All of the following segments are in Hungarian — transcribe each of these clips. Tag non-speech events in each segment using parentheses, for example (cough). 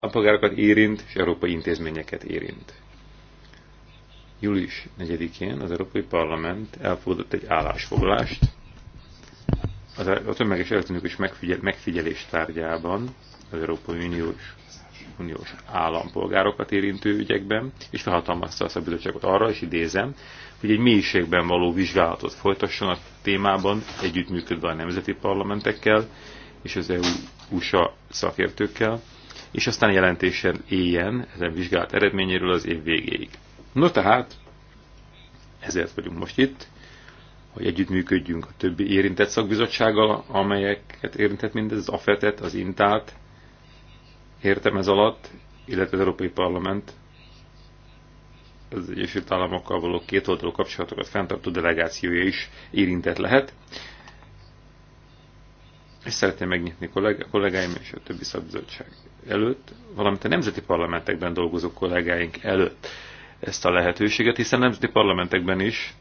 állampolgárokat érint, és európai intézményeket érint. Július 4-én az Európai Parlament elfogadott egy állásfoglalást az a tömeges elektronikus megfigyel, megfigyelés tárgyában az Európai Uniós, Uniós állampolgárokat érintő ügyekben, és felhatalmazta a bizottságot arra, és idézem, hogy egy mélységben való vizsgálatot folytasson a témában, együttműködve a nemzeti parlamentekkel és az EU-USA szakértőkkel, és aztán jelentésen éljen ezen vizsgálat eredményéről az év végéig. No tehát, ezért vagyunk most itt, hogy együttműködjünk a többi érintett szakbizottsággal, amelyeket érintett mindez, az AFET-et, az Intát, értem ez alatt, illetve az Európai Parlament az Egyesült Államokkal való kétoldalú kapcsolatokat fenntartó delegációja is érintett lehet. És szeretném megnyitni kollégáim és a többi szakbizottság előtt, valamint a nemzeti parlamentekben dolgozó kollégáink előtt ezt a lehetőséget, hiszen nemzeti parlamentekben is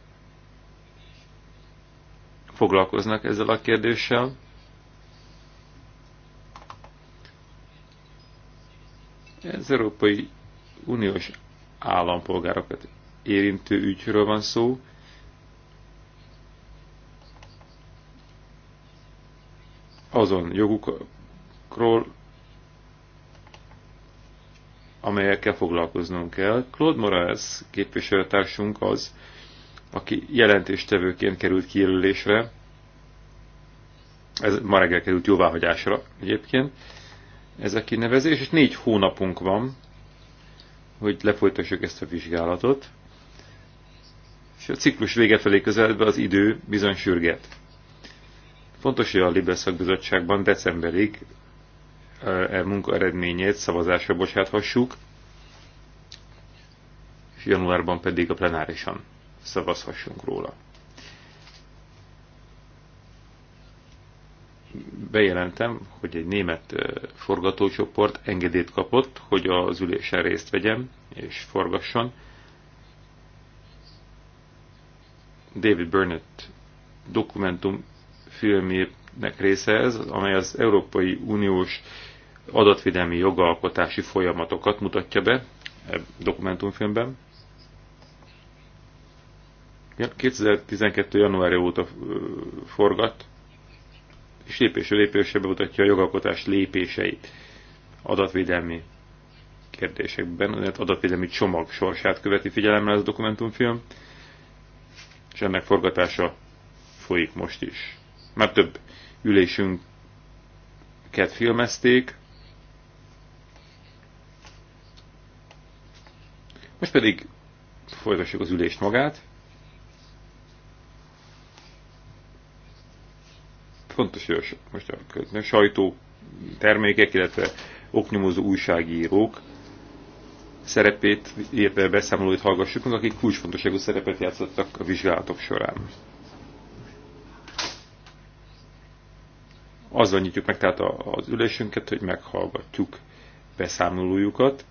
foglalkoznak ezzel a kérdéssel. Ez Európai Uniós állampolgárokat érintő ügyről van szó. Azon jogukról, amelyekkel foglalkoznunk kell. Claude Morales képviselőtársunk az, aki jelentéstevőként került kijelölésre, ez ma reggel került jóváhagyásra egyébként, ez a kinevezés, és négy hónapunk van, hogy lefolytassuk ezt a vizsgálatot, és a ciklus vége felé közeledve az idő bizony sürget. Fontos, hogy a Libeszak Bizottságban decemberig e munka eredményét szavazásra bocsáthassuk, és januárban pedig a plenárisan szavazhassunk róla. Bejelentem, hogy egy német forgatócsoport engedélyt kapott, hogy az ülésen részt vegyem és forgasson. David Burnett dokumentum filmjének része ez, amely az Európai Uniós adatvédelmi jogalkotási folyamatokat mutatja be e dokumentumfilmben. 2012. január óta forgat, és lépésről lépésre bemutatja a jogalkotás lépéseit adatvédelmi kérdésekben, az adatvédelmi csomag sorsát követi figyelemmel ez a dokumentumfilm, és ennek forgatása folyik most is. Már több ülésünket filmezték, Most pedig folytassuk az ülést magát. Fontos, hogy most a sajtó termékek, illetve oknyomozó újságírók szerepét, illetve beszámolóit hallgassuk meg, akik kulcsfontosságú szerepet játszottak a vizsgálatok során. Azzal nyitjuk meg tehát az ülésünket, hogy meghallgatjuk beszámolójukat,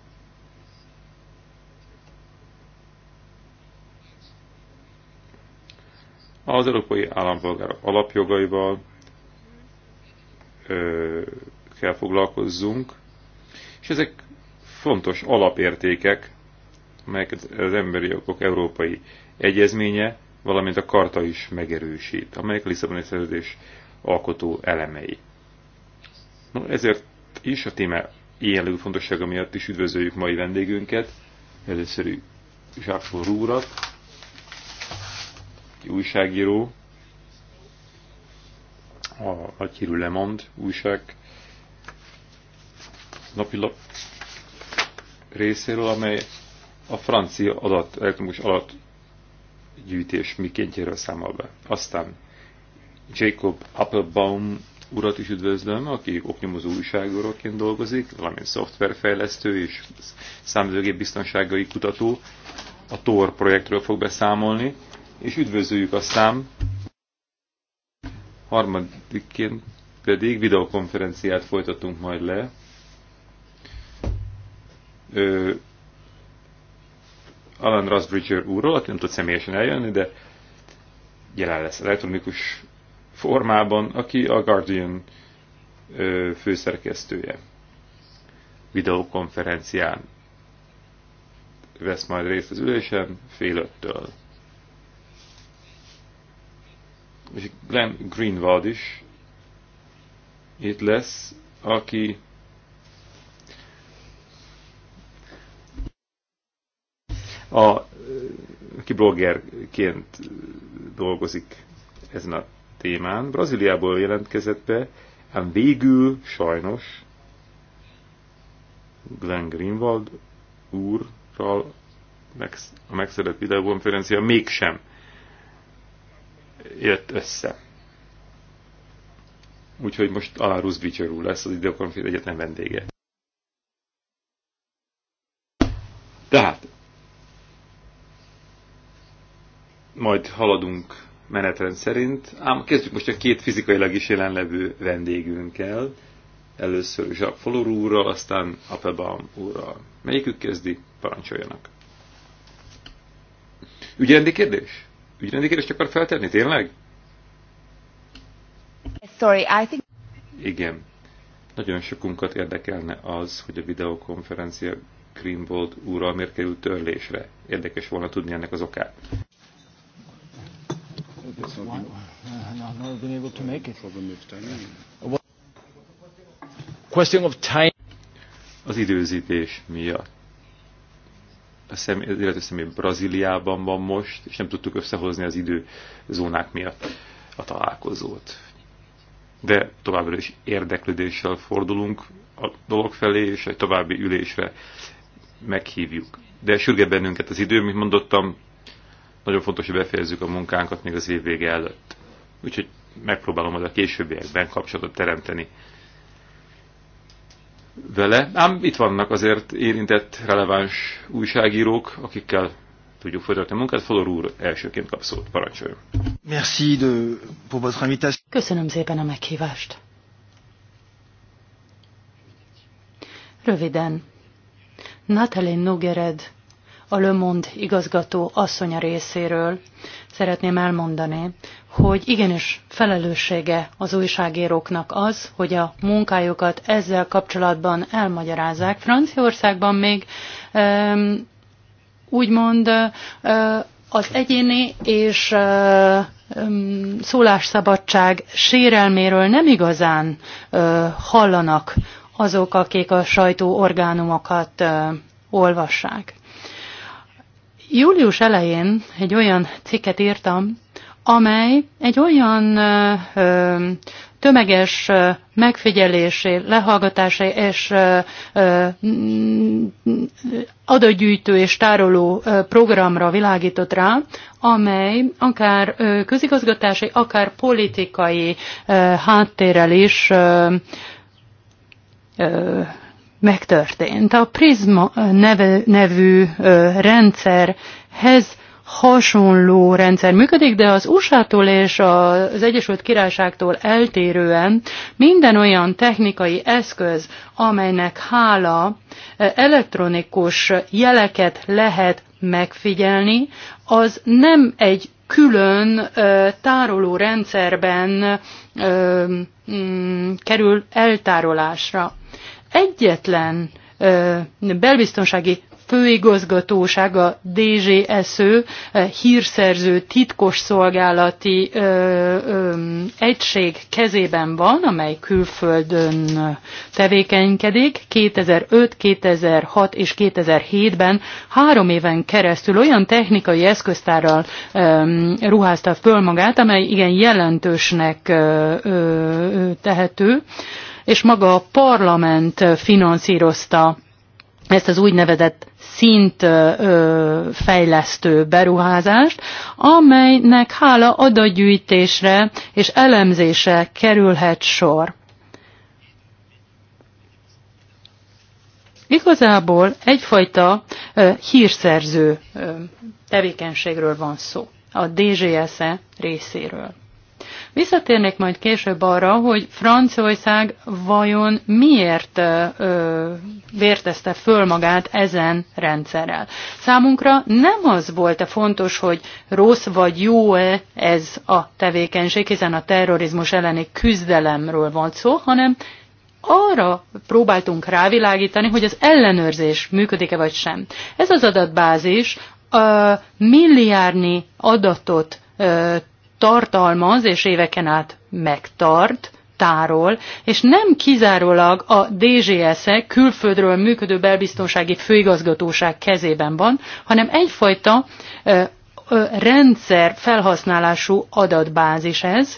az európai állampolgárok alapjogaival ö, kell foglalkozzunk, és ezek fontos alapértékek, amelyeket az emberi jogok európai egyezménye, valamint a karta is megerősít, amelyek a Lisszaboni szerződés alkotó elemei. No, ezért is a téma éjjelő fontossága miatt is üdvözöljük mai vendégünket, először Zsákfor úrat, aki újságíró, a nagyhírű Le Monde újság napilap részéről, amely a francia adat, elektromos gyűjtés mikéntjéről számol be. Aztán Jacob Applebaum urat is üdvözlöm, aki oknyomozó újságíróként dolgozik, valamint szoftverfejlesztő és számítógép biztonságai kutató. A TOR projektről fog beszámolni, és üdvözöljük a szám. Harmadikként pedig videokonferenciát folytatunk majd le. Ö, Alan Rusbridger úrról, aki nem tud személyesen eljönni, de jelen lesz elektronikus formában, aki a Guardian ö, főszerkesztője. Videokonferencián vesz majd részt az ülésen fél öttől és Glenn Greenwald is itt lesz, aki a, aki bloggerként dolgozik ezen a témán. Brazíliából jelentkezett be, ám végül sajnos Glenn Greenwald úrral a megszerett videókonferencia mégsem jött össze. Úgyhogy most Alán Ruszbicser úr lesz az Ideokonfit egyetlen vendége. Tehát, majd haladunk menetrend szerint, ám kezdjük most a két fizikailag is jelenlevő vendégünkkel. Először Jacques Folor úrral, aztán Appelbaum úrral. Melyikük kezdi? Parancsoljanak. Ügyendi kérdés? ügyrendi kérdést akar feltenni, tényleg? Sorry, I think... Igen. Nagyon sokunkat érdekelne az, hogy a videokonferencia Greenwald úrral miért került törlésre. Érdekes volna tudni ennek az okát. Question of time. Az időzítés miatt a személy, az illető személy Brazíliában van most, és nem tudtuk összehozni az időzónák miatt a találkozót. De továbbra is érdeklődéssel fordulunk a dolog felé, és egy további ülésre meghívjuk. De sürge bennünket az idő, mint mondottam, nagyon fontos, hogy befejezzük a munkánkat még az év vége előtt. Úgyhogy megpróbálom majd a későbbiekben kapcsolatot teremteni vele, ám itt vannak azért érintett releváns újságírók, akikkel tudjuk folytatni a munkát. Fodor úr elsőként kap szót, parancsoljon. Merci de pour votre invitation. Köszönöm szépen a meghívást. Röviden. Natalie Nogered a Le Monde igazgató asszonya részéről szeretném elmondani, hogy igenis felelőssége az újságíróknak az, hogy a munkájukat ezzel kapcsolatban elmagyarázzák. Franciaországban még um, úgymond uh, az egyéni és uh, um, szólásszabadság sérelméről nem igazán uh, hallanak azok, akik a sajtó orgánumokat uh, olvassák. Július elején egy olyan cikket írtam, amely egy olyan ö, tömeges megfigyelésé, lehallgatása és mm, adagyűjtő és tároló programra világított rá, amely akár közigazgatási, akár politikai háttérrel is megtörtént. A Prisma neve, nevű rendszerhez hasonló rendszer működik, de az USA-tól és az Egyesült Királyságtól eltérően minden olyan technikai eszköz, amelynek hála elektronikus jeleket lehet megfigyelni, az nem egy külön tároló rendszerben kerül eltárolásra egyetlen belbiztonsági főigazgatósága DGSZ hírszerző titkos szolgálati ö, ö, egység kezében van, amely külföldön tevékenykedik. 2005, 2006 és 2007-ben három éven keresztül olyan technikai eszköztárral ö, ruházta föl magát, amely igen jelentősnek ö, ö, tehető. Ö, és maga a parlament finanszírozta ezt az úgynevezett szintfejlesztő beruházást, amelynek hála adatgyűjtésre és elemzésre kerülhet sor. Igazából egyfajta hírszerző tevékenységről van szó, a DGSE részéről. Visszatérnék majd később arra, hogy Franciaország vajon miért ö, vértezte föl magát ezen rendszerrel. Számunkra nem az volt a fontos, hogy rossz vagy jó-e ez a tevékenység, hiszen a terrorizmus elleni küzdelemről van szó, hanem arra próbáltunk rávilágítani, hogy az ellenőrzés működik-e vagy sem. Ez az adatbázis a milliárdnyi adatot tartalmaz és éveken át megtart, tárol, és nem kizárólag a DGS-e külföldről működő belbiztonsági főigazgatóság kezében van, hanem egyfajta ö, ö, rendszer felhasználású adatbázis ez,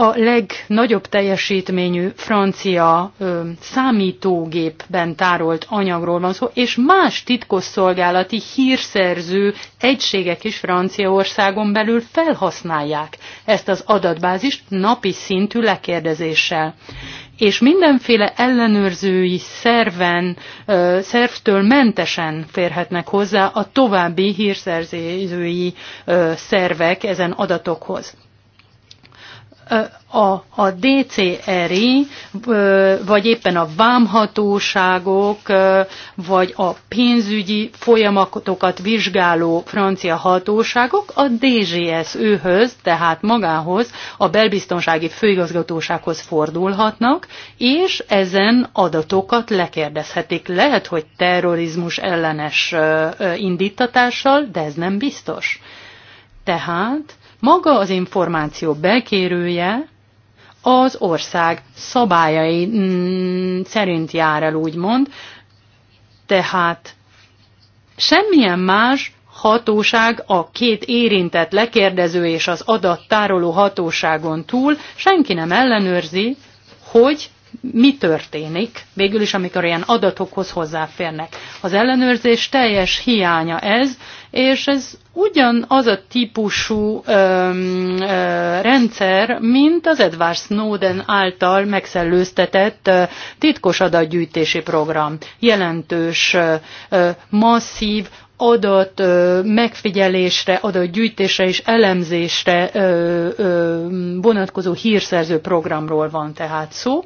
a legnagyobb teljesítményű francia ö, számítógépben tárolt anyagról van szó, és más titkosszolgálati hírszerző egységek is Franciaországon belül felhasználják ezt az adatbázist napi szintű lekérdezéssel. És mindenféle ellenőrzői szerven, ö, szervtől mentesen férhetnek hozzá a további hírszerzői ö, szervek ezen adatokhoz a, a DCRI, vagy éppen a vámhatóságok, vagy a pénzügyi folyamatokat vizsgáló francia hatóságok a DGS höz tehát magához, a belbiztonsági főigazgatósághoz fordulhatnak, és ezen adatokat lekérdezhetik. Lehet, hogy terrorizmus ellenes indítatással, de ez nem biztos. Tehát maga az információ bekérője az ország szabályai mm, szerint jár el, úgymond, tehát semmilyen más hatóság a két érintett lekérdező és az adattároló hatóságon túl senki nem ellenőrzi, hogy mi történik, végül is, amikor ilyen adatokhoz hozzáférnek. Az ellenőrzés teljes hiánya ez, és ez ugyanaz a típusú öm, ö, rendszer, mint az Edward Snowden által megszellőztetett ö, titkos adatgyűjtési program. Jelentős, ö, masszív adat megfigyelésre, adat gyűjtésre és elemzésre vonatkozó hírszerző programról van tehát szó.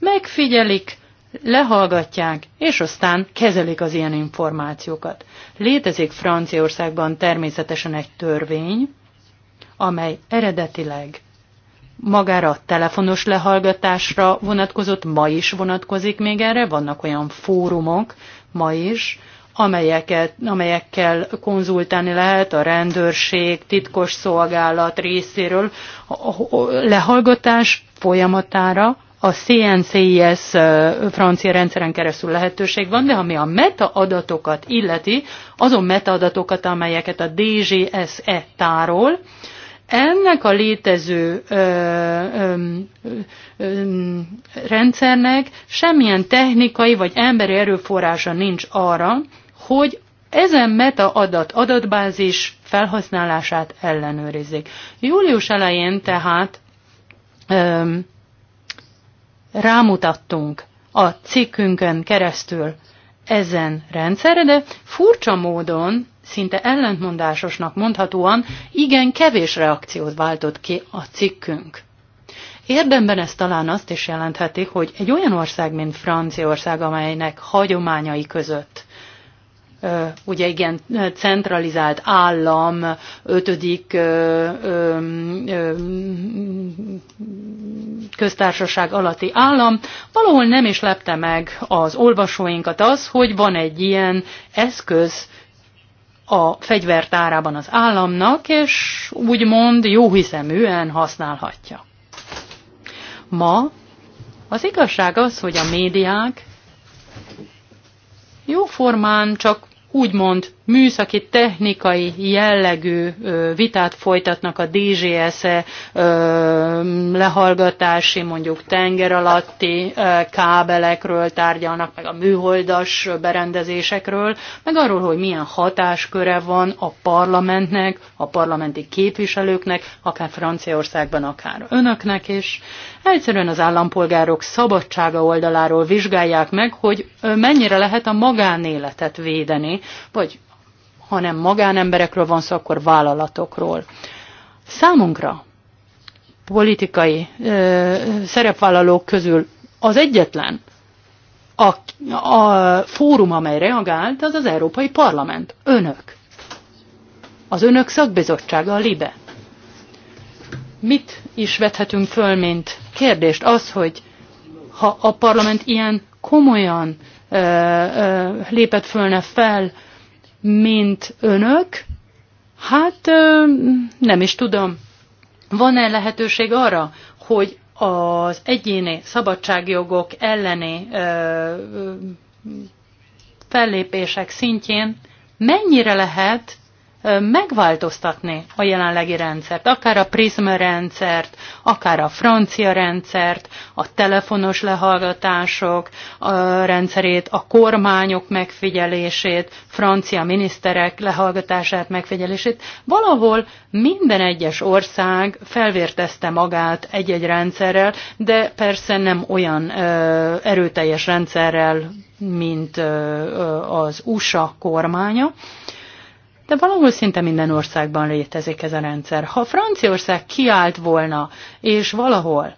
Megfigyelik, lehallgatják, és aztán kezelik az ilyen információkat. Létezik Franciaországban természetesen egy törvény, amely eredetileg magára a telefonos lehallgatásra vonatkozott, ma is vonatkozik még erre, vannak olyan fórumok ma is, amelyeket, amelyekkel konzultálni lehet a rendőrség, titkos szolgálat részéről a lehallgatás folyamatára, a CNCIS francia rendszeren keresztül lehetőség van, de ami a metaadatokat illeti, azon metaadatokat, amelyeket a DGSE tárol, ennek a létező ö, ö, ö, rendszernek semmilyen technikai vagy emberi erőforrása nincs arra, hogy ezen meta adat, adatbázis felhasználását ellenőrizzék. Július elején tehát öm, rámutattunk a cikkünkön keresztül ezen rendszerre, de furcsa módon, szinte ellentmondásosnak mondhatóan, igen kevés reakciót váltott ki a cikkünk. Érdemben ez talán azt is jelentheti, hogy egy olyan ország, mint Franciaország, amelynek hagyományai között ugye igen, centralizált állam ötödik köztársaság alatti állam, valahol nem is lepte meg az olvasóinkat az, hogy van egy ilyen eszköz, a fegyvertárában az államnak, és úgymond jóhiszeműen használhatja. Ma az igazság az, hogy a médiák Jóformán csak úgymond műszaki, technikai jellegű vitát folytatnak a DGS -e, lehallgatási, mondjuk tenger alatti kábelekről tárgyalnak, meg a műholdas berendezésekről, meg arról, hogy milyen hatásköre van a parlamentnek, a parlamenti képviselőknek, akár Franciaországban, akár önöknek is. Egyszerűen az állampolgárok szabadsága oldaláról vizsgálják meg, hogy mennyire lehet a magánéletet védeni, vagy hanem magánemberekről van szó, akkor vállalatokról. Számunkra politikai ö, szerepvállalók közül az egyetlen a, a fórum, amely reagált, az az Európai Parlament. Önök. Az önök szakbizottsága a LIBE. Mit is vethetünk föl, mint kérdést? Az, hogy ha a parlament ilyen komolyan ö, ö, lépett fölne fel mint önök, hát nem is tudom. Van-e lehetőség arra, hogy az egyéni szabadságjogok elleni fellépések szintjén mennyire lehet megváltoztatni a jelenlegi rendszert, akár a Prisma rendszert, akár a francia rendszert, a telefonos lehallgatások a rendszerét, a kormányok megfigyelését, francia miniszterek lehallgatását, megfigyelését. Valahol minden egyes ország felvértezte magát egy-egy rendszerrel, de persze nem olyan ö, erőteljes rendszerrel, mint ö, az USA kormánya. Ö, de valahol szinte minden országban létezik ez a rendszer. Ha Franciaország kiállt volna, és valahol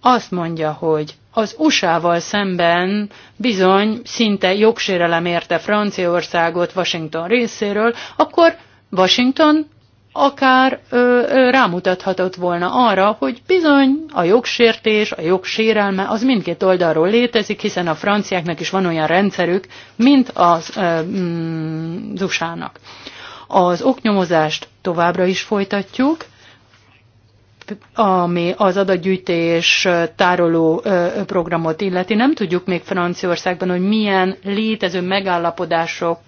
azt mondja, hogy az USA-val szemben bizony szinte jogsérelem érte Franciaországot Washington részéről, akkor Washington akár ö, ö, rámutathatott volna arra, hogy bizony a jogsértés, a jogsérelme az mindkét oldalról létezik, hiszen a franciáknak is van olyan rendszerük, mint az, ö, mm, usa -nak. Az oknyomozást továbbra is folytatjuk, ami az adatgyűjtés tároló programot illeti. Nem tudjuk még Franciaországban, hogy milyen létező megállapodások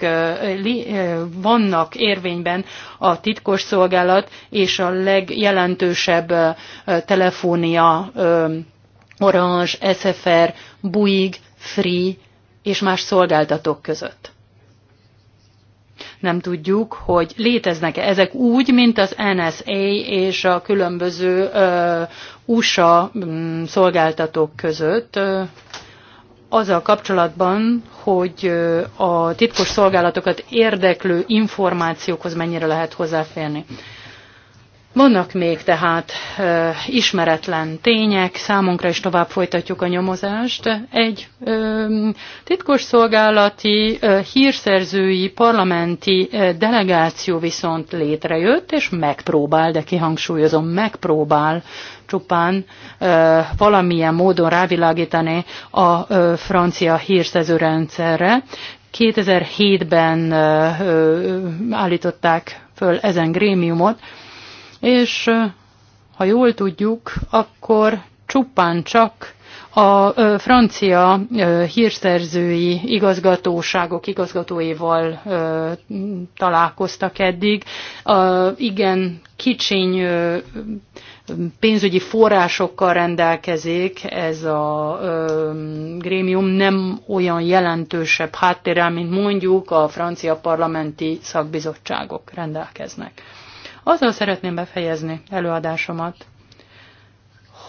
vannak érvényben a titkos szolgálat és a legjelentősebb telefónia Orange, SFR, Buig, Free és más szolgáltatók között. Nem tudjuk, hogy léteznek-e ezek úgy, mint az NSA és a különböző USA mm, szolgáltatók között azzal kapcsolatban, hogy a titkos szolgálatokat érdeklő információkhoz mennyire lehet hozzáférni. Vannak még tehát e, ismeretlen tények, számunkra is tovább folytatjuk a nyomozást. Egy e, titkos szolgálati e, hírszerzői parlamenti e, delegáció viszont létrejött, és megpróbál, de kihangsúlyozom, megpróbál csupán e, valamilyen módon rávilágítani a e, francia hírszerző rendszerre. 2007-ben állították föl ezen grémiumot, és ha jól tudjuk, akkor csupán csak a francia hírszerzői igazgatóságok igazgatóival találkoztak eddig. A igen kicsiny pénzügyi forrásokkal rendelkezik ez a grémium, nem olyan jelentősebb háttérrel, mint mondjuk a francia parlamenti szakbizottságok rendelkeznek. Azzal szeretném befejezni előadásomat,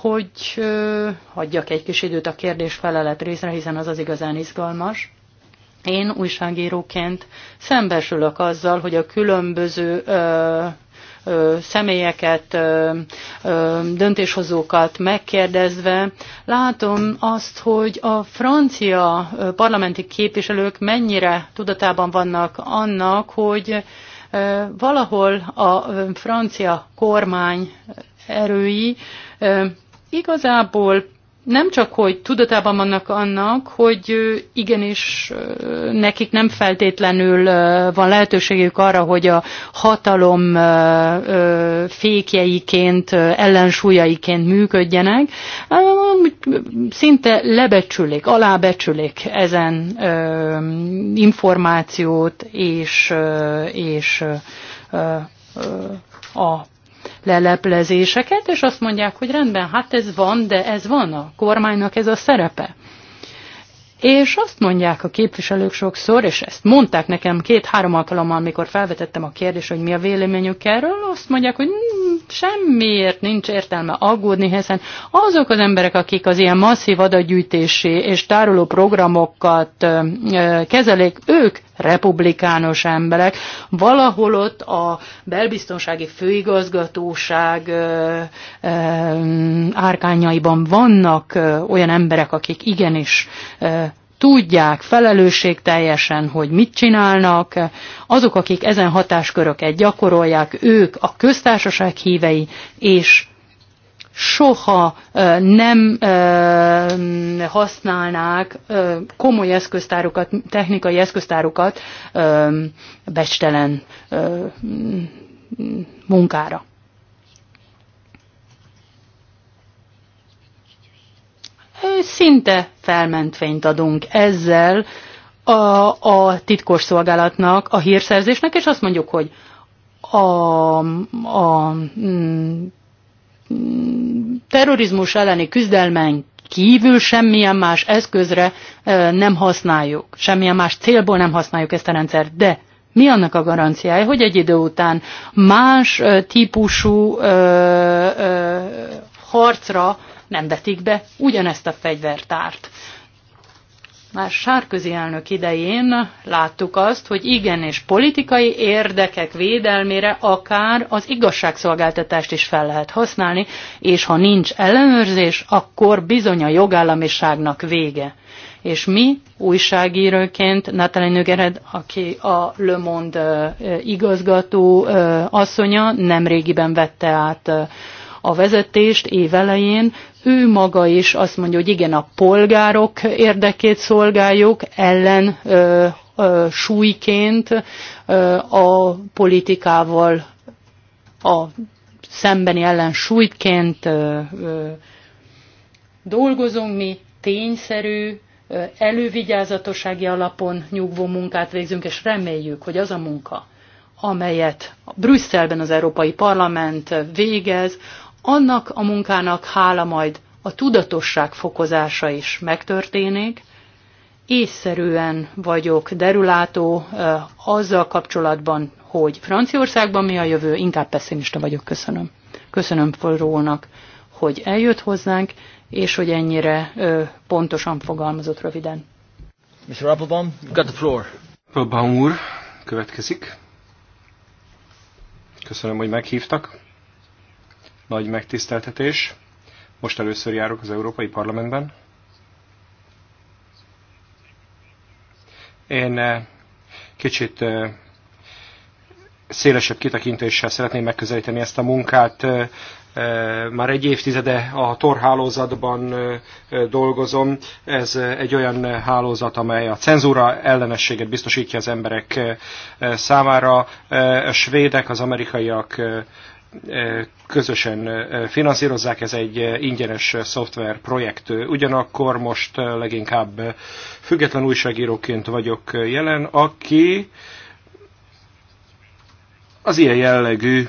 hogy ö, hagyjak egy kis időt a kérdés-felelet részre, hiszen az az igazán izgalmas. Én újságíróként szembesülök azzal, hogy a különböző ö, ö, személyeket, ö, ö, döntéshozókat megkérdezve látom azt, hogy a francia parlamenti képviselők mennyire tudatában vannak annak, hogy valahol a francia kormány erői igazából nem csak, hogy tudatában vannak annak, hogy igenis nekik nem feltétlenül van lehetőségük arra, hogy a hatalom fékjeiként, ellensúlyaiként működjenek, szinte lebecsülik, alábecsülik ezen információt és, és a leleplezéseket, és azt mondják, hogy rendben, hát ez van, de ez van, a kormánynak ez a szerepe. És azt mondják a képviselők sokszor, és ezt mondták nekem két-három alkalommal, amikor felvetettem a kérdést, hogy mi a véleményük erről, azt mondják, hogy semmiért nincs értelme aggódni, hiszen azok az emberek, akik az ilyen masszív adatgyűjtési és tároló programokat kezelik, ők republikánus emberek. Valahol ott a belbiztonsági főigazgatóság árkányaiban vannak olyan emberek, akik igenis tudják felelősségteljesen, hogy mit csinálnak. Azok, akik ezen hatásköröket gyakorolják, ők a köztársaság hívei, és soha nem használnák komoly eszköztárukat, technikai eszköztárukat becstelen munkára. szinte felmentvényt adunk ezzel a, a titkos szolgálatnak, a hírszerzésnek, és azt mondjuk, hogy a, a mm, terrorizmus elleni küzdelmen kívül semmilyen más eszközre nem használjuk, semmilyen más célból nem használjuk ezt a rendszert, de mi annak a garanciája, hogy egy idő után más típusú e, e, harcra nem vetik be ugyanezt a fegyvertárt. Már Sárközi elnök idején láttuk azt, hogy igenis politikai érdekek védelmére akár az igazságszolgáltatást is fel lehet használni, és ha nincs ellenőrzés, akkor bizony a jogállamiságnak vége. És mi újságíróként, Natalie Nögered, aki a Le Monde igazgató asszonya, nemrégiben vette át a vezetést évelején ő maga is azt mondja, hogy igen, a polgárok érdekét szolgáljuk, ellen ö, ö, súlyként ö, a politikával a szembeni ellen súlyként ö, ö, dolgozunk mi, tényszerű, elővigyázatossági alapon nyugvó munkát végzünk, és reméljük, hogy az a munka, amelyet Brüsszelben az Európai Parlament végez, annak a munkának hála majd a tudatosság fokozása is megtörténik, észszerűen vagyok derülátó azzal kapcsolatban, hogy Franciaországban mi a jövő, inkább pessimista vagyok, köszönöm. Köszönöm Rólnak, hogy eljött hozzánk, és hogy ennyire ö, pontosan fogalmazott röviden. Mr. Applebaum, you've got the floor. Applebaum úr, következik. Köszönöm, hogy meghívtak nagy megtiszteltetés. Most először járok az Európai Parlamentben. Én eh, kicsit eh, szélesebb kitekintéssel szeretném megközelíteni ezt a munkát. Eh, már egy évtizede a TOR hálózatban dolgozom. Ez egy olyan hálózat, amely a cenzúra ellenességet biztosítja az emberek számára. A svédek, az amerikaiak közösen finanszírozzák, ez egy ingyenes szoftver projekt. Ugyanakkor most leginkább független újságíróként vagyok jelen, aki az ilyen jellegű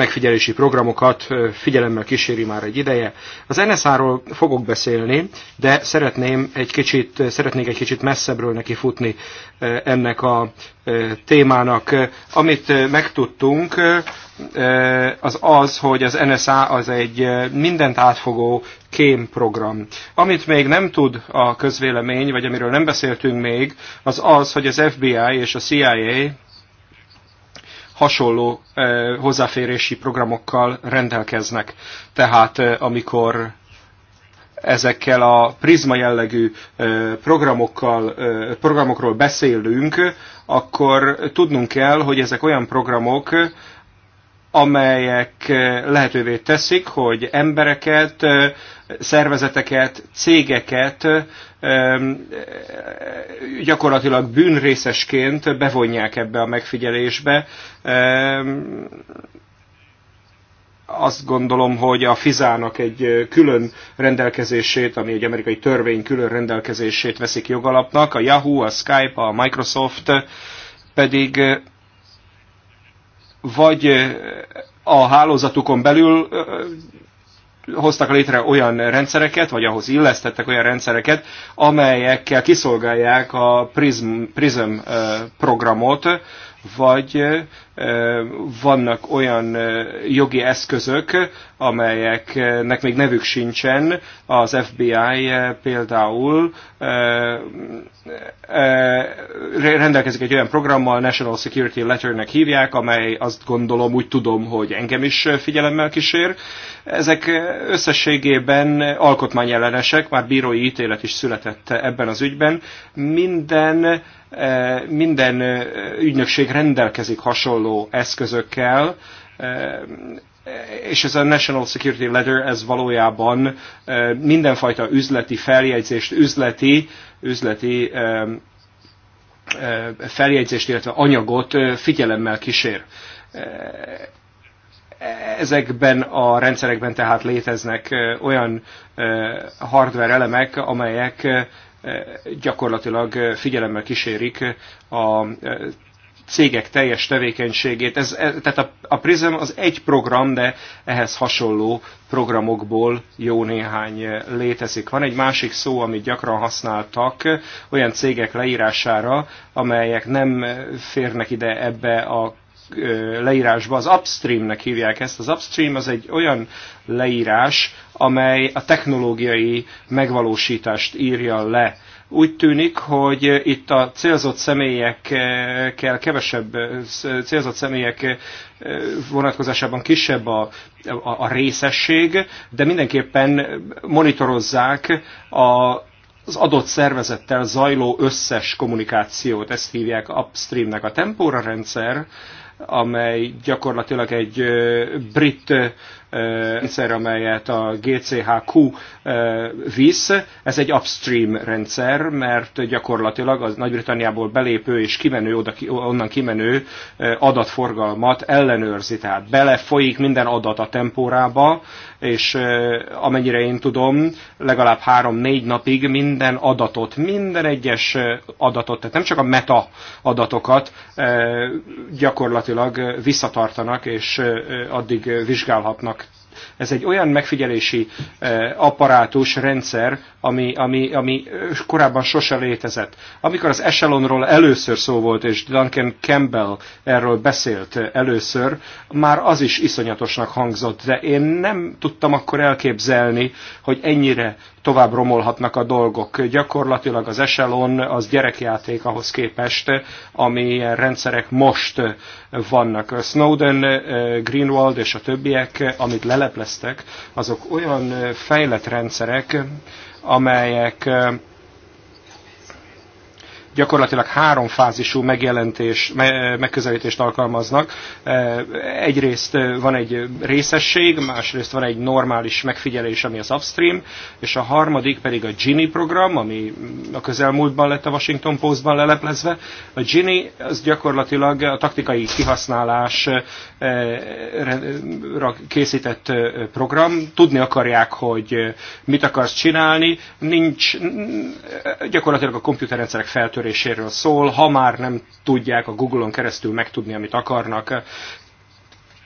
megfigyelési programokat figyelemmel kíséri már egy ideje. Az nsa ról fogok beszélni, de szeretném egy kicsit, szeretnék egy kicsit messzebbről neki futni ennek a témának. Amit megtudtunk, az az, hogy az NSA az egy mindent átfogó kémprogram. Amit még nem tud a közvélemény, vagy amiről nem beszéltünk még, az az, hogy az FBI és a CIA hasonló eh, hozzáférési programokkal rendelkeznek. Tehát eh, amikor ezekkel a prizma jellegű eh, programokkal, programokról beszélünk, akkor tudnunk kell, hogy ezek olyan programok, amelyek eh, lehetővé teszik, hogy embereket, eh, szervezeteket, cégeket eh, gyakorlatilag bűnrészesként bevonják ebbe a megfigyelésbe. Azt gondolom, hogy a Fizának egy külön rendelkezését, ami egy amerikai törvény külön rendelkezését veszik jogalapnak, a Yahoo, a Skype, a Microsoft pedig vagy a hálózatukon belül hoztak létre olyan rendszereket, vagy ahhoz illesztettek olyan rendszereket, amelyekkel kiszolgálják a PRISM, PRISM programot, vagy vannak olyan jogi eszközök, amelyeknek még nevük sincsen, az FBI például rendelkezik egy olyan programmal, National Security Letternek hívják, amely azt gondolom, úgy tudom, hogy engem is figyelemmel kísér. Ezek összességében alkotmányellenesek, már bírói ítélet is született ebben az ügyben. Minden Eh, minden eh, ügynökség rendelkezik hasonló eszközökkel, eh, és ez a National Security Letter, ez valójában mindenfajta üzleti feljegyzést, üzleti, üzleti feljegyzést, illetve anyagot figyelemmel kísér. Ezekben a rendszerekben tehát léteznek olyan hardware elemek, amelyek gyakorlatilag figyelemmel kísérik a cégek teljes tevékenységét. Ez, ez, tehát a, a Prism az egy program, de ehhez hasonló programokból jó néhány e, létezik. Van egy másik szó, amit gyakran használtak olyan cégek leírására, amelyek nem férnek ide ebbe a e, leírásba, az upstreamnek hívják ezt. Az upstream az egy olyan leírás, amely a technológiai megvalósítást írja le. Úgy tűnik, hogy itt a célzott személyekkel kevesebb, célzott személyek vonatkozásában kisebb a, a, a részesség, de mindenképpen monitorozzák a, az adott szervezettel zajló összes kommunikációt, ezt hívják upstreamnek. A Tempora rendszer, amely gyakorlatilag egy brit rendszer, amelyet a GCHQ visz, ez egy upstream rendszer, mert gyakorlatilag az Nagy-Britanniából belépő és kimenő, oda, onnan kimenő adatforgalmat ellenőrzi, tehát belefolyik minden adat a tempórába, és amennyire én tudom, legalább három-négy napig minden adatot, minden egyes adatot, tehát nem csak a meta adatokat gyakorlatilag visszatartanak, és addig vizsgálhatnak ez egy olyan megfigyelési apparátus, rendszer, ami, ami, ami korábban sose létezett. Amikor az Echelonról először szó volt, és Duncan Campbell erről beszélt először, már az is iszonyatosnak hangzott, de én nem tudtam akkor elképzelni, hogy ennyire tovább romolhatnak a dolgok. Gyakorlatilag az eselon az gyerekjáték ahhoz képest, amilyen rendszerek most vannak. Snowden, eh, Greenwald és a többiek, amit lelepleztek, azok olyan fejlett rendszerek, amelyek eh, gyakorlatilag három fázisú megjelentés, megközelítést alkalmaznak. E, egyrészt e, van egy részesség, másrészt van egy normális megfigyelés, ami az upstream, és a harmadik pedig a Gini program, ami a közelmúltban lett a Washington Postban leleplezve. A Gini az gyakorlatilag a taktikai kihasználásra e, készített program. Tudni akarják, hogy mit akarsz csinálni. Nincs, gyakorlatilag a komputerrendszerek feltöltésére áttöréséről szól, ha már nem tudják a Google-on keresztül megtudni, amit akarnak.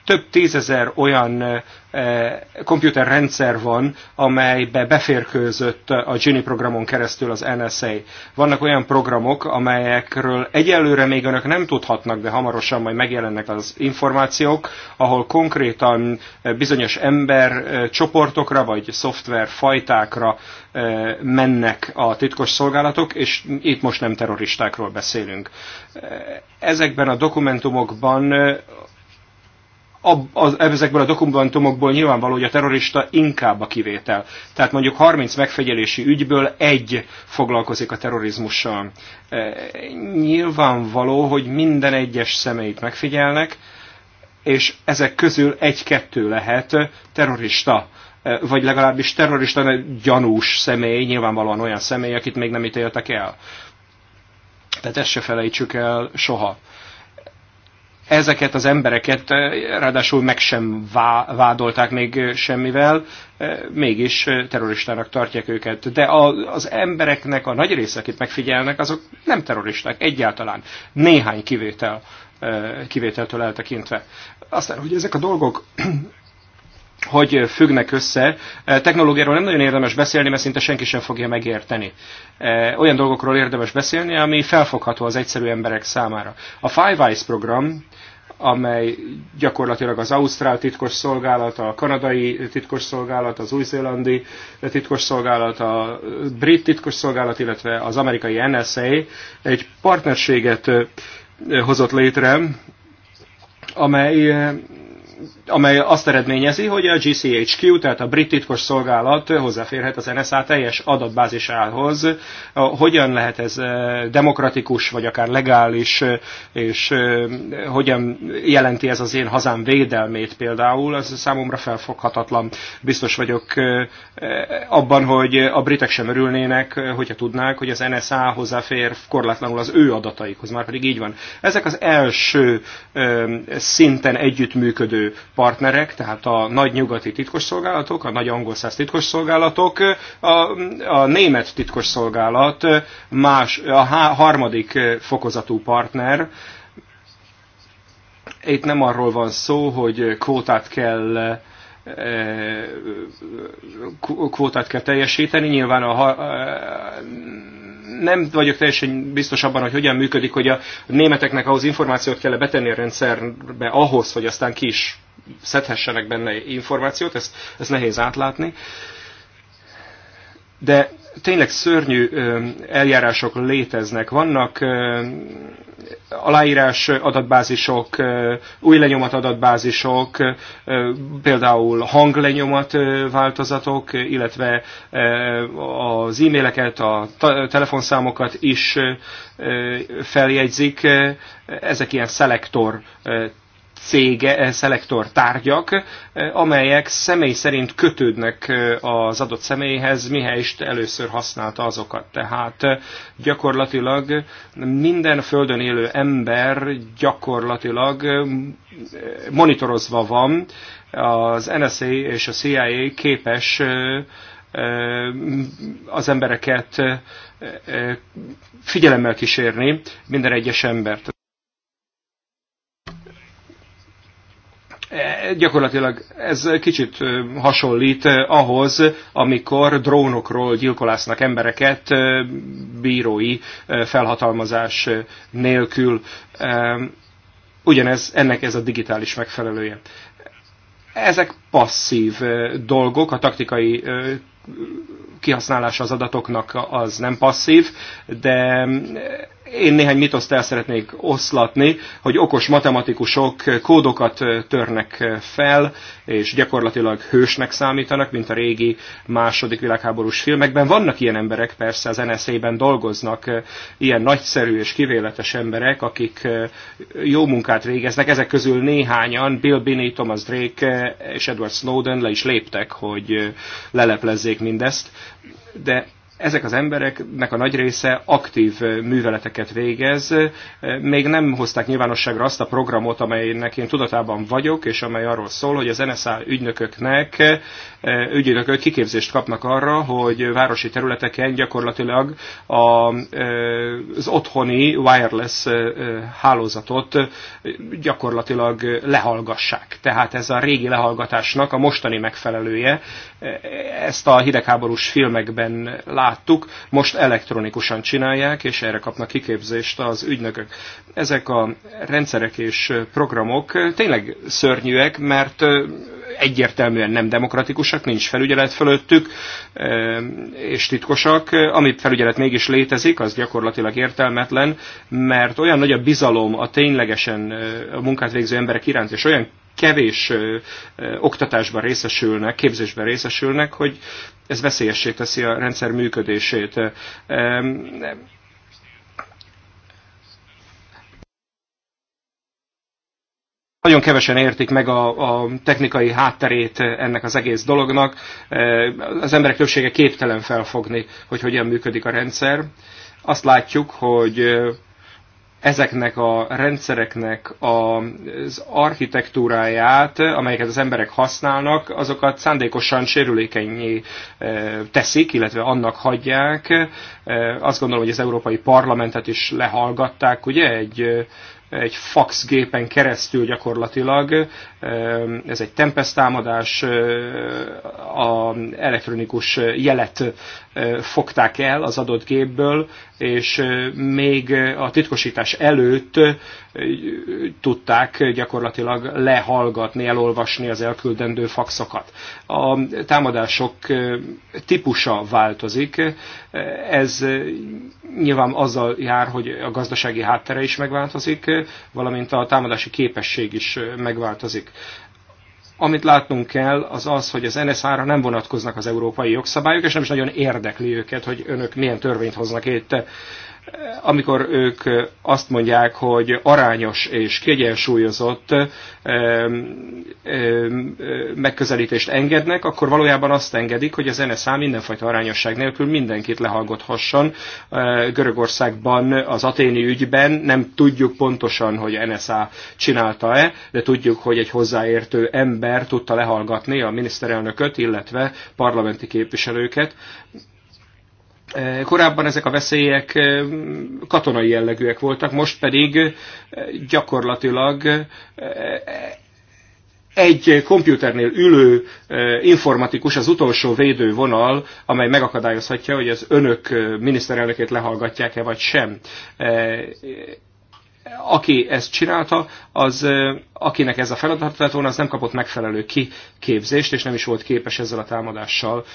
Több tízezer olyan Eh, komputerrendszer van, amelybe beférkőzött a Gini programon keresztül az NSA. Vannak olyan programok, amelyekről egyelőre még önök nem tudhatnak, de hamarosan majd megjelennek az információk, ahol konkrétan eh, bizonyos ember eh, csoportokra vagy szoftver fajtákra mennek a titkos szolgálatok, és itt most nem terroristákról beszélünk. Ezekben a dokumentumokban ab, az, ezekből a dokumentumokból nyilvánvaló, hogy a terrorista inkább a kivétel. Tehát mondjuk 30 megfigyelési ügyből egy foglalkozik a terrorizmussal. E, nyilvánvaló, hogy minden egyes személyt megfigyelnek, és ezek közül egy-kettő lehet terrorista e, vagy legalábbis terrorista gyanús személy, nyilvánvalóan olyan személy, akit még nem ítéltek el. Tehát ezt se felejtsük el soha ezeket az embereket eh, ráadásul meg sem vádolták még eh, semmivel, eh, mégis terroristának tartják őket. De az embereknek a nagy része, akit megfigyelnek, azok nem terroristák egyáltalán. Néhány kivétel, kivételtől eltekintve. Aztán, hogy ezek a dolgok (clears throat) hogy függnek össze. Technológiáról nem nagyon érdemes beszélni, mert szinte senki sem fogja megérteni. Olyan dolgokról érdemes beszélni, ami felfogható az egyszerű emberek számára. A Five Eyes program amely gyakorlatilag az Ausztrál titkos szolgálat, a kanadai titkos szolgálat, az új-zélandi szolgálat, a brit titkos szolgálat illetve az amerikai NSA egy partnerséget hozott létre, amely amely azt eredményezi, hogy a GCHQ, tehát a brit titkos szolgálat hozzáférhet az NSA teljes adatbázisához. Hogyan lehet ez e, demokratikus, vagy akár legális, e, és e, hogyan jelenti ez az én hazám védelmét például, ez számomra felfoghatatlan. Biztos vagyok abban, hogy a britek sem örülnének, hogyha tudnák, hogy az NSA hozzáfér korlátlanul az ő adataikhoz, már pedig így van. Ezek az első szinten együttműködő partnerek, tehát a nagy nyugati titkosszolgálatok, a nagy száz titkosszolgálatok, a, a német titkosszolgálat más, a harmadik fokozatú partner. Itt nem arról van szó, hogy kvótát kell e, kvótát kell teljesíteni. Nyilván a, e, nem vagyok teljesen biztos abban, hogy hogyan működik, hogy a németeknek ahhoz információt kell -e betenni a rendszerbe ahhoz, hogy aztán ki is szedhessenek benne információt, ezt, ezt nehéz átlátni. De tényleg szörnyű eljárások léteznek. Vannak aláírás adatbázisok, új lenyomat adatbázisok, például hanglenyomat változatok, illetve az e-maileket, a telefonszámokat is feljegyzik. Ezek ilyen szelektor cége, eh, szelektor tárgyak, eh, amelyek személy szerint kötődnek eh, az adott személyhez, mihelyest először használta azokat. Tehát gyakorlatilag minden földön élő ember gyakorlatilag monitorozva van, az NSA és a CIA képes az embereket figyelemmel kísérni, minden egyes embert. E, gyakorlatilag ez kicsit hasonlít ahhoz, amikor drónokról gyilkolásznak embereket bírói felhatalmazás nélkül. Ugyanez, ennek ez a digitális megfelelője. Ezek passzív dolgok, a taktikai kihasználása az adatoknak az nem passzív, de én néhány mitoszt el szeretnék oszlatni, hogy okos matematikusok kódokat törnek fel, és gyakorlatilag hősnek számítanak, mint a régi második világháborús filmekben. Vannak ilyen emberek, persze az NSZ-ben dolgoznak ilyen nagyszerű és kivéletes emberek, akik jó munkát végeznek. Ezek közül néhányan, Bill Binney, Thomas Drake és Edward Snowden le is léptek, hogy leleplezzék mindezt. De ezek az embereknek a nagy része aktív műveleteket végez. Még nem hozták nyilvánosságra azt a programot, amelynek én tudatában vagyok, és amely arról szól, hogy az NSA ügynököknek ügynökök kiképzést kapnak arra, hogy városi területeken gyakorlatilag az otthoni wireless hálózatot gyakorlatilag lehallgassák. Tehát ez a régi lehallgatásnak a mostani megfelelője. Ezt a hidegháborús filmekben látjuk láttuk, most elektronikusan csinálják, és erre kapnak kiképzést az ügynökök. Ezek a rendszerek és programok tényleg szörnyűek, mert egyértelműen nem demokratikusak, nincs felügyelet fölöttük, és titkosak. Ami felügyelet mégis létezik, az gyakorlatilag értelmetlen, mert olyan nagy a bizalom a ténylegesen a munkát végző emberek iránt, és olyan kevés ö, ö, oktatásban részesülnek, képzésben részesülnek, hogy ez veszélyessé teszi a rendszer működését. Nagyon kevesen értik meg a, a technikai hátterét ennek az egész dolognak. Az emberek többsége képtelen felfogni, hogy hogyan működik a rendszer. Azt látjuk, hogy ezeknek a rendszereknek az architektúráját, amelyeket az emberek használnak, azokat szándékosan sérülékenyé e, teszik, illetve annak hagyják. E, azt gondolom, hogy az Európai Parlamentet is lehallgatták, ugye, egy egy fax gépen keresztül gyakorlatilag. E, ez egy tempest támadás, a elektronikus jelet fogták el az adott gépből, és még a titkosítás előtt tudták gyakorlatilag lehallgatni, elolvasni az elküldendő faxokat. A támadások típusa változik, ez nyilván azzal jár, hogy a gazdasági háttere is megváltozik, valamint a támadási képesség is megváltozik. Amit látnunk kell, az az, hogy az NSZ-ra nem vonatkoznak az európai jogszabályok, és nem is nagyon érdekli őket, hogy önök milyen törvényt hoznak itt amikor ők azt mondják, hogy arányos és kiegyensúlyozott megközelítést engednek, akkor valójában azt engedik, hogy a zeneszám mindenfajta arányosság nélkül mindenkit lehallgathasson. Görögországban az aténi ügyben nem tudjuk pontosan, hogy NSA csinálta-e, de tudjuk, hogy egy hozzáértő ember tudta lehallgatni a miniszterelnököt, illetve parlamenti képviselőket E, korábban ezek a veszélyek e, katonai jellegűek voltak, most pedig e, gyakorlatilag egy kompjúternél ülő informatikus az utolsó védővonal, amely megakadályozhatja, hogy az önök miniszterelnökét lehallgatják-e vagy sem. Aki ezt csinálta, az, akinek ez a feladat lett volna, az nem kapott megfelelő kiképzést, és nem is volt képes ezzel a támadással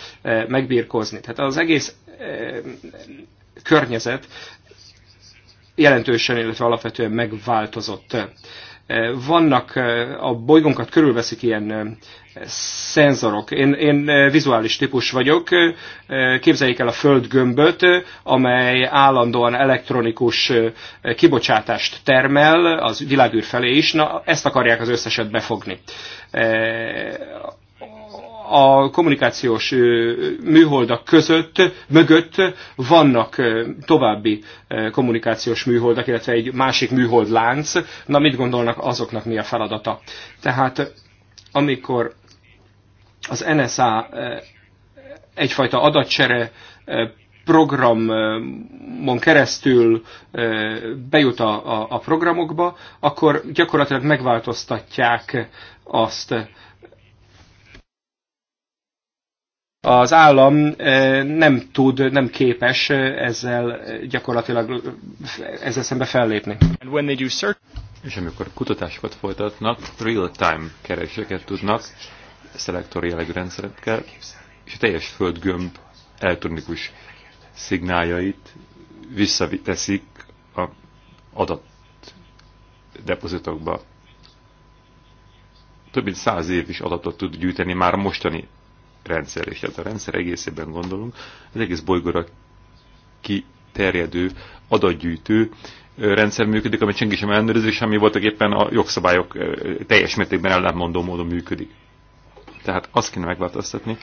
megbírkozni. Tehát az egész környezet jelentősen, illetve alapvetően megváltozott. Vannak, a bolygónkat körülveszik ilyen szenzorok. Én, én vizuális típus vagyok. Képzeljék el a gömböt, amely állandóan elektronikus kibocsátást termel, az világűr felé is. Na, ezt akarják az összeset befogni a kommunikációs műholdak között, mögött vannak további kommunikációs műholdak, illetve egy másik műholdlánc. Na, mit gondolnak azoknak mi a feladata? Tehát amikor az NSA egyfajta adatcsere programon keresztül bejut a, a, a programokba, akkor gyakorlatilag megváltoztatják azt, az állam eh, nem tud, nem képes eh, ezzel eh, gyakorlatilag ezzel szembe fellépni. És amikor kutatásokat folytatnak, real-time kereséseket tudnak, szelektor jellegű rendszerekkel, és a teljes földgömb elektronikus szignáljait visszateszik a adat depozitokba. Több mint száz év is adatot tud gyűjteni már a mostani rendszer, és hát a rendszer egészében gondolunk, az egész bolygóra kiterjedő, adatgyűjtő rendszer működik, amit senki sem ellenőrző, és ami voltak éppen a jogszabályok teljes mértékben ellentmondó módon működik. Tehát azt kéne megváltoztatni,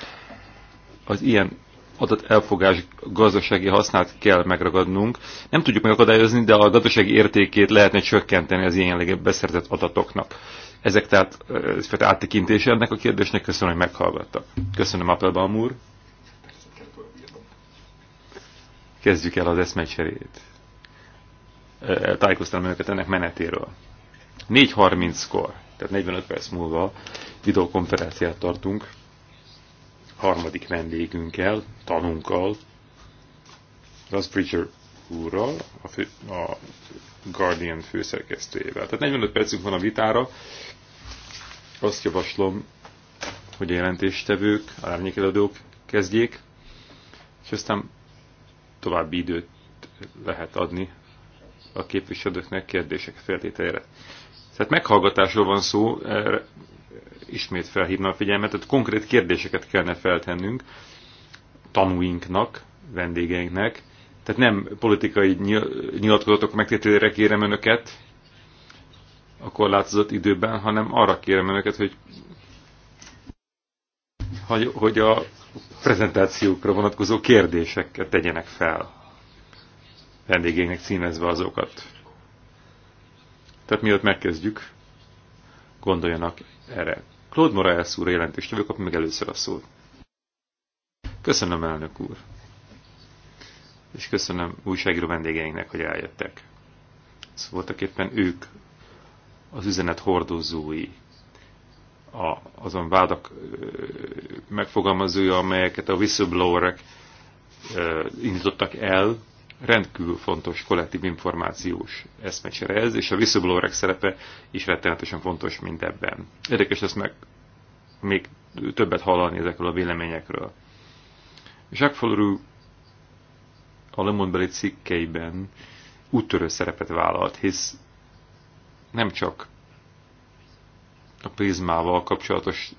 az ilyen adat elfogás gazdasági hasznát kell megragadnunk. Nem tudjuk megakadályozni, de a gazdasági értékét lehetne csökkenteni az ilyen beszerzett adatoknak. Ezek tehát, ez áttekintése ennek a kérdésnek. Köszönöm, hogy meghallgattak. Köszönöm, Appelbaum úr. Kezdjük el az eszmecserét. Tájékoztatom önöket ennek menetéről. 4.30-kor, tehát 45 perc múlva videokonferenciát tartunk harmadik vendégünkkel, tanunkkal, Ross Preacher úrral, a, fő, a Guardian főszerkesztőjével. Tehát 45 percünk van a vitára. Azt javaslom, hogy a jelentéstevők, a árnyékeladók kezdjék, és aztán további időt lehet adni a képviselőknek kérdések feltételére. Tehát meghallgatásról van szó, erre ismét felhívna a figyelmet, tehát konkrét kérdéseket kellene feltennünk tanúinknak, vendégeinknek, tehát nem politikai nyilatkozatok megtételére kérem önöket a korlátozott időben, hanem arra kérem önöket, hogy, hogy a prezentációkra vonatkozó kérdéseket tegyenek fel vendégének címezve azokat. Tehát mielőtt megkezdjük, gondoljanak erre. Claude Moraes úr jelentéstevő kapja meg először a szót. Köszönöm, elnök úr és köszönöm újságíró vendégeinknek, hogy eljöttek. Szóval voltak éppen ők az üzenet hordozói, a, azon vádak megfogalmazója, amelyeket a whistleblowerek indítottak el, rendkívül fontos kollektív információs eszmecsere ez, és a whistleblowerek szerepe is rettenetesen fontos, mint ebben. Érdekes lesz meg még többet hallani ezekről a véleményekről. Jacques Falurú a Lemonbeli cikkeiben úttörő szerepet vállalt, hisz nem csak a prizmával kapcsolatos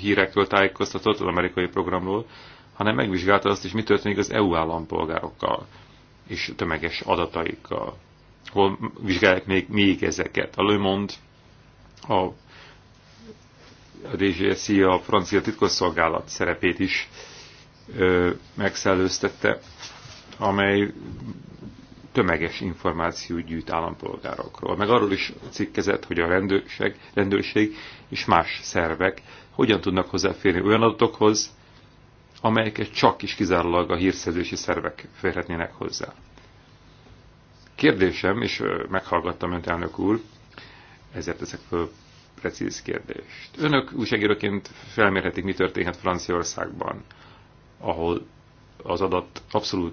hírekről tájékoztatott az amerikai programról, hanem megvizsgálta azt is, mi történik az EU állampolgárokkal és tömeges adataikkal. Hol vizsgálják még, még ezeket. A Le Monde, a, a DGSI, a francia titkosszolgálat szerepét is ö, megszellőztette amely tömeges információt gyűjt állampolgárokról. Meg arról is cikkezett, hogy a rendőrség, rendőrség és más szervek hogyan tudnak hozzáférni olyan adatokhoz, amelyeket csak is kizárólag a hírszerzési szervek férhetnének hozzá. Kérdésem, és meghallgattam önt elnök úr, ezért teszek föl precíz kérdést. Önök újságíróként felmérhetik, mi történhet Franciaországban, ahol az adat abszolút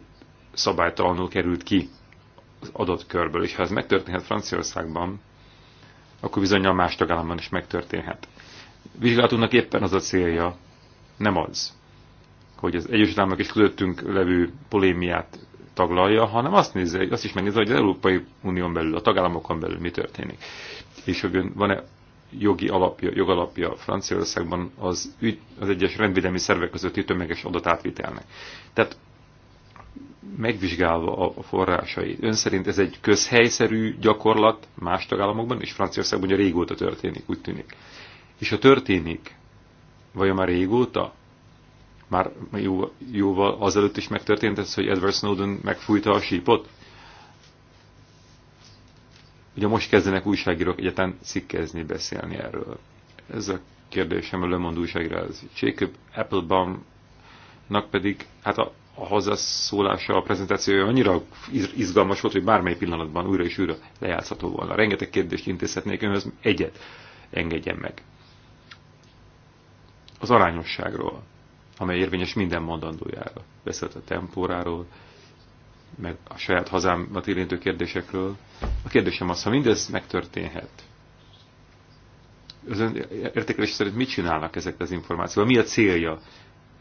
szabálytalanul került ki az adott körből. És ha ez megtörténhet Franciaországban, akkor bizony a más tagállamban is megtörténhet. Vizsgálatunknak éppen az a célja, nem az, hogy az Egyesült Államok és közöttünk levő polémiát taglalja, hanem azt, nézze, azt is megnézze, hogy az Európai Unión belül, a tagállamokon belül mi történik. És hogy van-e jogi alapja, jogalapja Franciaországban az, az egyes rendvédelmi szervek közötti tömeges adatátvitelnek. Tehát megvizsgálva a forrásait. Ön szerint ez egy közhelyszerű gyakorlat más tagállamokban, és Franciaországban ugye régóta történik, úgy tűnik. És ha történik, vajon már régóta, már jó, jóval azelőtt is megtörtént ez, hogy Edward Snowden megfújta a sípot? Ugye most kezdenek újságírók egyetlen cikkezni, beszélni erről. Ez a kérdésem a Le Monde újságra. Jacob Applebaumnak pedig, hát a a hozzászólása, a prezentációja annyira izgalmas volt, hogy bármely pillanatban újra és újra lejátszható volna. Rengeteg kérdést intézhetnék önhöz, egyet engedjen meg. Az arányosságról, amely érvényes minden mondandójára. Beszélt a tempóráról, meg a saját hazámat érintő kérdésekről. A kérdésem az, ha mindez megtörténhet, az ön értékelés szerint mit csinálnak ezek az információk? Mi a célja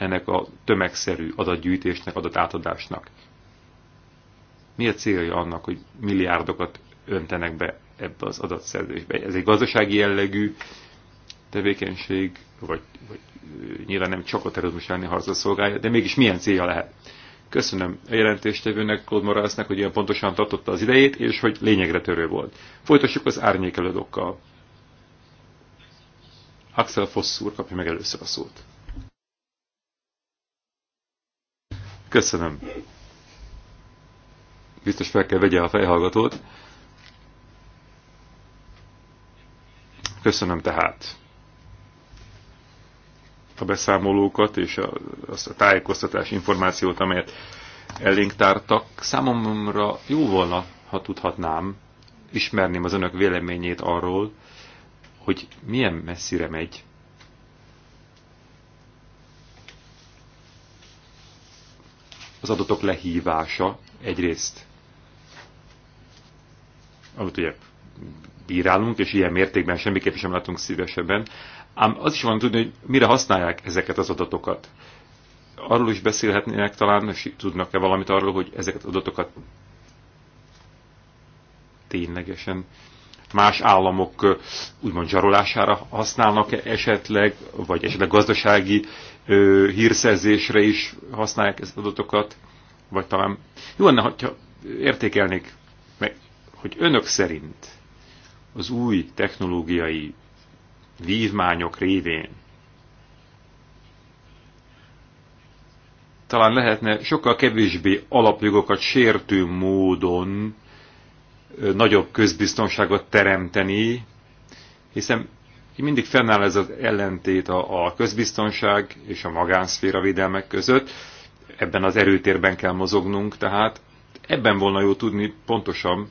ennek a tömegszerű adatgyűjtésnek, adatátadásnak? Mi a célja annak, hogy milliárdokat öntenek be ebbe az adatszerzésbe? Ez egy gazdasági jellegű tevékenység, vagy, vagy nyilván nem csak a terrorizmus elleni harcra szolgálja, de mégis milyen célja lehet? Köszönöm a jelentéstevőnek, Claude Moralesnek, hogy ilyen pontosan tartotta az idejét, és hogy lényegre törő volt. Folytassuk az árnyékelődokkal. Axel Fosszúr kapja meg először a szót. Köszönöm. Biztos fel kell vegye a fejhallgatót. Köszönöm tehát a beszámolókat és a, azt a tájékoztatás információt, amelyet elénk tártak. Számomra jó volna, ha tudhatnám, ismerném az önök véleményét arról, hogy milyen messzire megy az adatok lehívása egyrészt. Amit ugye bírálunk, és ilyen mértékben semmiképp sem látunk szívesebben. Ám az is van tudni, hogy mire használják ezeket az adatokat. Arról is beszélhetnének talán, és tudnak-e valamit arról, hogy ezeket az adatokat ténylegesen más államok úgymond zsarolására használnak-e esetleg, vagy esetleg gazdasági ö, hírszerzésre is használják ezt adatokat, vagy talán jó lenne, ha értékelnék meg, hogy önök szerint az új technológiai vívmányok révén talán lehetne sokkal kevésbé alapjogokat sértő módon nagyobb közbiztonságot teremteni, hiszen mindig fennáll ez az ellentét a, a közbiztonság és a magánszféra védelmek között. Ebben az erőtérben kell mozognunk, tehát ebben volna jó tudni pontosan,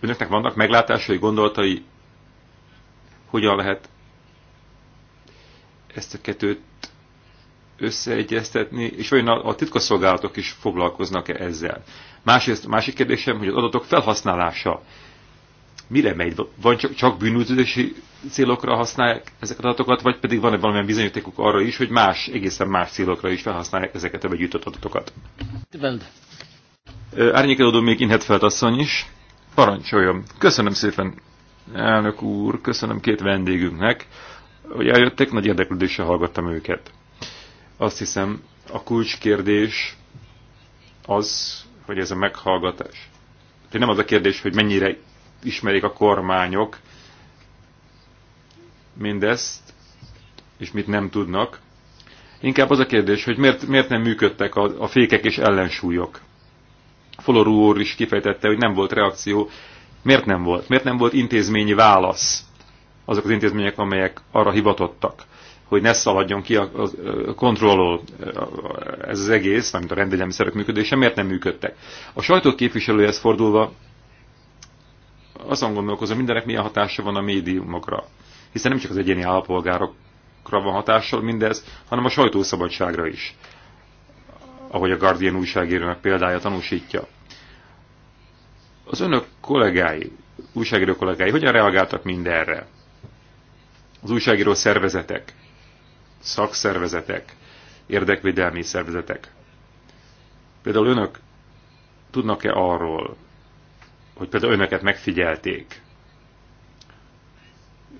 önöknek vannak meglátásai, gondolatai, hogyan lehet ezt a kettőt összeegyeztetni, és olyan a, a titkosszolgálatok is foglalkoznak -e ezzel. Másrészt a másik kérdésem, hogy az adatok felhasználása mire megy? Van csak, csak bűnüldözési célokra használják ezeket az adatokat, vagy pedig van-e valamilyen bizonyítékok arra is, hogy más, egészen más célokra is felhasználják ezeket a begyűjtött adatokat? Árnyékelődő még fel asszony is. Parancsoljon. Köszönöm szépen, elnök úr, köszönöm két vendégünknek, hogy eljöttek, nagy érdeklődéssel hallgattam őket. Azt hiszem, a kulcskérdés az, hogy ez a meghallgatás. Tehát nem az a kérdés, hogy mennyire ismerik a kormányok mindezt, és mit nem tudnak. Inkább az a kérdés, hogy miért, miért nem működtek a, a fékek és ellensúlyok. Florú úr is kifejtette, hogy nem volt reakció. Miért nem volt? Miért nem volt intézményi válasz? Azok az intézmények, amelyek arra hivatottak, hogy ne szaladjon ki a, a, a ez az egész, mint a szerek működése, miért nem működtek. A sajtó fordulva azon gondolkozom, mindenek milyen hatása van a médiumokra. Hiszen nem csak az egyéni állapolgárokra van hatással mindez, hanem a sajtószabadságra is, ahogy a Guardian újságírónak példája tanúsítja. Az önök kollégái, újságíró kollégái hogyan reagáltak mindenre? Az újságíró szervezetek szakszervezetek, érdekvédelmi szervezetek. Például önök tudnak-e arról, hogy például önöket megfigyelték?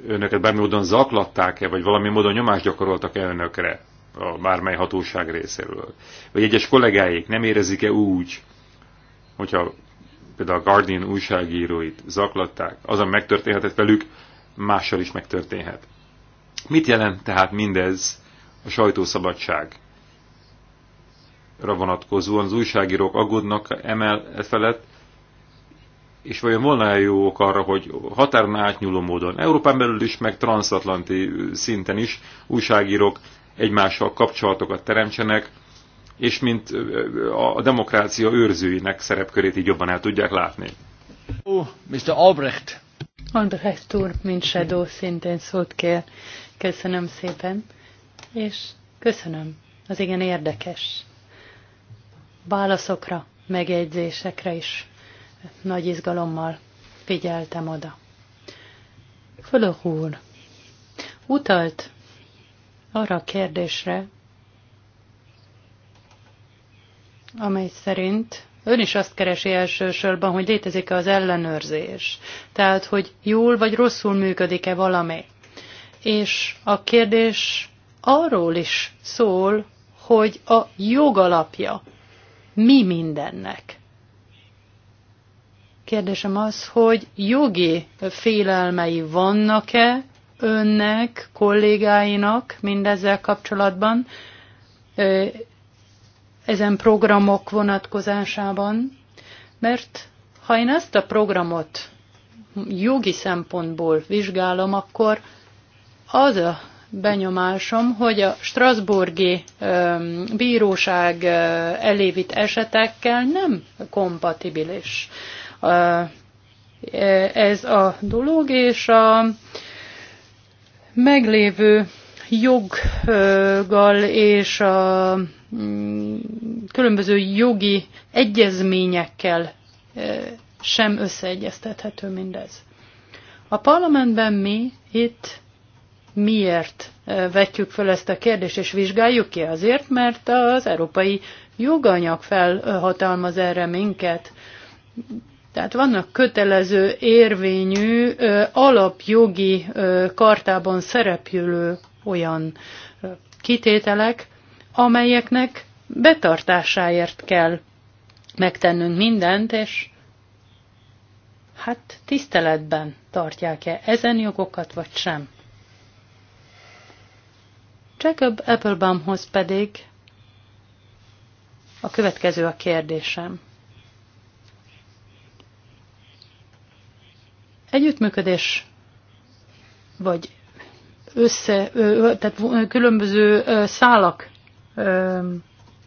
Önöket bármi módon zaklatták-e, vagy valami módon nyomást gyakoroltak-e önökre a bármely hatóság részéről? Vagy egyes kollégáik nem érezik-e úgy, hogyha például a Guardian újságíróit zaklatták, azon megtörténhetett velük, mással is megtörténhet. Mit jelent tehát mindez a sajtószabadság? vonatkozóan az újságírók aggódnak emel e felett, és vajon volna -e jó ok arra, hogy határon átnyúló módon, Európán belül is, meg transatlanti szinten is újságírók egymással kapcsolatokat teremtsenek, és mint a demokrácia őrzőinek szerepkörét így jobban el tudják látni. Oh, Mr. Albrecht. Albrecht úr, mint Shadow, szintén szót kér. Köszönöm szépen, és köszönöm az igen érdekes válaszokra, megjegyzésekre is nagy izgalommal figyeltem oda. Fölök úr, utalt arra a kérdésre, amely szerint ön is azt keresi elsősorban, hogy létezik-e az ellenőrzés. Tehát, hogy jól vagy rosszul működik-e valami. És a kérdés arról is szól, hogy a jogalapja mi mindennek. Kérdésem az, hogy jogi félelmei vannak-e önnek, kollégáinak mindezzel kapcsolatban, ezen programok vonatkozásában, mert ha én ezt a programot jogi szempontból vizsgálom, akkor az a benyomásom, hogy a Strasburgi bíróság elévit esetekkel nem kompatibilis ez a dolog, és a meglévő joggal és a mm, különböző jogi egyezményekkel sem összeegyeztethető mindez. A parlamentben mi itt miért vetjük fel ezt a kérdést, és vizsgáljuk ki azért, mert az európai joganyag felhatalmaz erre minket. Tehát vannak kötelező, érvényű, alapjogi kartában szerepülő olyan kitételek, amelyeknek betartásáért kell megtennünk mindent, és hát tiszteletben tartják-e ezen jogokat, vagy sem. Jacob Applebaumhoz pedig a következő a kérdésem. Együttműködés vagy össze, tehát különböző szálak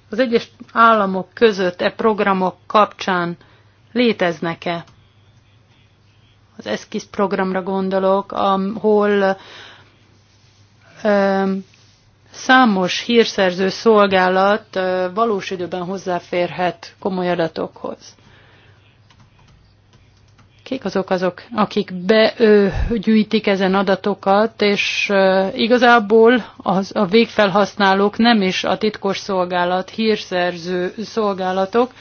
az egyes államok között e programok kapcsán léteznek-e? Az eszkiz programra gondolok, ahol számos hírszerző szolgálat valós időben hozzáférhet komoly adatokhoz. Kik azok azok, akik begyűjtik ezen adatokat, és igazából az, a végfelhasználók nem is a titkos szolgálat, hírszerző szolgálatok,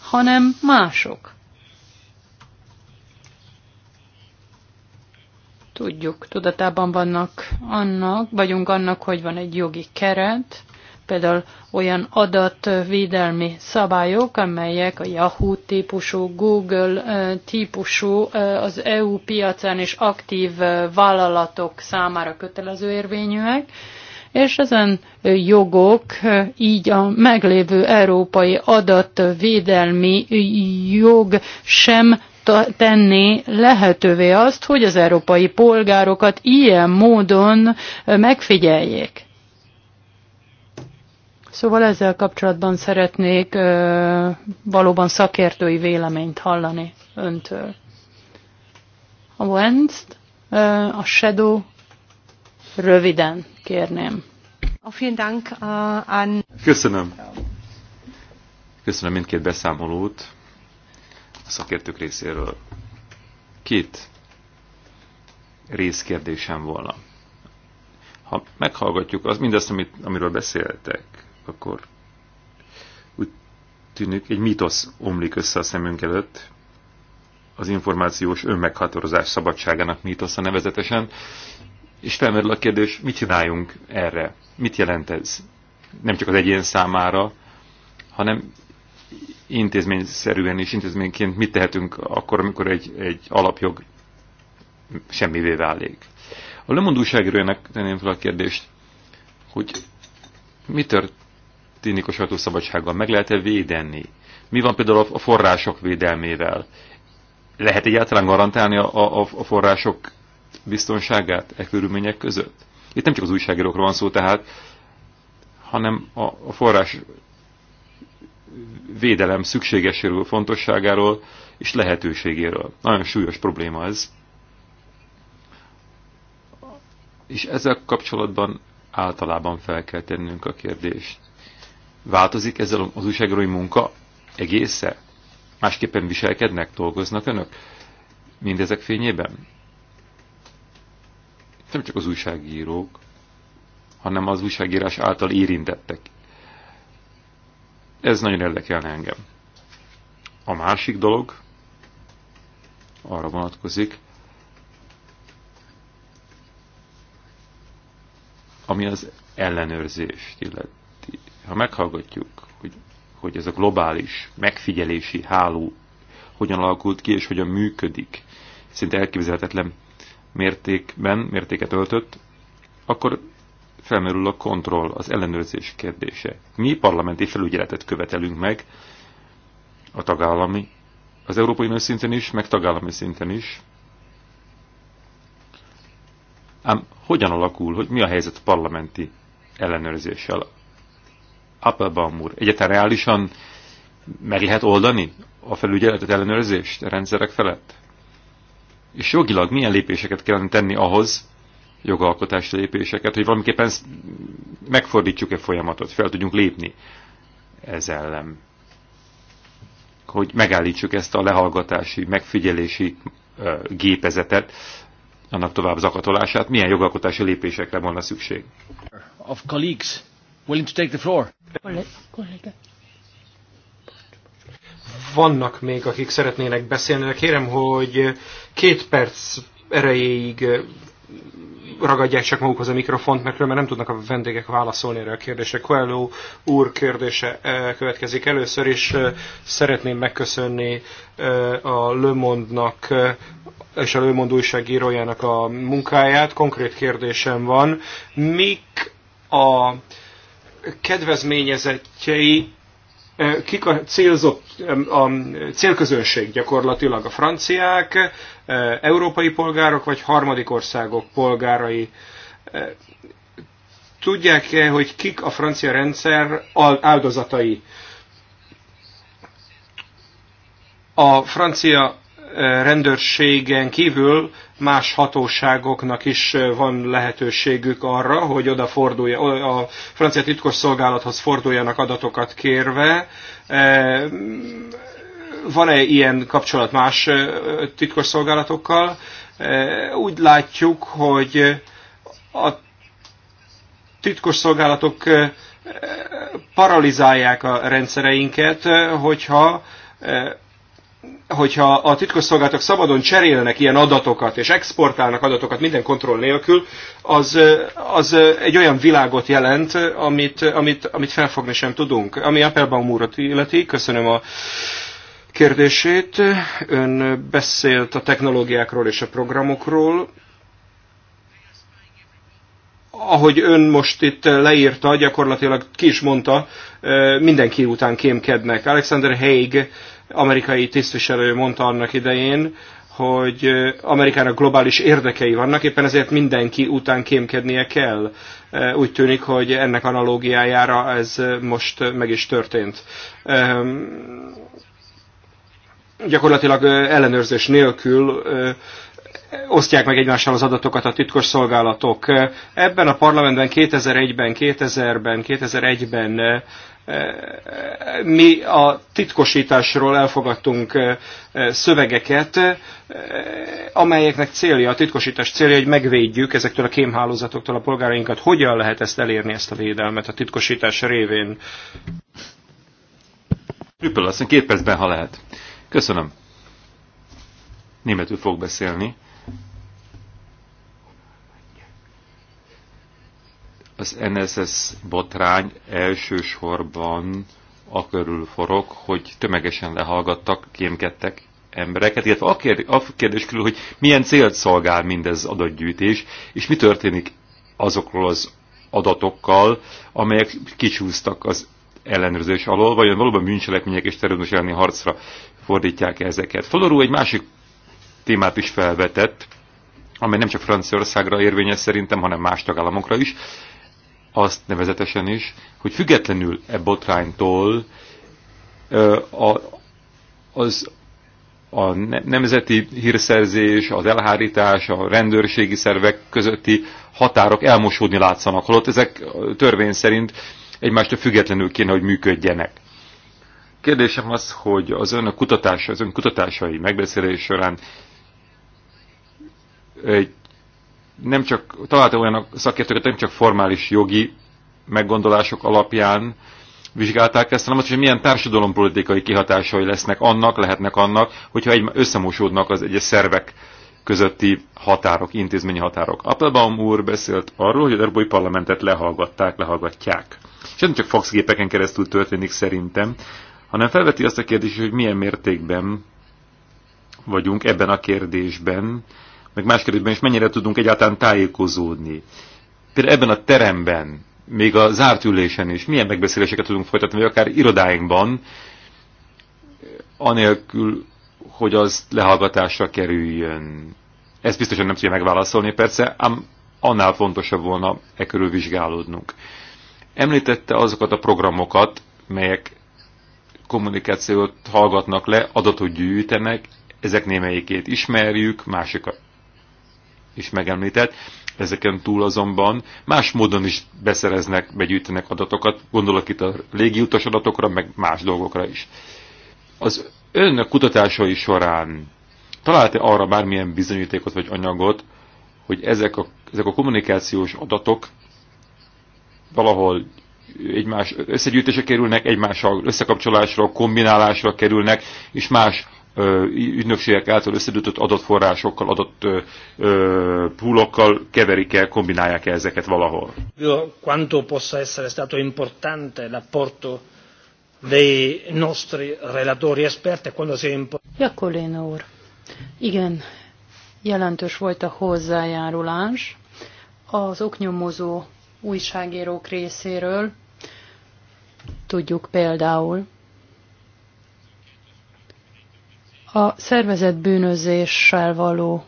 hanem mások Tudjuk, tudatában vannak annak, vagyunk annak, hogy van egy jogi keret, például olyan adatvédelmi szabályok, amelyek a Yahoo típusú, Google eh, típusú eh, az EU piacán és aktív eh, vállalatok számára kötelező érvényűek, és ezen jogok így a meglévő európai adatvédelmi jog sem tenni lehetővé azt, hogy az európai polgárokat ilyen módon megfigyeljék. Szóval ezzel kapcsolatban szeretnék ö, valóban szakértői véleményt hallani öntől. A Wenst, ö, a Shadow röviden kérném. Äh, Köszönöm. Köszönöm mindkét beszámolót a szakértők részéről. Két részkérdésem volna. Ha meghallgatjuk az mindazt, amit, amiről beszéltek, akkor úgy tűnik, egy mitosz omlik össze a szemünk előtt, az információs önmeghatározás szabadságának mítosza nevezetesen, és felmerül a kérdés, mit csináljunk erre? Mit jelent ez? Nem csak az egyén számára, hanem intézményszerűen és intézményként mit tehetünk akkor, amikor egy, egy alapjog semmivé válik. A lemondóságról tenném fel a kérdést, hogy mi történik a sajtószabadsággal? Meg lehet-e védeni? Mi van például a források védelmével? Lehet egyáltalán garantálni a, a, a források biztonságát e körülmények között? Itt nem csak az újságírókról van szó tehát, hanem a, a forrás védelem szükségeséről, fontosságáról és lehetőségéről. Nagyon súlyos probléma ez. És ezzel kapcsolatban általában fel kell tennünk a kérdést. Változik ezzel az újságírói munka egésze? Másképpen viselkednek, dolgoznak önök? Mindezek fényében? Nem csak az újságírók, hanem az újságírás által érintettek ez nagyon érdekelne engem. A másik dolog arra vonatkozik, ami az ellenőrzést illeti. Ha meghallgatjuk, hogy, hogy ez a globális megfigyelési háló hogyan alakult ki és hogyan működik, szinte elképzelhetetlen mértékben, mértéket öltött, akkor felmerül a kontroll, az ellenőrzés kérdése. Mi parlamenti felügyeletet követelünk meg a tagállami, az Európai Unió szinten is, meg tagállami szinten is. Ám hogyan alakul, hogy mi a helyzet a parlamenti ellenőrzéssel? Appelbaum úr, egyáltalán reálisan meg lehet oldani a felügyeletet ellenőrzést a rendszerek felett? És jogilag milyen lépéseket kellene tenni ahhoz, jogalkotási lépéseket, hogy valamiképpen megfordítsuk-e folyamatot, fel tudjunk lépni ez ellen. Hogy megállítsuk ezt a lehallgatási, megfigyelési gépezetet, annak tovább zakatolását, milyen jogalkotási lépésekre volna szükség. Of colleagues willing to take the floor. Vannak még, akik szeretnének beszélni, de kérem, hogy két perc erejéig ragadják csak magukhoz a mikrofont, mert különben nem tudnak a vendégek válaszolni erre a kérdésre. Coelho úr kérdése eh, következik először, és eh, szeretném megköszönni eh, a Le Monde-nak és a Le Monde újságírójának a munkáját. Konkrét kérdésem van. Mik a kedvezményezettjei Kik a célzott, a célközönség gyakorlatilag a franciák, európai polgárok vagy harmadik országok polgárai? Tudják-e, hogy kik a francia rendszer áldozatai? A francia rendőrségen kívül más hatóságoknak is van lehetőségük arra, hogy oda fordulja, a francia titkos szolgálathoz forduljanak adatokat kérve. Van-e ilyen kapcsolat más titkos szolgálatokkal. Úgy látjuk, hogy a titkos szolgálatok paralizálják a rendszereinket, hogyha hogyha a titkosszolgálatok szabadon cserélnek ilyen adatokat, és exportálnak adatokat minden kontroll nélkül, az, az egy olyan világot jelent, amit, amit, amit felfogni sem tudunk. Ami Appelbaum úrat illeti, köszönöm a kérdését. Ön beszélt a technológiákról és a programokról. Ahogy ön most itt leírta, gyakorlatilag ki is mondta, mindenki után kémkednek. Alexander Haig amerikai tisztviselő mondta annak idején, hogy Amerikának globális érdekei vannak, éppen ezért mindenki után kémkednie kell. Úgy tűnik, hogy ennek analógiájára ez most meg is történt. Gyakorlatilag ellenőrzés nélkül osztják meg egymással az adatokat a titkos szolgálatok. Ebben a parlamentben 2001-ben, 2000-ben, 2001-ben mi a titkosításról elfogadtunk eh, szövegeket, eh, amelyeknek célja, a titkosítás célja, hogy megvédjük ezektől a kémhálózatoktól a polgárainkat. Hogyan lehet ezt elérni, ezt a védelmet a titkosítás révén? Rüppel, azt két percben, ha lehet. Köszönöm. Németül fog beszélni. Az NSS botrány elsősorban a körül forog, hogy tömegesen lehallgattak, kémkedtek embereket, illetve a kérdés, kérdés körül, hogy milyen célt szolgál mindez adatgyűjtés, és mi történik azokról az adatokkal, amelyek kicsúsztak az ellenőrzés alól, vagy valóban bűncselekmények és terrorizmus elleni harcra fordítják -e ezeket. Fodorú egy másik témát is felvetett, amely nem csak Franciaországra érvényes szerintem, hanem más tagállamokra is azt nevezetesen is, hogy függetlenül e botránytól a, az a nemzeti hírszerzés, az elhárítás, a rendőrségi szervek közötti határok elmosódni látszanak, holott ezek törvény szerint egymástól függetlenül kéne, hogy működjenek. Kérdésem az, hogy az a kutatása, az ön kutatásai megbeszélés során egy nem csak, találta olyan szakértőket, nem csak formális jogi meggondolások alapján vizsgálták ezt, hanem azt, hogy milyen társadalompolitikai kihatásai lesznek annak, lehetnek annak, hogyha egy, összemosódnak az egyes szervek közötti határok, intézményi határok. Applebaum úr beszélt arról, hogy az Európai Parlamentet lehallgatták, lehallgatják. És nem csak faxgépeken keresztül történik szerintem, hanem felveti azt a kérdést, hogy milyen mértékben vagyunk ebben a kérdésben meg más kérdésben is mennyire tudunk egyáltalán tájékozódni. Például ebben a teremben, még a zárt ülésen is milyen megbeszéléseket tudunk folytatni, vagy akár irodáinkban, anélkül, hogy az lehallgatásra kerüljön. ez biztosan nem tudja megválaszolni persze, ám annál fontosabb volna e körül vizsgálódnunk. Említette azokat a programokat, melyek kommunikációt hallgatnak le, adatot gyűjtenek, ezek némelyikét ismerjük, másikat is megemlített, ezeken túl azonban más módon is beszereznek, begyűjtenek adatokat, gondolok itt a légiutas adatokra, meg más dolgokra is. Az önök kutatásai során talált-e arra bármilyen bizonyítékot vagy anyagot, hogy ezek a, ezek a kommunikációs adatok valahol egymás összegyűjtése kerülnek, egymással összekapcsolásra, kombinálásra kerülnek, és más ügynökségek által összedőtött adatforrásokkal, adott púlokkal keverik el, kombinálják -e ezeket valahol. Quanto possa essere stato importante l'apporto dei nostri relatori esperti quando si è importante. igen, jelentős volt a hozzájárulás az oknyomozó újságírók részéről. Tudjuk például, A szervezett bűnözéssel való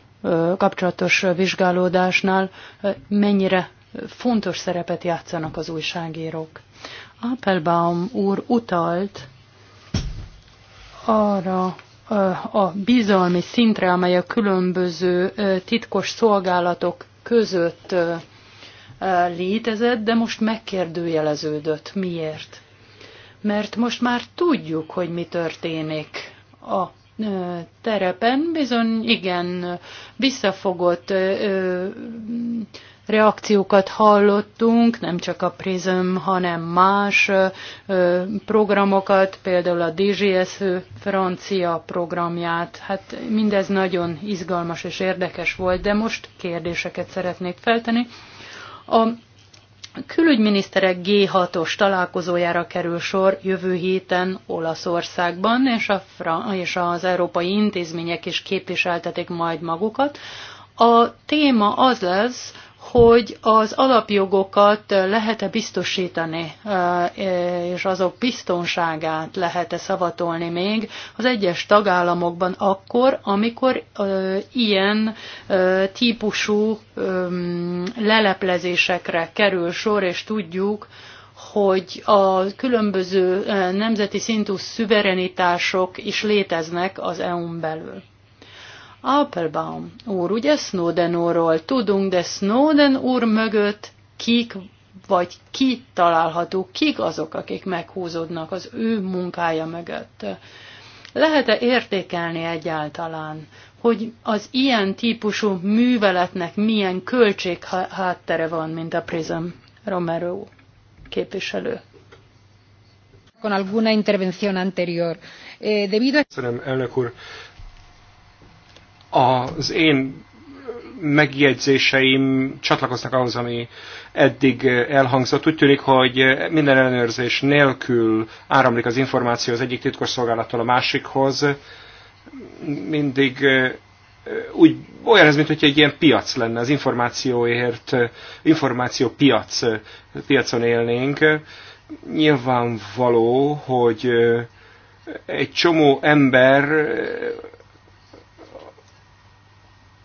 kapcsolatos vizsgálódásnál mennyire fontos szerepet játszanak az újságírók. Appelbaum úr utalt arra a bizalmi szintre, amely a különböző titkos szolgálatok között létezett, de most megkérdőjeleződött. Miért? Mert most már tudjuk, hogy mi történik a terepen bizony igen visszafogott reakciókat hallottunk, nem csak a Prism, hanem más programokat, például a DGS francia programját. Hát mindez nagyon izgalmas és érdekes volt, de most kérdéseket szeretnék feltenni. A külügyminiszterek G6-os találkozójára kerül sor jövő héten Olaszországban, és, a Fra- és az európai intézmények is képviseltetik majd magukat. A téma az lesz, hogy az alapjogokat lehet-e biztosítani, és azok biztonságát lehet-e szavatolni még az egyes tagállamokban akkor, amikor ilyen típusú leleplezésekre kerül sor, és tudjuk, hogy a különböző nemzeti szintű szuverenitások is léteznek az EU-n belül. Applebaum úr, ugye Snowden úrról tudunk, de Snowden úr mögött kik vagy ki található, kik azok, akik meghúzódnak az ő munkája mögött. Lehet-e értékelni egyáltalán, hogy az ilyen típusú műveletnek milyen költségháttere van, mint a PRISM Romero képviselő? Con alguna intervención anterior. Eh, debido a... Köszönöm, elnök úr az én megjegyzéseim csatlakoznak ahhoz, ami eddig elhangzott. Úgy tűnik, hogy minden ellenőrzés nélkül áramlik az információ az egyik titkosszolgálattól a másikhoz. Mindig úgy, olyan ez, mintha hogy egy ilyen piac lenne, az információért, információ piac, piacon élnénk. Nyilvánvaló, hogy egy csomó ember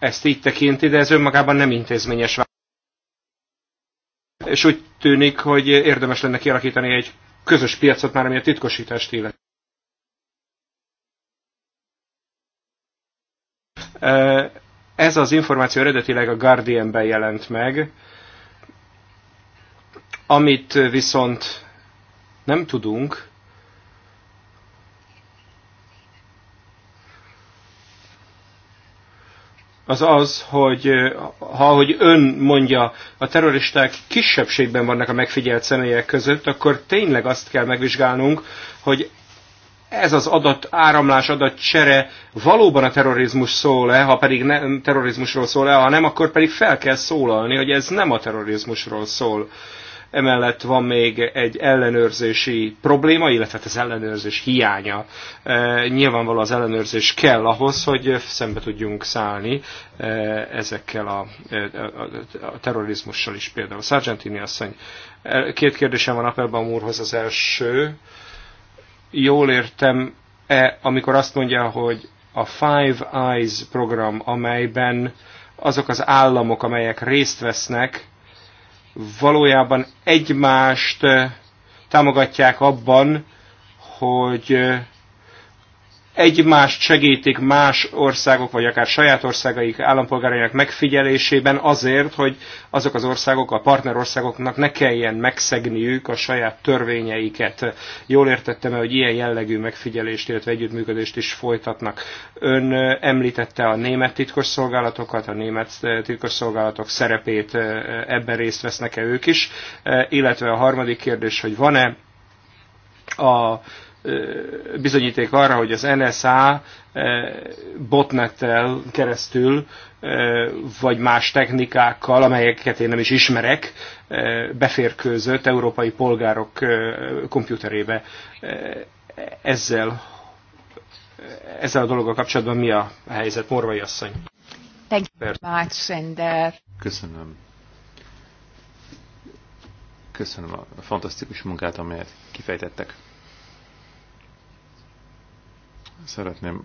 ezt így tekinti, de ez önmagában nem intézményes és úgy tűnik, hogy érdemes lenne kialakítani egy közös piacot már, ami a titkosítást illeti. Ez az információ eredetileg a Guardian-ben jelent meg, amit viszont nem tudunk, az az, hogy ha hogy ön mondja, a terroristák kisebbségben vannak a megfigyelt személyek között, akkor tényleg azt kell megvizsgálnunk, hogy ez az adat áramlás, adat csere valóban a terrorizmus szól-e, ha pedig nem terrorizmusról szól-e, ha nem, akkor pedig fel kell szólalni, hogy ez nem a terrorizmusról szól emellett van még egy ellenőrzési probléma, illetve hát az ellenőrzés hiánya. E, Nyilvánvaló az ellenőrzés kell ahhoz, hogy szembe tudjunk szállni e, ezekkel e, a, a terrorizmussal is például. Sargentini asszony, két kérdésem van Appelbaum úrhoz az első. Jól értem-e, amikor azt mondja, hogy a Five Eyes program, amelyben azok az államok, amelyek részt vesznek, valójában egymást eh, támogatják abban, hogy eh, egymást segítik más országok, vagy akár saját országaik állampolgárainak megfigyelésében azért, hogy azok az országok, a partnerországoknak ne kelljen megszegniük a saját törvényeiket. Jól értettem -e, hogy ilyen jellegű megfigyelést, illetve együttműködést is folytatnak. Ön említette a német titkosszolgálatokat, a német titkosszolgálatok szerepét, e, ebben részt vesznek-e ők is, e, illetve a harmadik kérdés, hogy van-e a bizonyíték arra, hogy az NSA botnettel keresztül, vagy más technikákkal, amelyeket én nem is ismerek, beférkőzött európai polgárok kompjúterébe. Ezzel, ezzel a dologgal kapcsolatban mi a helyzet, Morvai asszony? Thank you very much, and, uh... Köszönöm. Köszönöm a fantasztikus munkát, amelyet kifejtettek. Szeretném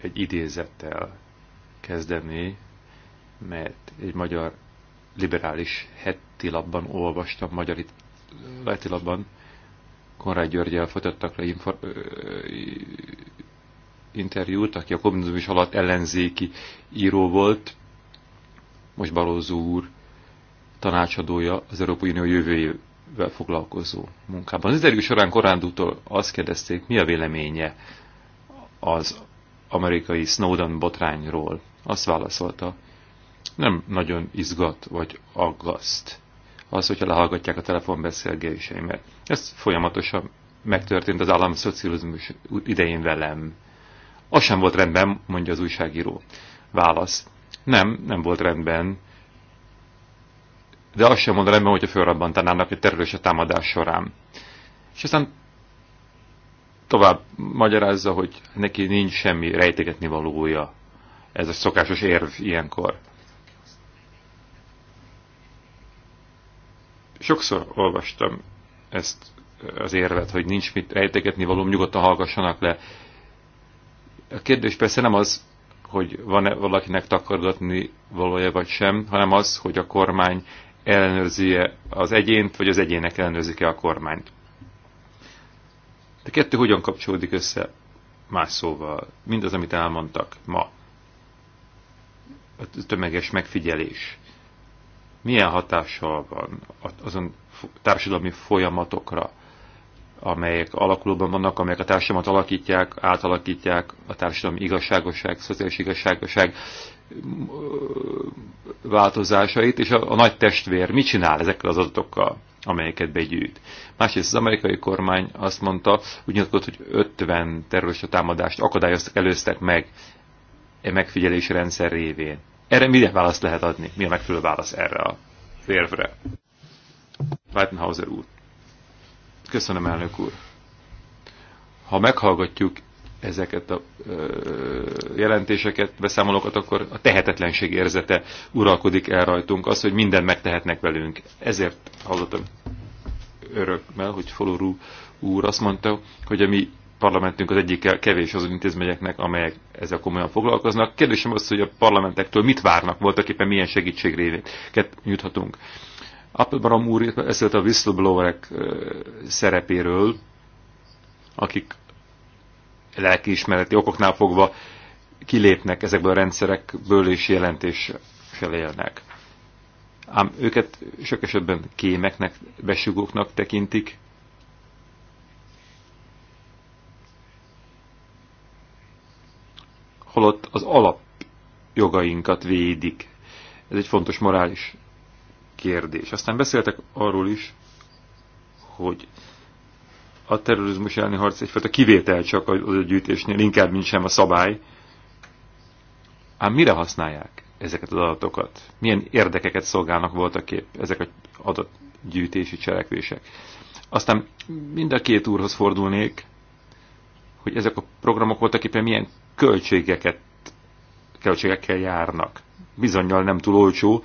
egy idézettel kezdeni, mert egy magyar liberális heti labban olvastam, magyar heti labban Konrád Györgyel folytattak le infor, ö, interjút, aki a kommunizmus alatt ellenzéki író volt, most Balózó úr tanácsadója az Európai Unió jövőjével foglalkozó munkában. Az interjú során Korándútól azt kérdezték, mi a véleménye az amerikai Snowden botrányról. Azt válaszolta, nem nagyon izgat vagy aggaszt az, hogyha lehallgatják a telefonbeszélgéseimet. Ez folyamatosan megtörtént az államszocializmus idején velem. Az sem volt rendben, mondja az újságíró. Válasz. Nem, nem volt rendben, de azt sem mondanám, hogyha fölrabbantanának egy a támadás során. És aztán tovább magyarázza, hogy neki nincs semmi rejtegetni valója. Ez a szokásos érv ilyenkor. Sokszor olvastam ezt az érvet, hogy nincs mit rejtegetni valóm, nyugodtan hallgassanak le. A kérdés persze nem az, hogy van-e valakinek takarodatni valója vagy sem, hanem az, hogy a kormány ellenőrzi-e az egyént, vagy az egyének ellenőrzik-e a kormányt. De kettő hogyan kapcsolódik össze más szóval? Mindaz, amit elmondtak ma. A tömeges megfigyelés. Milyen hatással van azon társadalmi folyamatokra, amelyek alakulóban vannak, amelyek a társadalmat alakítják, átalakítják, a társadalmi igazságosság, szociális igazságosság változásait, és a, a nagy testvér mit csinál ezekkel az adatokkal, amelyeket begyűjt. Másrészt az amerikai kormány azt mondta, úgy nyilatkozott, hogy 50 terrorista támadást akadályoztak, előztek meg e megfigyelési rendszer révén. Erre milyen választ lehet adni? Mi a megfelelő válasz erre a férvre? Weidenhauser úr. Köszönöm, elnök úr. Ha meghallgatjuk ezeket a jelentéseket, beszámolókat, akkor a tehetetlenség érzete uralkodik el rajtunk, az, hogy mindent megtehetnek velünk. Ezért hallottam örökmel, hogy Folorú úr azt mondta, hogy a mi parlamentünk az egyik kevés az intézményeknek, amelyek ezzel komolyan foglalkoznak. Kérdésem az, hogy a parlamentektől mit várnak, voltak éppen milyen révéket juthatunk. Appelbaram úr beszélt a whistleblowerek szerepéről, akik lelkiismereti okoknál fogva kilépnek ezekből a rendszerekből és jelentéssel élnek. Ám őket sok esetben kémeknek, besugóknak tekintik, holott az alap jogainkat védik. Ez egy fontos morális kérdés. Aztán beszéltek arról is, hogy a terrorizmus elleni harc egyfajta kivétel csak az a gyűjtésnél, inkább, mint sem a szabály. Ám mire használják ezeket az adatokat? Milyen érdekeket szolgálnak voltak épp ezek az adatgyűjtési cselekvések? Aztán mind a két úrhoz fordulnék, hogy ezek a programok voltak éppen milyen költségeket, költségekkel járnak. Bizonyal nem túl olcsó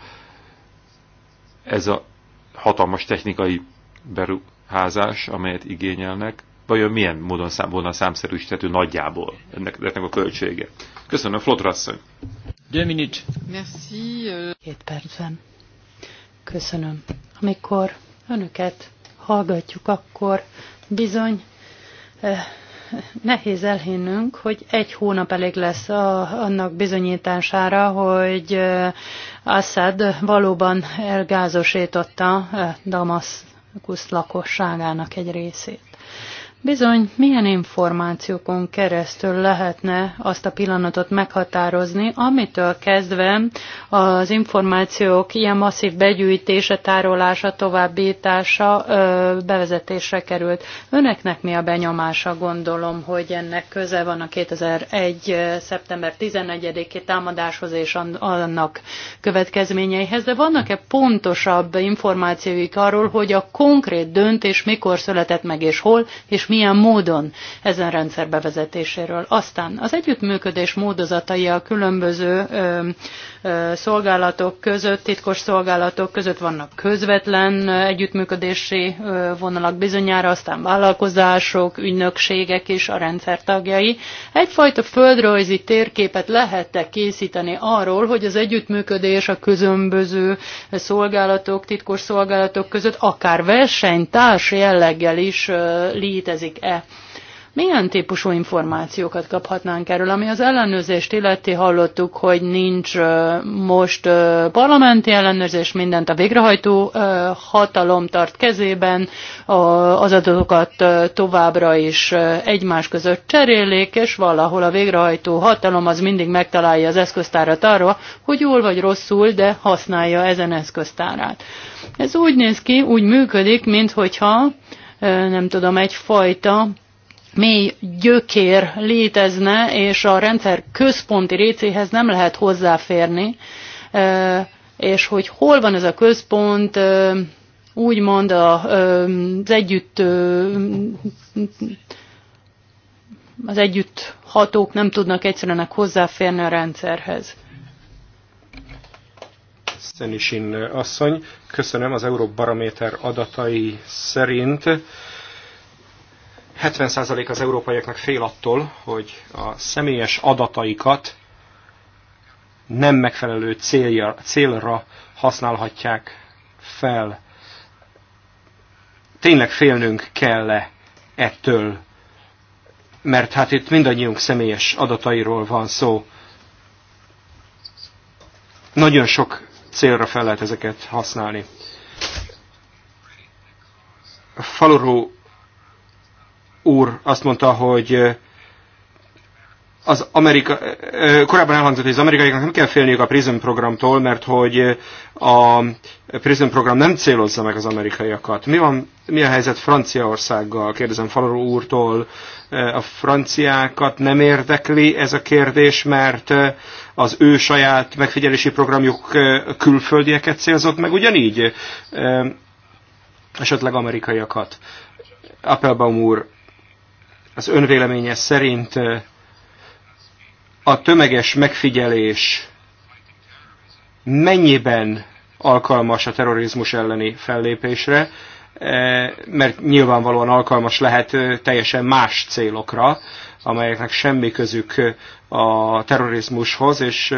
ez a hatalmas technikai beru házás, amelyet igényelnek, vajon milyen módon szám, volna számszerűsíthető nagyjából ennek, ennek a költsége. Köszönöm, Flotrasszony. Deux minutes. Merci. Euh. Két percben. Köszönöm. Amikor önöket hallgatjuk, akkor bizony eh, nehéz elhinnünk, hogy egy hónap elég lesz a, annak bizonyítására, hogy eh, Assad valóban elgázosította eh, Damasz Kusz lakosságának egy részét. Bizony, milyen információkon keresztül lehetne azt a pillanatot meghatározni, amitől kezdve az információk ilyen masszív begyűjtése, tárolása, továbbítása bevezetésre került. Önöknek mi a benyomása? Gondolom, hogy ennek köze van a 2001. szeptember 11-i támadáshoz és annak következményeihez, de vannak-e pontosabb információik arról, hogy a konkrét döntés mikor született meg és hol, és milyen módon ezen rendszer bevezetéséről. Aztán az együttműködés módozatai a különböző ö, ö, szolgálatok között, titkos szolgálatok között vannak közvetlen együttműködési vonalak bizonyára, aztán vállalkozások, ügynökségek is a rendszer tagjai. Egyfajta földrajzi térképet lehettek készíteni arról, hogy az együttműködés a különböző szolgálatok, titkos szolgálatok között akár versenytárs jelleggel is létezik létezik-e. Milyen típusú információkat kaphatnánk erről? Ami az ellenőrzést illeti, hallottuk, hogy nincs most parlamenti ellenőrzés, mindent a végrehajtó hatalom tart kezében, az adatokat továbbra is egymás között cserélik, és valahol a végrehajtó hatalom az mindig megtalálja az eszköztárat arra, hogy jól vagy rosszul, de használja ezen eszköztárát. Ez úgy néz ki, úgy működik, minthogyha nem tudom, egyfajta mély gyökér létezne, és a rendszer központi récéhez nem lehet hozzáférni, és hogy hol van ez a központ, úgymond az együtt az együtt hatók nem tudnak egyszerűen hozzáférni a rendszerhez. Szenisin asszony. Köszönöm, az Euróbarométer adatai szerint 70% az európaiaknak fél attól, hogy a személyes adataikat nem megfelelő célja, célra használhatják fel. Tényleg félnünk kell-e ettől? Mert hát itt mindannyiunk személyes adatairól van szó. Nagyon sok célra fel lehet ezeket használni. Faluró úr azt mondta, hogy az Amerika, korábban elhangzott, hogy az amerikaiaknak nem kell félniük a PRISM programtól, mert hogy a PRISM program nem célozza meg az amerikaiakat. Mi, van, mi a helyzet Franciaországgal? Kérdezem Faloró úrtól a franciákat nem érdekli ez a kérdés, mert az ő saját megfigyelési programjuk külföldieket célzott meg ugyanígy, esetleg amerikaiakat. Appelbaum úr, az önvéleménye szerint a tömeges megfigyelés mennyiben alkalmas a terrorizmus elleni fellépésre, Eh, mert nyilvánvalóan alkalmas lehet eh, teljesen más célokra, amelyeknek semmi közük eh, a terrorizmushoz, és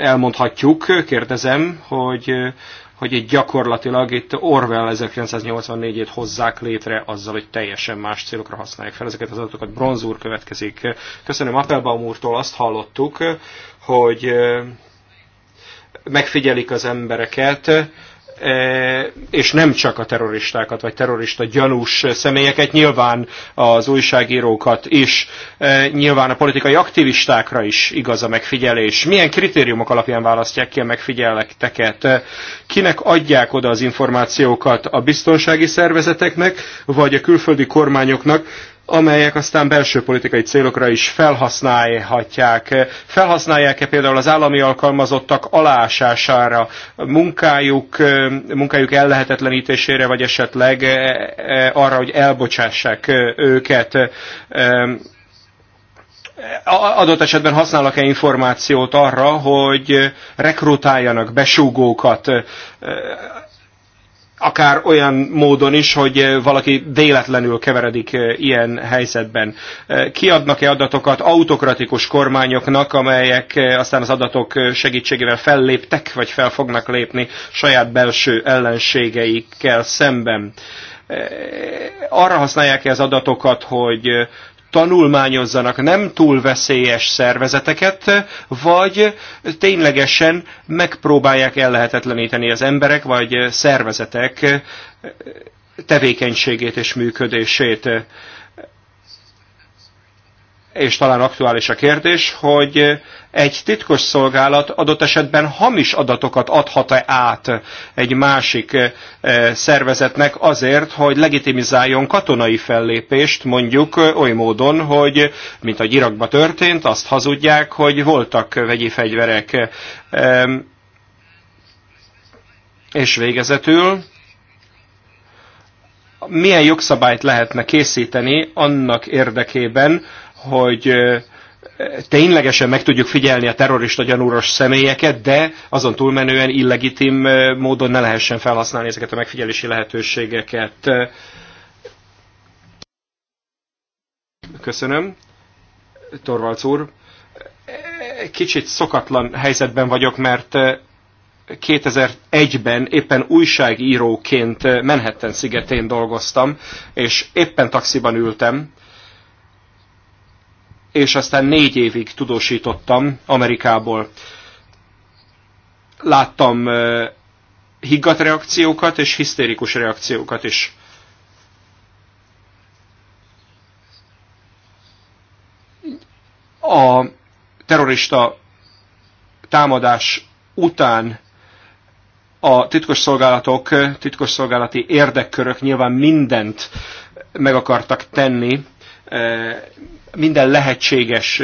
elmondhatjuk, kérdezem, hogy, hogy itt gyakorlatilag itt Orwell 1984-ét hozzák létre azzal, hogy teljesen más célokra használják fel ezeket az adatokat. Bronzúr következik. Köszönöm Appelbaum úrtól, azt hallottuk, hogy megfigyelik az embereket, E, és nem csak a terroristákat, vagy terrorista gyanús személyeket, nyilván az újságírókat is, e, nyilván a politikai aktivistákra is igaz a megfigyelés. Milyen kritériumok alapján választják ki a megfigyeleteket? Kinek adják oda az információkat? A biztonsági szervezeteknek, vagy a külföldi kormányoknak? amelyek aztán belső politikai célokra is felhasználhatják. Felhasználják-e például az állami alkalmazottak alásására, munkájuk, munkájuk ellehetetlenítésére, vagy esetleg arra, hogy elbocsássák őket? adott esetben használnak-e információt arra, hogy rekrutáljanak besúgókat akár olyan módon is, hogy eh, valaki déletlenül keveredik eh, ilyen helyzetben. Eh, kiadnak-e adatokat autokratikus kormányoknak, amelyek aztán az adatok segítségével felléptek, vagy fel fognak lépni saját belső ellenségeikkel szemben? Arra használják-e az adatokat, hogy tanulmányozzanak nem túl veszélyes szervezeteket, vagy ténylegesen megpróbálják ellehetetleníteni az emberek vagy szervezetek tevékenységét és működését és talán aktuális a kérdés, hogy egy titkos szolgálat adott esetben hamis adatokat adhat-e át egy másik eh, szervezetnek azért, hogy legitimizáljon katonai fellépést, mondjuk eh, oly módon, hogy, mint a Irakban történt, azt hazudják, hogy voltak vegyi fegyverek. És végezetül, milyen jogszabályt lehetne készíteni annak érdekében, hogy ténylegesen meg tudjuk figyelni a terrorista gyanúros személyeket, de azon túlmenően illegitim módon ne lehessen felhasználni ezeket a megfigyelési lehetőségeket. Köszönöm. Torvalc úr. Kicsit szokatlan helyzetben vagyok, mert 2001-ben éppen újságíróként Manhattan szigetén dolgoztam, és éppen taxiban ültem, és aztán négy évig tudósítottam Amerikából. Láttam higgadt reakciókat és hisztérikus reakciókat is. A terrorista támadás után a titkos szolgálatok, titkos szolgálati érdekkörök nyilván mindent meg akartak tenni, minden lehetséges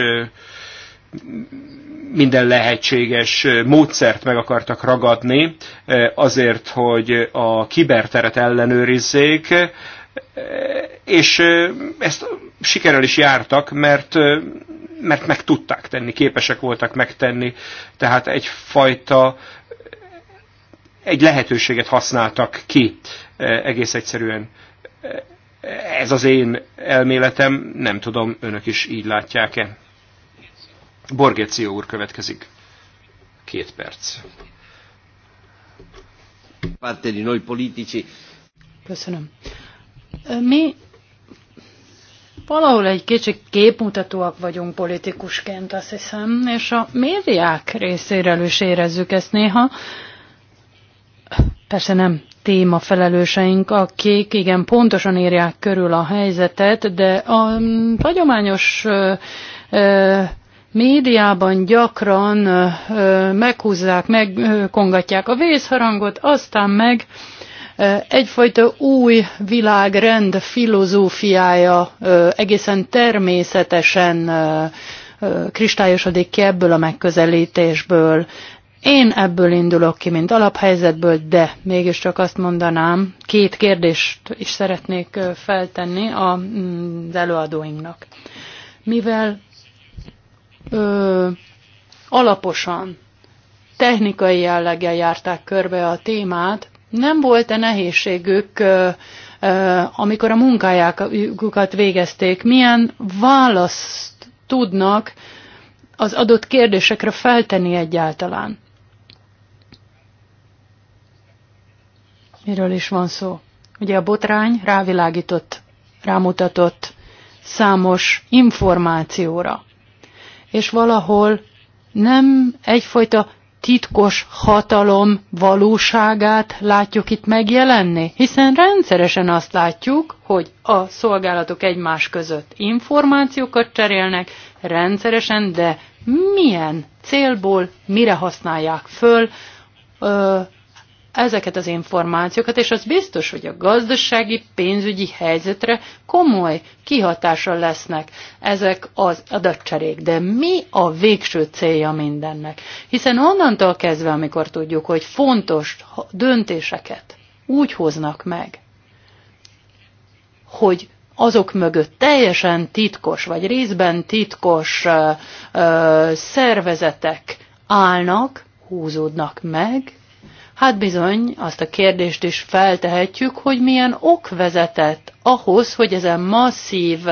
minden lehetséges módszert meg akartak ragadni azért, hogy a kiberteret ellenőrizzék, és ezt sikerrel is jártak, mert, mert meg tudták tenni, képesek voltak megtenni, tehát egyfajta egy lehetőséget használtak ki egész egyszerűen. Ez az én elméletem, nem tudom, önök is így látják-e. Borgeció úr következik. Két perc. Köszönöm. Mi valahol egy kicsit képmutatóak vagyunk politikusként, azt hiszem, és a médiák részéről is érezzük ezt néha. Persze nem felelőseink, akik igen pontosan írják körül a helyzetet, de a mm, hagyományos médiában gyakran meghúzzák, megkongatják a vészharangot, aztán meg egyfajta új világrend filozófiája egészen természetesen kristályosodik ki ebből a megközelítésből. Én ebből indulok ki, mint alaphelyzetből, de mégiscsak azt mondanám, két kérdést is szeretnék feltenni az mm, előadóinknak. Mivel ö, alaposan, technikai jelleggel járták körbe a témát, nem volt-e nehézségük ö, amikor a munkájukat végezték, milyen választ tudnak az adott kérdésekre feltenni egyáltalán. miről is van szó. Ugye a botrány rávilágított, rámutatott számos információra, és valahol nem egyfajta titkos hatalom valóságát látjuk itt megjelenni, hiszen rendszeresen azt látjuk, hogy a szolgálatok egymás között információkat cserélnek, rendszeresen, de milyen célból, mire használják föl, ö, ezeket az információkat, és az biztos, hogy a gazdasági, pénzügyi helyzetre komoly kihatással lesznek ezek az adatcserék. De mi a végső célja mindennek? Hiszen onnantól kezdve, amikor tudjuk, hogy fontos döntéseket úgy hoznak meg, hogy azok mögött teljesen titkos, vagy részben titkos uh, uh, szervezetek állnak, húzódnak meg, Hát bizony, azt a kérdést is feltehetjük, hogy milyen ok vezetett ahhoz, hogy ez a masszív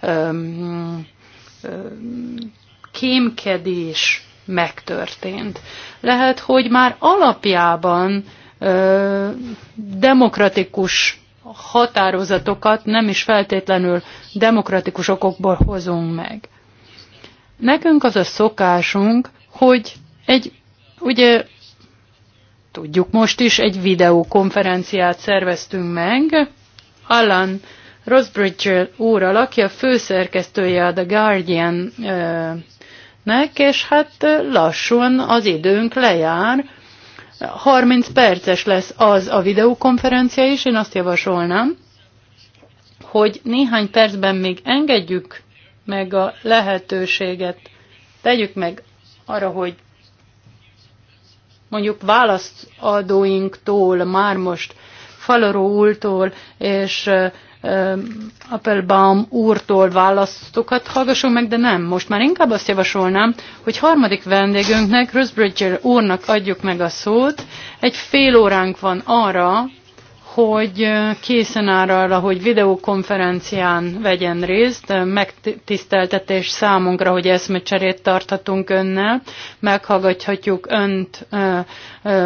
öm, öm, kémkedés megtörtént. Lehet, hogy már alapjában ö, demokratikus határozatokat nem is feltétlenül demokratikus okokból hozunk meg. Nekünk az a szokásunk, hogy egy, ugye tudjuk most is, egy videokonferenciát szerveztünk meg. Alan Rosbridge úr aki a főszerkesztője a The Guardian-nek, és hát lassan az időnk lejár. 30 perces lesz az a videokonferencia is, én azt javasolnám, hogy néhány percben még engedjük meg a lehetőséget, tegyük meg arra, hogy mondjuk választadóinktól, már most Falaró úrtól és Appelbaum úrtól választokat hallgassunk meg, de nem. Most már inkább azt javasolnám, hogy harmadik vendégünknek, Rusbridger úrnak adjuk meg a szót. Egy fél óránk van arra, hogy készen áll arra, hogy videokonferencián vegyen részt. Megtiszteltetés számunkra, hogy eszmecserét tarthatunk önnel. Meghallgathatjuk önt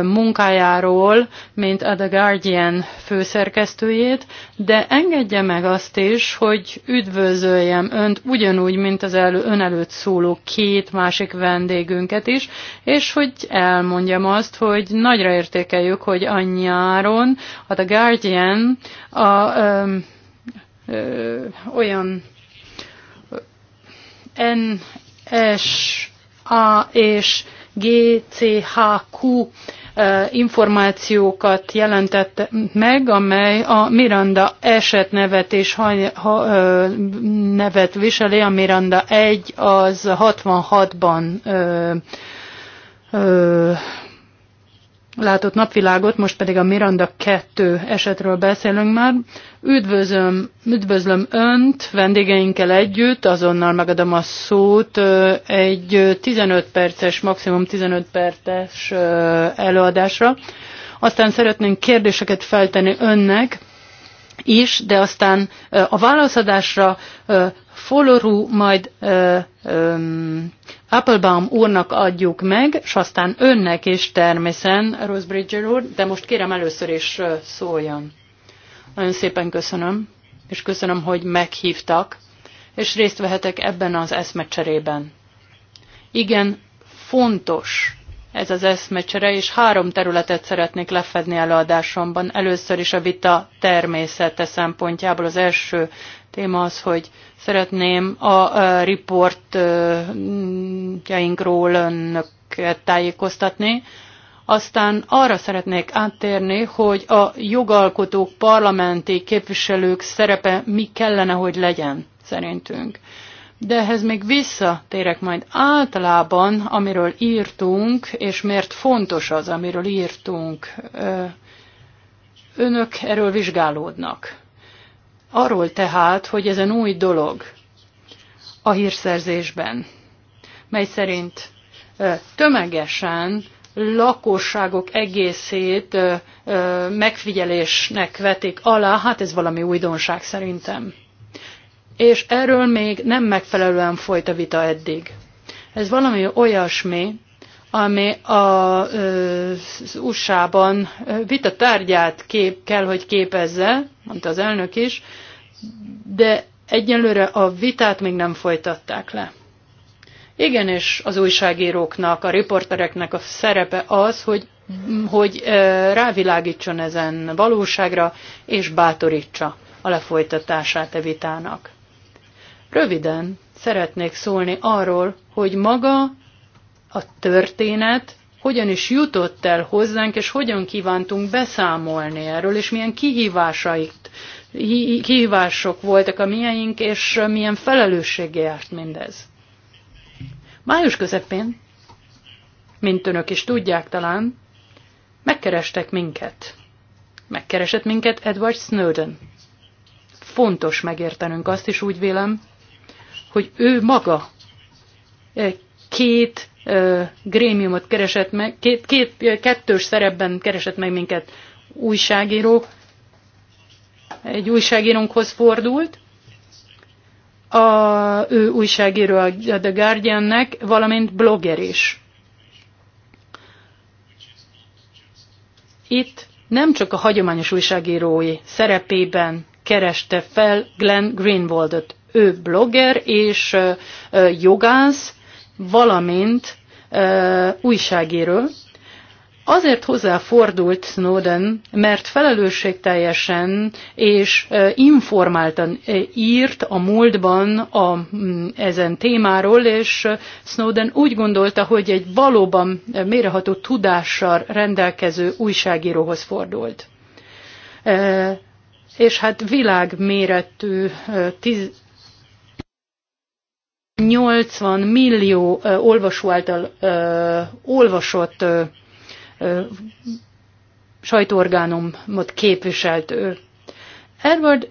munkájáról, mint a The Guardian főszerkesztőjét, de engedje meg azt is, hogy üdvözöljem önt ugyanúgy, mint az elő, ön előtt szóló két másik vendégünket is, és hogy elmondjam azt, hogy nagyra értékeljük, hogy anyáron a The Guardian a, ö, ö, olyan S, a és GCHQ információkat jelentett meg, amely a Miranda eset nevet és ha, ha, nevet viseli. A Miranda 1 az 66-ban látott napvilágot, most pedig a Miranda 2 esetről beszélünk már. Üdvözlöm, üdvözlöm Önt vendégeinkkel együtt, azonnal megadom a szót. Egy 15 perces, maximum 15 perces előadásra. Aztán szeretnénk kérdéseket feltenni Önnek, is, de aztán a válaszadásra Folorú, majd ö, ö, Applebaum úrnak adjuk meg, és aztán önnek is természen, Rose Bridger úr, de most kérem először is szóljon. Nagyon szépen köszönöm, és köszönöm, hogy meghívtak, és részt vehetek ebben az eszmecserében. Igen, fontos ez az eszmecsere, és három területet szeretnék lefedni előadásomban. Először is a vita természete szempontjából az első téma az, hogy szeretném a riportjainkról önöket tájékoztatni. Aztán arra szeretnék áttérni, hogy a jogalkotók, parlamenti képviselők szerepe mi kellene, hogy legyen szerintünk. De ehhez még visszatérek majd általában, amiről írtunk, és miért fontos az, amiről írtunk. Önök erről vizsgálódnak. Arról tehát, hogy ez egy új dolog a hírszerzésben, mely szerint tömegesen lakosságok egészét megfigyelésnek vetik alá, hát ez valami újdonság szerintem. És erről még nem megfelelően folyt a vita eddig. Ez valami olyasmi, ami az USA-ban vita tárgyát kép, kell, hogy képezze, mondta az elnök is, de egyenlőre a vitát még nem folytatták le. Igen, és az újságíróknak, a riportereknek a szerepe az, hogy, hogy rávilágítson ezen valóságra, és bátorítsa a lefolytatását a e vitának. Röviden szeretnék szólni arról, hogy maga a történet hogyan is jutott el hozzánk, és hogyan kívántunk beszámolni erről, és milyen kihívásait, kihívások voltak a miénk, és milyen felelősséggel járt mindez. Május közepén, mint önök is tudják talán, megkerestek minket. Megkeresett minket Edward Snowden. Fontos megértenünk azt is úgy vélem, hogy ő maga két grémiumot keresett meg, két, két, kettős szerepben keresett meg minket újságíró, egy újságírónkhoz fordult, a, ő újságíró a The Guardiannek, valamint blogger is. Itt nem csak a hagyományos újságírói szerepében kereste fel Glenn Greenwaldot. Ő blogger és jogász, valamint újságíró, Azért hozzáfordult Snowden, mert felelősségteljesen és informáltan írt a múltban a, ezen témáról, és Snowden úgy gondolta, hogy egy valóban méreható tudással rendelkező újságíróhoz fordult és hát világméretű, 80 millió olvasó által olvasott sajtóorgánumot képviselt ő. Edward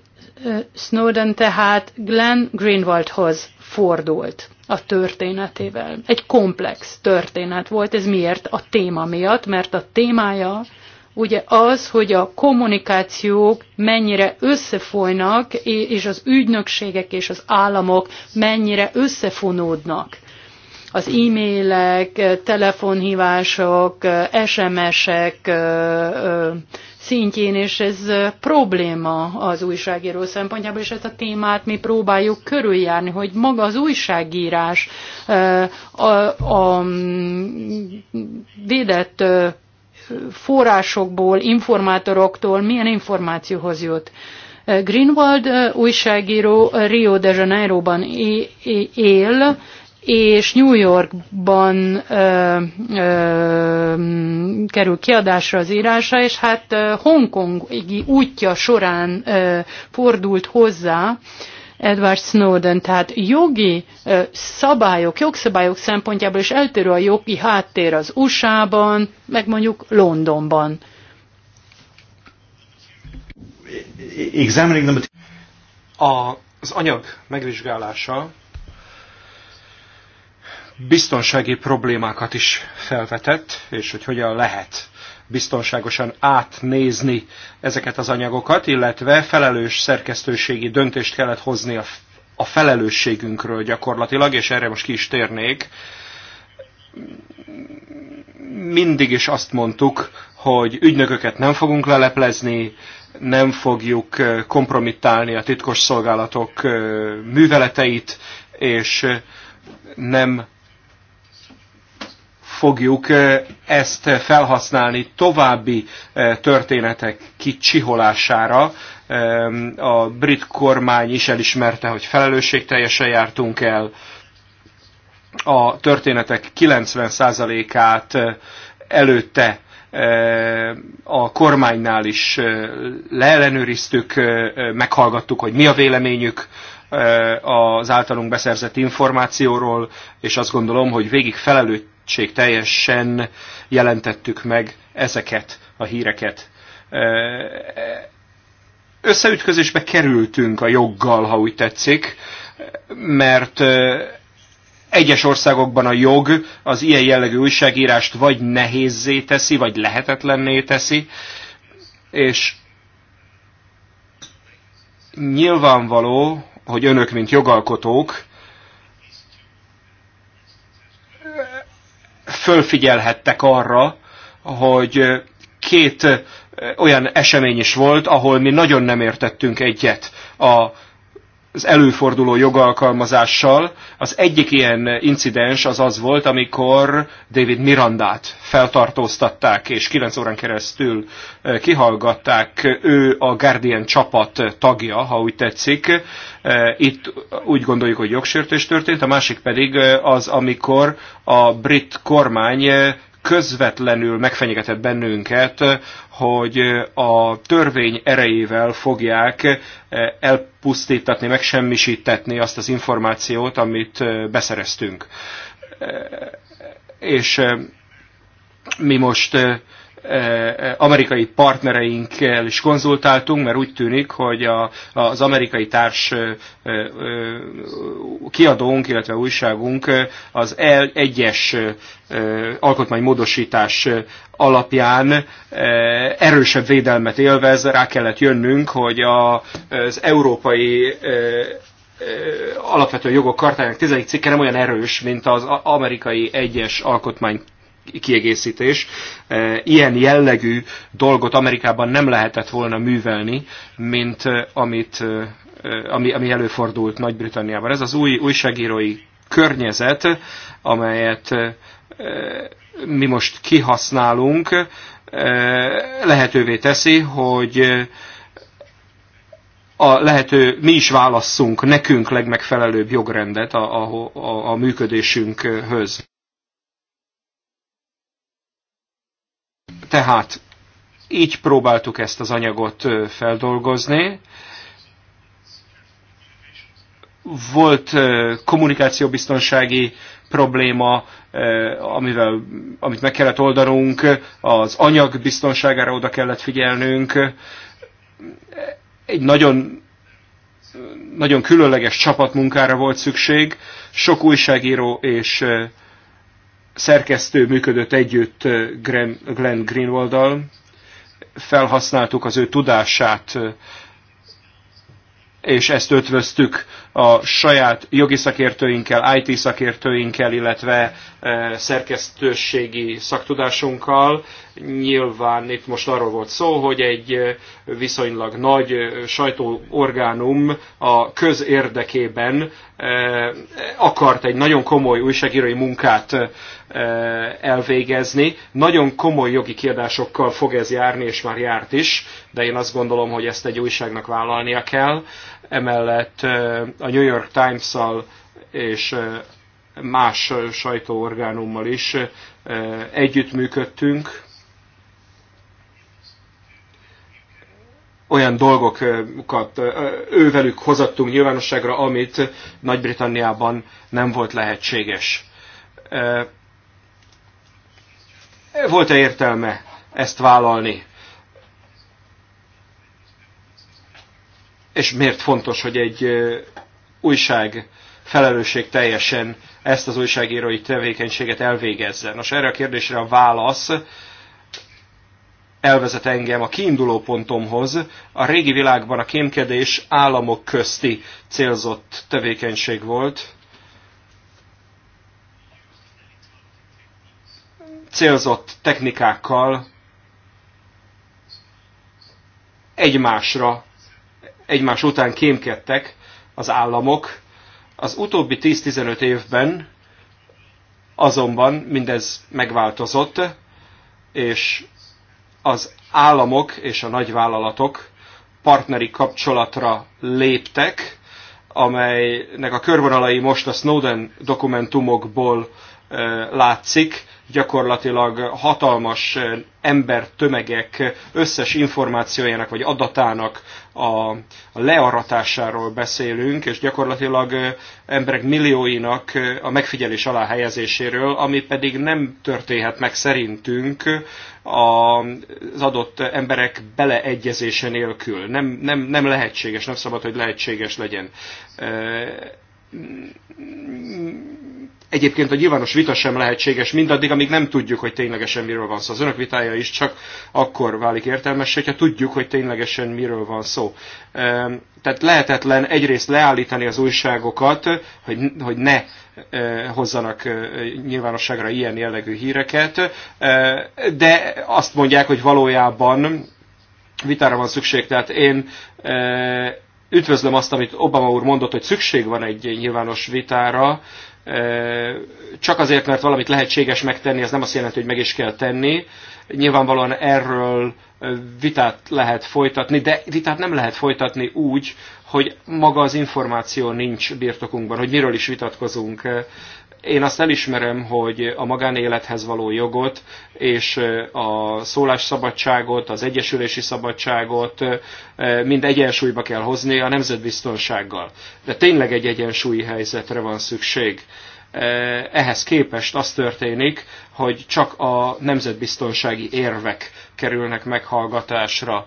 Snowden tehát Glenn Greenwaldhoz fordult a történetével. Egy komplex történet volt, ez miért? A téma miatt, mert a témája ugye az, hogy a kommunikációk mennyire összefolynak, és az ügynökségek és az államok mennyire összefonódnak. Az e-mailek, telefonhívások, SMS-ek szintjén, és ez probléma az újságíró szempontjából, és ezt a témát mi próbáljuk körüljárni, hogy maga az újságírás a, a védett forrásokból, informátoroktól milyen információhoz jut. Greenwald újságíró Rio de Janeiroban él, és New Yorkban ö, ö, kerül kiadásra az írása, és hát Hongkongi útja során ö, fordult hozzá, ö, Edward Snowden, tehát jogi szabályok, jogszabályok szempontjából is eltérő a jogi háttér az USA-ban, meg mondjuk Londonban. A, az anyag megvizsgálása biztonsági problémákat is felvetett, és hogy hogyan lehet biztonságosan átnézni ezeket az anyagokat, illetve felelős szerkesztőségi döntést kellett hozni a, a felelősségünkről gyakorlatilag, és erre most ki is térnék. Mindig is azt mondtuk, hogy ügynököket nem fogunk leleplezni, nem fogjuk kompromittálni a titkos szolgálatok műveleteit, és nem fogjuk eh, ezt felhasználni további eh, történetek kicsiholására. Eh, a brit kormány is elismerte, hogy felelősségteljesen jártunk el. A történetek 90%-át előtte a kormánynál is leellenőriztük, meghallgattuk, hogy mi a véleményük az általunk beszerzett információról, és azt gondolom, hogy végig felelő, kötelezettség teljesen jelentettük meg ezeket a híreket. Összeütközésbe kerültünk a joggal, ha úgy tetszik, mert egyes országokban a jog az ilyen jellegű újságírást vagy nehézzé teszi, vagy lehetetlenné teszi, és nyilvánvaló, hogy önök, mint jogalkotók, fölfigyelhettek arra, hogy két olyan esemény is volt, ahol mi nagyon nem értettünk egyet a az előforduló jogalkalmazással. Az egyik ilyen incidens az az volt, amikor David Mirandát feltartóztatták, és 9 órán keresztül eh, kihallgatták. Ő a Guardian csapat tagja, ha úgy tetszik. Eh, itt úgy gondoljuk, hogy jogsértés történt, a másik pedig eh, az, amikor a brit kormány közvetlenül megfenyegetett bennünket, hogy a törvény erejével fogják eh, elpusztítatni, megsemmisítetni azt az információt, amit eh, beszereztünk. Eh, és mi most E, e, amerikai partnereinkkel is konzultáltunk, mert úgy tűnik, hogy a, az amerikai társ e, kiadónk, illetve újságunk az egyes alkotmány módosítás alapján erősebb védelmet élvez, rá kellett jönnünk, hogy a, az európai alapvető jogok kartájának 10. cikke nem olyan erős, mint az amerikai egyes alkotmány kiegészítés. E, ilyen jellegű dolgot Amerikában nem lehetett volna művelni, mint e, amit, e, ami, ami előfordult Nagy-Britanniában. Ez az új újságírói környezet, amelyet mi most kihasználunk, lehetővé teszi, hogy a lehető, mi is válasszunk nekünk legmegfelelőbb jogrendet a, a, a, a működésünkhöz. Tehát így próbáltuk ezt az anyagot feldolgozni. Volt kommunikációbiztonsági probléma, amivel, amit meg kellett oldanunk, az anyag biztonságára oda kellett figyelnünk. Egy nagyon, nagyon különleges csapatmunkára volt szükség, sok újságíró és szerkesztő működött együtt eh, Glenn Greenwald-dal, felhasználtuk az ő tudását, eh, és ezt ötvöztük a saját jogi szakértőinkkel, IT szakértőinkkel, illetve e, szerkesztőségi szaktudásunkkal. Nyilván itt most arról volt szó, hogy egy e, viszonylag nagy e, sajtóorgánum a közérdekében akart egy nagyon komoly újságírói munkát elvégezni. Nagyon komoly jogi kiadásokkal fog ez járni, és már járt is, de én azt gondolom, hogy ezt egy újságnak vállalnia kell emellett a New York Times-szal és más sajtóorgánummal is együttműködtünk. Olyan dolgokat ővelük hozattunk nyilvánosságra, amit Nagy-Britanniában nem volt lehetséges. Volt-e értelme ezt vállalni? és miért fontos, hogy egy újság felelősség teljesen ezt az újságírói tevékenységet elvégezze. Nos, erre a kérdésre a válasz elvezet engem a kiinduló pontomhoz. A régi világban a kémkedés államok közti célzott tevékenység volt. Célzott technikákkal egymásra egymás után kémkedtek az államok. Az utóbbi 10-15 évben azonban mindez megváltozott, és az államok és a nagyvállalatok partneri kapcsolatra léptek, amelynek a körvonalai most a Snowden dokumentumokból látszik gyakorlatilag hatalmas eh, embertömegek összes információjának vagy adatának a learatásáról beszélünk, és gyakorlatilag eh, emberek millióinak eh, a megfigyelés alá helyezéséről, ami pedig nem történhet meg szerintünk az adott emberek beleegyezése nélkül. Nem, nem, nem lehetséges, nem szabad, hogy lehetséges legyen egyébként a nyilvános vita sem lehetséges mindaddig, amíg nem tudjuk, hogy ténylegesen miről van szó. Az önök vitája is csak akkor válik értelmes, hogyha tudjuk, hogy ténylegesen miről van szó. Tehát lehetetlen egyrészt leállítani az újságokat, hogy, hogy ne hozzanak nyilvánosságra ilyen jellegű híreket, de azt mondják, hogy valójában vitára van szükség. Tehát én üdvözlöm azt, amit Obama úr mondott, hogy szükség van egy nyilvános vitára, csak azért, mert valamit lehetséges megtenni, ez nem azt jelenti, hogy meg is kell tenni. Nyilvánvalóan erről vitát lehet folytatni, de vitát nem lehet folytatni úgy, hogy maga az információ nincs birtokunkban, hogy miről is vitatkozunk. Én azt elismerem, hogy a magánélethez való jogot és a szólásszabadságot, az egyesülési szabadságot mind egyensúlyba kell hozni a nemzetbiztonsággal. De tényleg egy egyensúlyi helyzetre van szükség ehhez képest az történik, hogy csak a nemzetbiztonsági érvek kerülnek meghallgatásra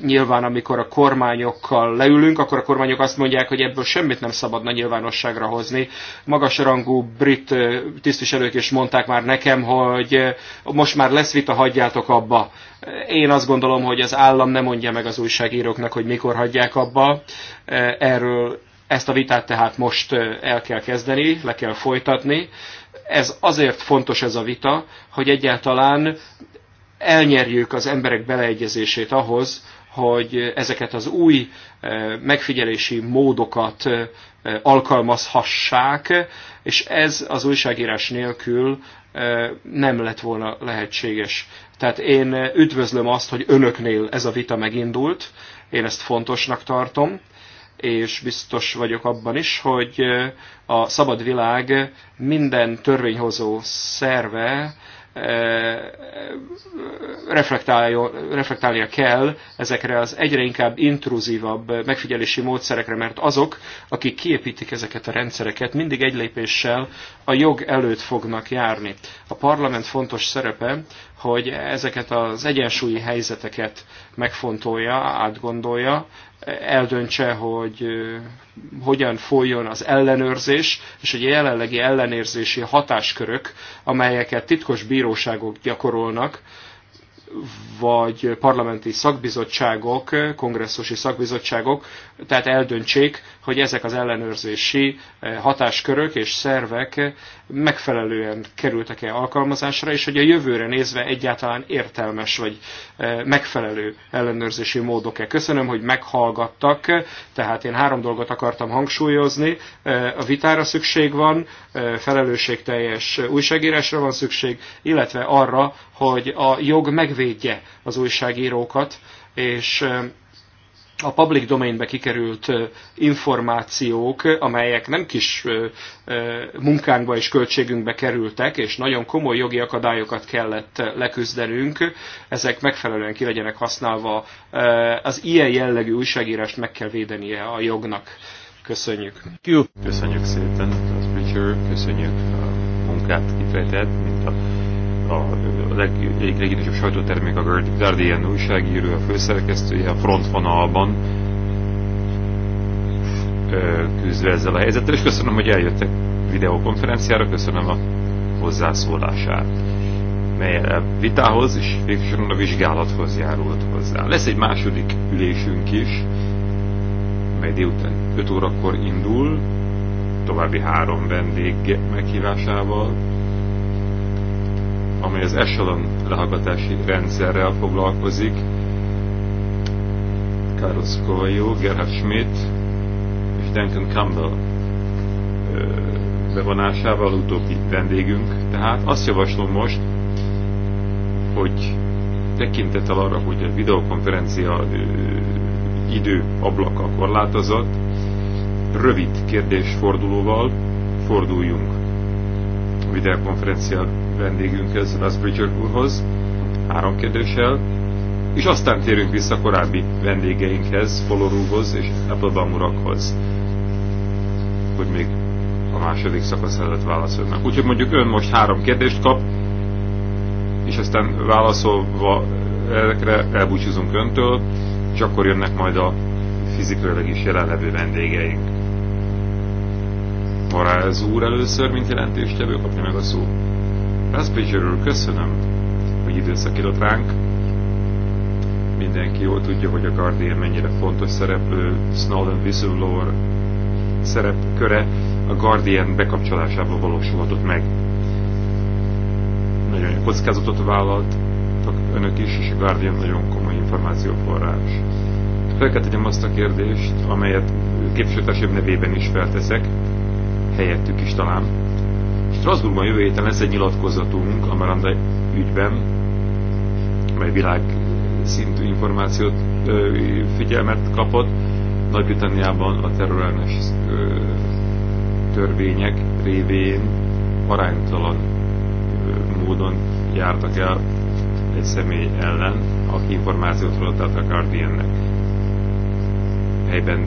nyilván amikor a kormányokkal leülünk, akkor a kormányok azt mondják, hogy ebből semmit nem szabadna nyilvánosságra hozni. Magasrangú brit tisztviselők is mondták már nekem, hogy most már lesz vita, hagyjátok abba. Én azt gondolom, hogy az állam nem mondja meg az újságíróknak, hogy mikor hagyják abba. Erről ezt a vitát tehát most el kell kezdeni, le kell folytatni. Ez azért fontos ez a vita, hogy egyáltalán elnyerjük az emberek beleegyezését ahhoz, hogy ezeket az új eh, megfigyelési módokat eh, alkalmazhassák, és ez az újságírás nélkül eh, nem lett volna lehetséges. Tehát én üdvözlöm azt, hogy önöknél ez a vita megindult, én ezt fontosnak tartom, és biztos vagyok abban is, hogy a szabad világ minden törvényhozó szerve reflektálnia kell ezekre az egyre inkább intruzívabb megfigyelési módszerekre, mert azok, akik kiépítik ezeket a rendszereket, mindig egy lépéssel a jog előtt fognak járni. A parlament fontos szerepe, hogy ezeket az egyensúlyi helyzeteket megfontolja, átgondolja, eldöntse, hogy hogyan folyjon az ellenőrzés, és hogy a jelenlegi ellenérzési hatáskörök, amelyeket titkos bíróságok gyakorolnak, vagy parlamenti szakbizottságok, kongresszusi szakbizottságok, tehát eldöntsék, hogy ezek az ellenőrzési eh, hatáskörök és szervek megfelelően kerültek-e alkalmazásra, és hogy a jövőre nézve egyáltalán értelmes vagy eh, megfelelő ellenőrzési módok-e. Köszönöm, hogy meghallgattak, tehát én három dolgot akartam hangsúlyozni. Eh, a vitára szükség van, felelősségteljes újságírásra van szükség, illetve arra, hogy a jog megvédje az újságírókat, és a public domainbe kikerült információk, amelyek nem kis munkánkba és költségünkbe kerültek, és nagyon komoly jogi akadályokat kellett leküzdenünk, ezek megfelelően ki legyenek használva. Az ilyen jellegű újságírást meg kell védenie a jognak. Köszönjük. Köszönjük szépen, köszönjük a munkát kifejtett, mint a a, a leg, egyik legnagyobb sajtótermék, a Guardian újságíró, a főszerkesztője a frontvonalban küzdve ezzel a helyzettel, és köszönöm, hogy eljöttek videokonferenciára, köszönöm a hozzászólását, mely a vitához és végsősorban a vizsgálathoz járult hozzá. Lesz egy második ülésünk is, mely délután 5 órakor indul, további három vendég meghívásával, amely az Echelon lehallgatási rendszerrel foglalkozik. Carlos Coelho, Gerhard Schmidt és Duncan Campbell bevonásával utóbbi vendégünk. Tehát azt javaslom most, hogy tekintettel arra, hogy a videokonferencia idő ablaka korlátozott, rövid kérdésfordulóval forduljunk videokonferencia az Bridger úrhoz, három kérdéssel, és aztán térünk vissza korábbi vendégeinkhez, Folorúhoz és Applebaum urakhoz, hogy még a második szakasz előtt válaszolnak. Úgyhogy mondjuk ön most három kérdést kap, és aztán válaszolva ezekre elbúcsúzunk öntől, és akkor jönnek majd a fizikailag is jelenlevő vendégeink. Morales úr először, mint jelentéstevő, kapja meg a szó. Rászpécser úr, köszönöm, hogy időszakított ránk. Mindenki jól tudja, hogy a Guardian mennyire fontos szereplő, Snowden whistleblower szerepköre a Guardian bekapcsolásával valósulhatott meg. Nagyon jó kockázatot vállalt önök is, és a Guardian nagyon komoly információforrás. Fel kell tegyem azt a kérdést, amelyet képviselőtársaim nevében is felteszek, helyettük is talán. Strasbourgban jövő héten lesz egy nyilatkozatunk a Miranda ügyben, mely világ szintű információt, figyelmet kapott. Nagy-Britanniában a terrorelmes törvények révén aránytalan módon jártak el egy személy ellen, aki információt adott a Guardiannek. Helyben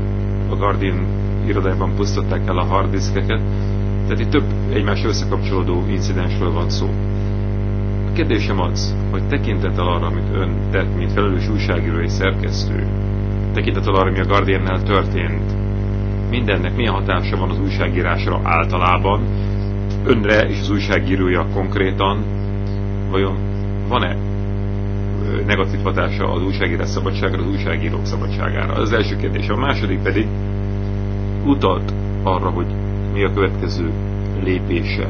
a Guardian irodájában pusztották el a harddiskeket, tehát itt több egymás összekapcsolódó incidensről van szó. A kérdésem az, hogy tekintettel arra, amit ön tett, mint felelős újságíró és szerkesztő, tekintettel arra, ami a Guardiannel történt, mindennek milyen hatása van az újságírásra általában, önre és az újságírója konkrétan, vajon van-e negatív hatása az újságírás szabadságra, az újságírók szabadságára? az első kérdés. A második pedig, utalt arra, hogy mi a következő lépése.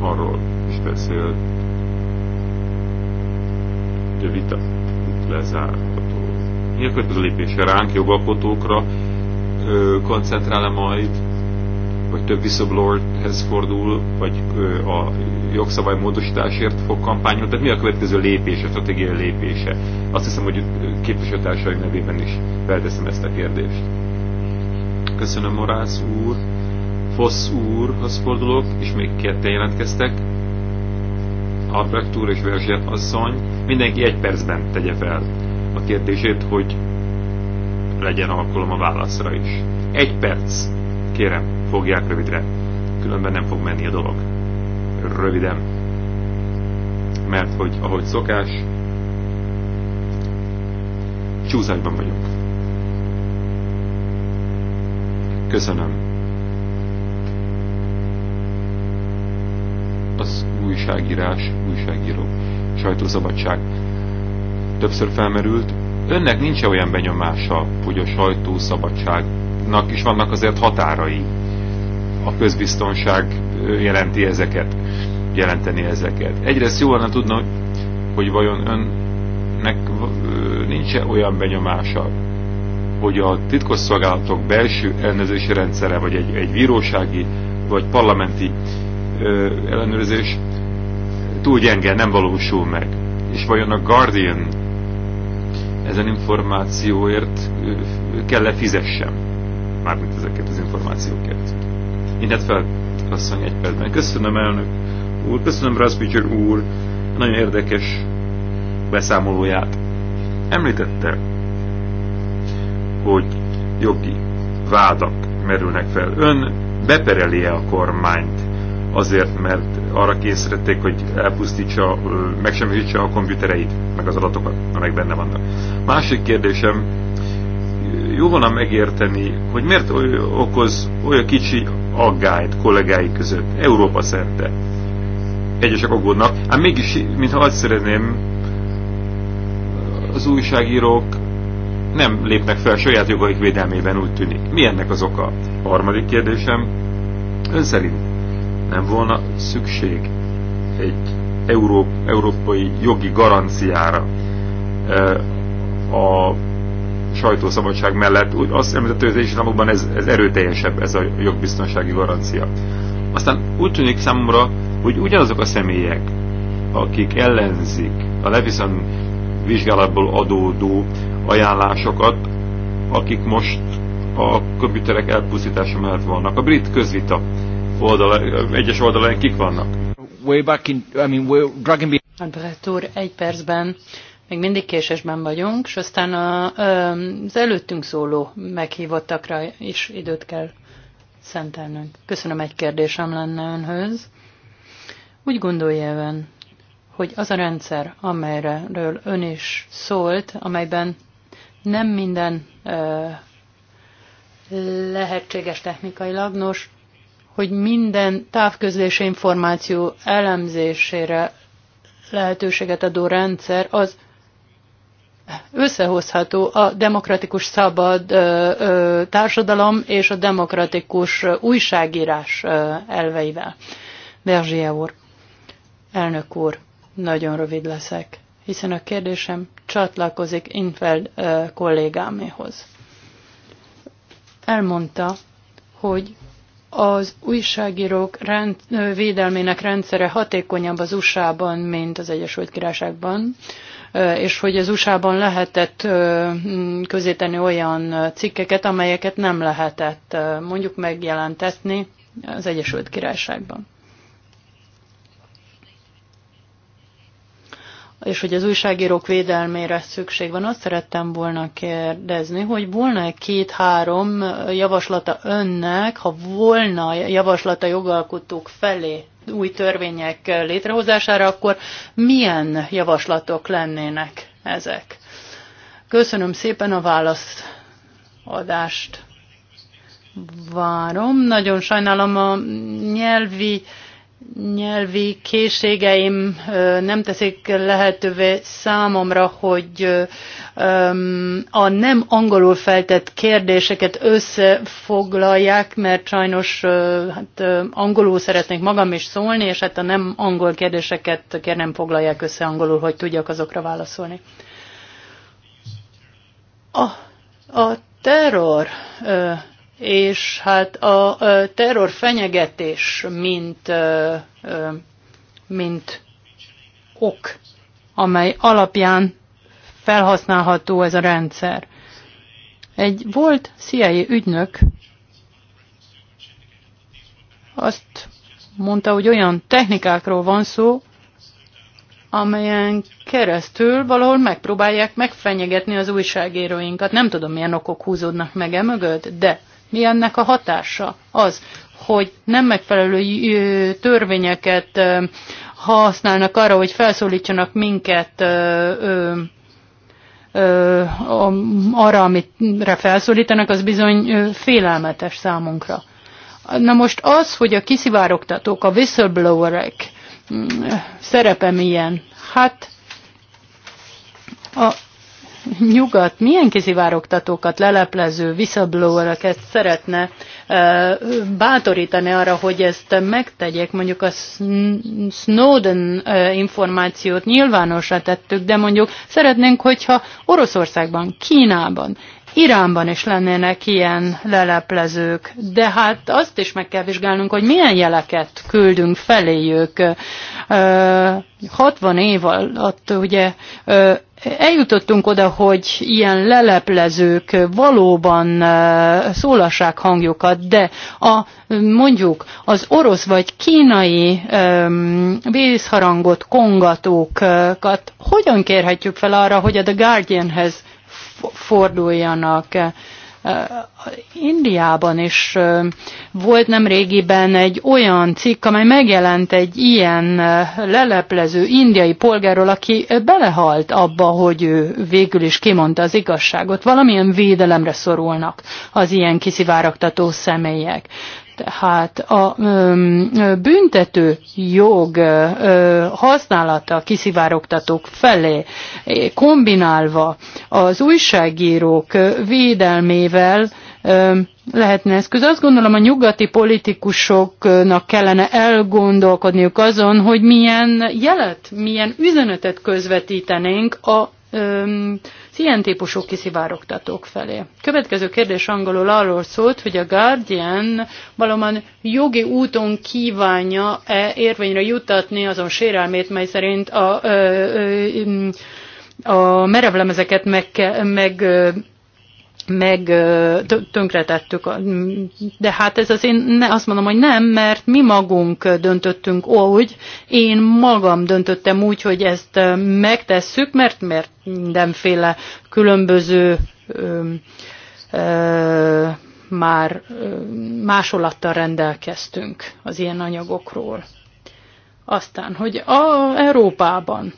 Arról is beszél, hogy a vita lezárható. Mi a következő lépése? Ránk jogalkotókra koncentrál -e majd, vagy több whistleblowerhez fordul, vagy a jogszabály módosításért fog kampányolni. Tehát mi a következő lépése, stratégiai lépése? Azt hiszem, hogy képviselőtársaim nevében is felteszem ezt a kérdést. Köszönöm, Morász úr. Fosz úrhoz fordulok, és még kettő jelentkeztek. Albrecht úr és Verzsiet asszony. Mindenki egy percben tegye fel a kérdését, hogy legyen alkalom a válaszra is. Egy perc. Kérem, fogják rövidre. Különben nem fog menni a dolog. Röviden. Mert hogy, ahogy szokás, csúszásban vagyunk. Köszönöm. Az újságírás, újságíró, sajtószabadság többször felmerült. Önnek nincs -e olyan benyomása, hogy a sajtószabadság biztonságnak is vannak azért határai. A közbiztonság jelenti ezeket, jelenteni ezeket. Egyrészt jó lenne tudni, hogy vajon önnek nincs -e olyan benyomása, hogy a titkosszolgálatok belső ellenőrzési rendszere, vagy egy, egy bírósági, vagy parlamenti ö, ellenőrzés túl gyenge, nem valósul meg. És vajon a Guardian ezen információért kell-e fizessem? mármint ezeket az információkat. Illetve asszony egy percben. Köszönöm elnök úr, köszönöm Rasputin úr, nagyon érdekes beszámolóját. Említette, hogy jogi vádak merülnek fel. Ön bepereli -e a kormányt azért, mert arra készítették, hogy elpusztítsa, megsemmisítse a komputereit, meg az adatokat, amelyek benne vannak. Másik kérdésem, jó volna megérteni, hogy miért okoz olyan kicsi aggályt kollégái között, Európa szerte. Egyesek aggódnak, Hát mégis, mintha azt szeretném, az újságírók nem lépnek fel saját jogaik védelmében, úgy tűnik. Mi ennek az oka? A harmadik kérdésem, ön szerint nem volna szükség egy európai jogi garanciára a sajtószabadság mellett úgy azt említett, hogy az államokban ez, ez erőteljesebb, ez a jogbiztonsági garancia. Aztán úgy tűnik számomra, hogy ugyanazok a személyek, akik ellenzik a Levison vizsgálatból adódó ajánlásokat, akik most a komputerek elpusztítása mellett vannak. A brit közvita oldala, egyes oldalán kik vannak? Way back in, I mean, way, Dragon Albrecht egy percben még mindig késésben vagyunk, és aztán a, az előttünk szóló meghívottakra is időt kell szentelnünk. Köszönöm, egy kérdésem lenne önhöz. Úgy gondolja ön, hogy az a rendszer, amelyről ön is szólt, amelyben nem minden ö, lehetséges technikailag, nos, hogy minden távközlési információ elemzésére lehetőséget adó rendszer az összehozható a demokratikus szabad társadalom és a demokratikus újságírás elveivel. Berzsie úr, elnök úr, nagyon rövid leszek, hiszen a kérdésem csatlakozik Infeld kollégáméhoz. Elmondta, hogy az újságírók rend, védelmének rendszere hatékonyabb az USA-ban, mint az Egyesült Királyságban. Eh, és hogy az USA-ban lehetett eh, mm, közéteni olyan cikkeket, amelyeket nem lehetett eh, mondjuk megjelentetni az Egyesült Királyságban. és hogy az újságírók védelmére szükség van. Azt szerettem volna kérdezni, hogy volna két-három javaslata önnek, ha volna javaslata jogalkotók felé új törvények létrehozására, akkor milyen javaslatok lennének ezek? Köszönöm szépen a válaszadást. Várom. Nagyon sajnálom a nyelvi nyelvi készségeim nem teszik lehetővé számomra, hogy a nem angolul feltett kérdéseket összefoglalják, mert sajnos hát, angolul szeretnék magam is szólni, és hát a nem angol kérdéseket kérnem foglalják össze angolul, hogy tudjak azokra válaszolni. A, a terror és hát a terror fenyegetés, mint, mint ok, amely alapján felhasználható ez a rendszer. Egy volt CIA ügynök azt mondta, hogy olyan technikákról van szó, amelyen keresztül valahol megpróbálják megfenyegetni az újságíróinkat. Nem tudom, milyen okok húzódnak meg e mögött, de mi ennek a hatása? Az, hogy nem megfelelő törvényeket használnak arra, hogy felszólítsanak minket arra, amire felszólítanak, az bizony félelmetes számunkra. Na most az, hogy a kiszivárogtatók, a whistleblowerek mm, szerepe milyen, hát a nyugat milyen kiszivárogtatókat, leleplező, visszablóraket szeretne bátorítani arra, hogy ezt megtegyek. Mondjuk a Snowden információt nyilvánosra tettük, de mondjuk szeretnénk, hogyha Oroszországban, Kínában, Iránban is lennének ilyen leleplezők, de hát azt is meg kell vizsgálnunk, hogy milyen jeleket küldünk feléjük. 60 év alatt ugye eljutottunk oda, hogy ilyen leleplezők valóban eh, szólassák hangjukat, de a, mondjuk az orosz vagy kínai vészharangot kongatókat hogyan kérhetjük fel arra, hogy a The Guardianhez forduljanak? Indiában is volt nem régiben egy olyan cikk, amely megjelent egy ilyen leleplező indiai polgárról, aki belehalt abba, hogy ő végül is kimondta az igazságot. Valamilyen védelemre szorulnak az ilyen kiszivárogtató személyek tehát a büntető jog használata kiszivárogtatók felé kombinálva az újságírók védelmével lehetne eszköz. Azt gondolom a nyugati politikusoknak kellene elgondolkodniuk azon, hogy milyen jelet, milyen üzenetet közvetítenénk a öm, ilyen típusú kiszivárogtatók felé. Következő kérdés angolul arról szólt, hogy a Guardian valóban jogi úton kívánja-e érvényre jutatni azon sérelmét, mely szerint a, ö, ö, a merevlemezeket meg, meg meg tönkretettük. De hát ez az én azt mondom, hogy nem, mert mi magunk döntöttünk úgy, én magam döntöttem úgy, hogy ezt megtesszük, mert, mert mindenféle különböző ö, ö, már ö, másolattal rendelkeztünk az ilyen anyagokról. Aztán, hogy a Európában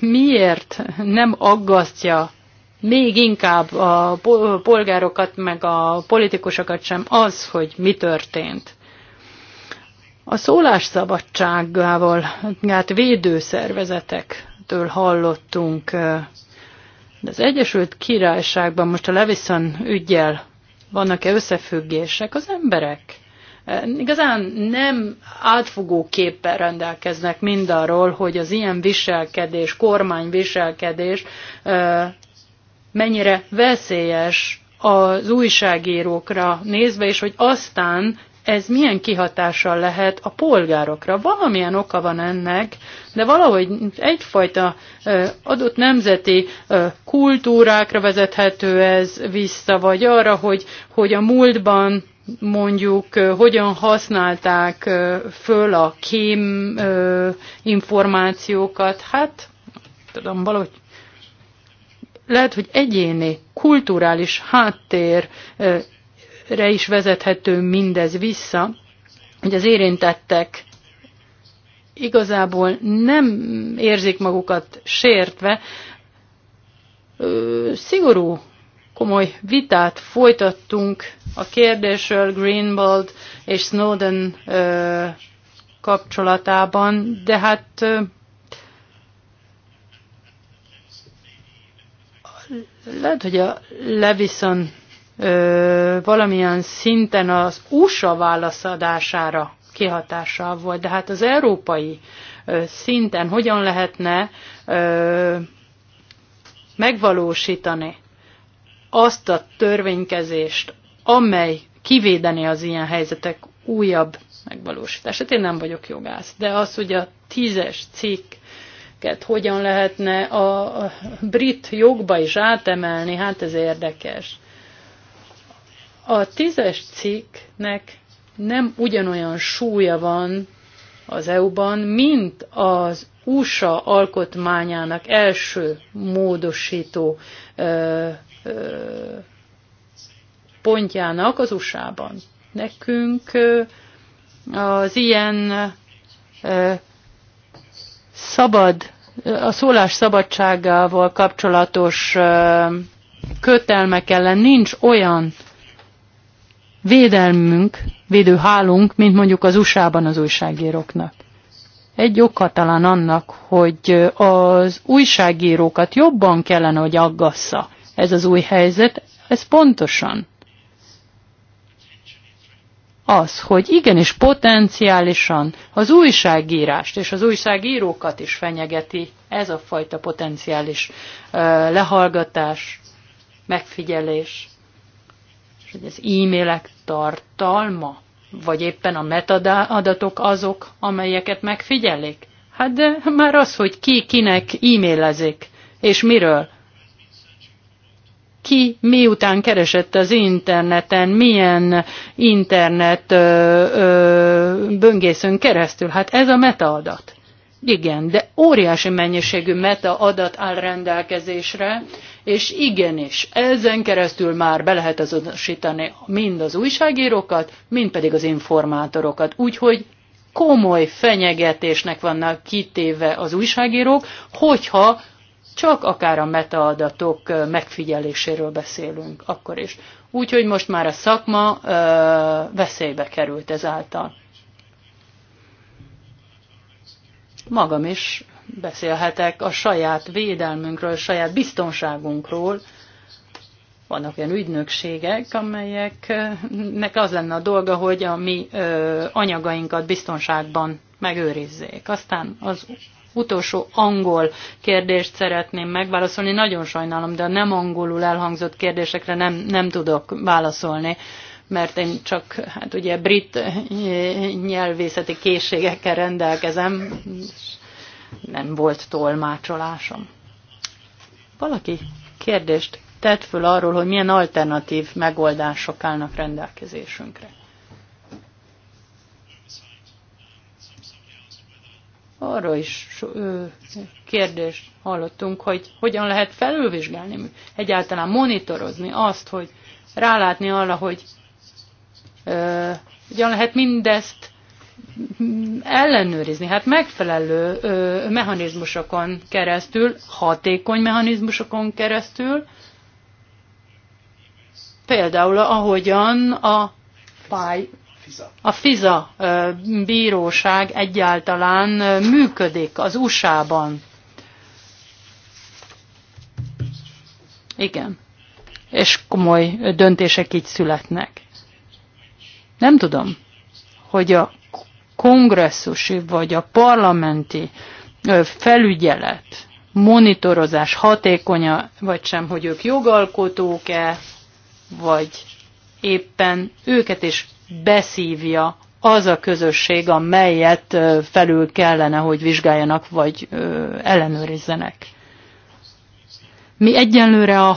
miért nem aggasztja még inkább a polgárokat, meg a politikusokat sem az, hogy mi történt. A szólásszabadságával, hát védőszervezetektől hallottunk, de az Egyesült Királyságban most a Levison ügyjel vannak-e összefüggések az emberek? Igazán nem átfogó képpel rendelkeznek mindarról, hogy az ilyen viselkedés, kormányviselkedés mennyire veszélyes az újságírókra nézve, és hogy aztán ez milyen kihatással lehet a polgárokra. Valamilyen oka van ennek, de valahogy egyfajta adott nemzeti kultúrákra vezethető ez vissza, vagy arra, hogy, hogy a múltban mondjuk hogyan használták föl a kém információkat, hát tudom, valahogy lehet, hogy egyéni, kulturális háttérre is vezethető mindez vissza, hogy az érintettek igazából nem érzik magukat sértve, szigorú, komoly vitát folytattunk a kérdésről Greenwald és Snowden kapcsolatában, de hát Lehet, hogy a Levison ö, valamilyen szinten az USA válaszadására kihatással volt, de hát az európai ö, szinten hogyan lehetne ö, megvalósítani azt a törvénykezést, amely kivédeni az ilyen helyzetek újabb megvalósítását. Hát én nem vagyok jogász, de az, hogy a tízes cikk ezeket hogyan lehetne a brit jogba is átemelni, hát ez érdekes. A tízes cikknek nem ugyanolyan súlya van az EU-ban, mint az USA alkotmányának első módosító ö, ö, pontjának az USA-ban. Nekünk ö, az ilyen ö, szabad a szólás szabadságával kapcsolatos kötelmek ellen nincs olyan védelmünk, védőhálunk, mint mondjuk az USA-ban az újságíróknak. Egy oka talán annak, hogy az újságírókat jobban kellene, hogy aggassa ez az új helyzet, ez pontosan az, hogy igenis potenciálisan az újságírást és az újságírókat is fenyegeti ez a fajta potenciális lehallgatás, megfigyelés, és hogy az e-mailek tartalma, vagy éppen a metadatok azok, amelyeket megfigyelik. Hát de már az, hogy ki kinek e-mailezik, és miről, ki miután keresett az interneten, milyen internet ö, ö, böngészőn keresztül. Hát ez a metaadat. Igen, de óriási mennyiségű metaadat áll rendelkezésre, és igenis, ezen keresztül már be lehet azonosítani mind az újságírókat, mind pedig az informátorokat. Úgyhogy komoly fenyegetésnek vannak kitéve az újságírók, hogyha csak akár a metaadatok megfigyeléséről beszélünk akkor is. Úgyhogy most már a szakma ö, veszélybe került ezáltal. Magam is beszélhetek a saját védelmünkről, a saját biztonságunkról. Vannak olyan ügynökségek, amelyeknek az lenne a dolga, hogy a mi ö, anyagainkat biztonságban megőrizzék. Aztán az utolsó angol kérdést szeretném megválaszolni. Nagyon sajnálom, de a nem angolul elhangzott kérdésekre nem, nem tudok válaszolni mert én csak hát ugye brit nyelvészeti készségekkel rendelkezem, nem volt tolmácsolásom. Valaki kérdést tett föl arról, hogy milyen alternatív megoldások állnak rendelkezésünkre. arra is kérdést hallottunk, hogy hogyan lehet felülvizsgálni, egyáltalán monitorozni azt, hogy rálátni arra, hogy ö, hogyan lehet mindezt ellenőrizni. Hát megfelelő ö, mechanizmusokon keresztül, hatékony mechanizmusokon keresztül, például ahogyan a a FISA bíróság egyáltalán működik az USA-ban. Igen. És komoly döntések így születnek. Nem tudom, hogy a kongresszusi vagy a parlamenti felügyelet, monitorozás hatékonya, vagy sem, hogy ők jogalkotók-e, vagy éppen őket is beszívja az a közösség, amelyet felül kellene, hogy vizsgáljanak vagy ellenőrizzenek. Mi egyenlőre a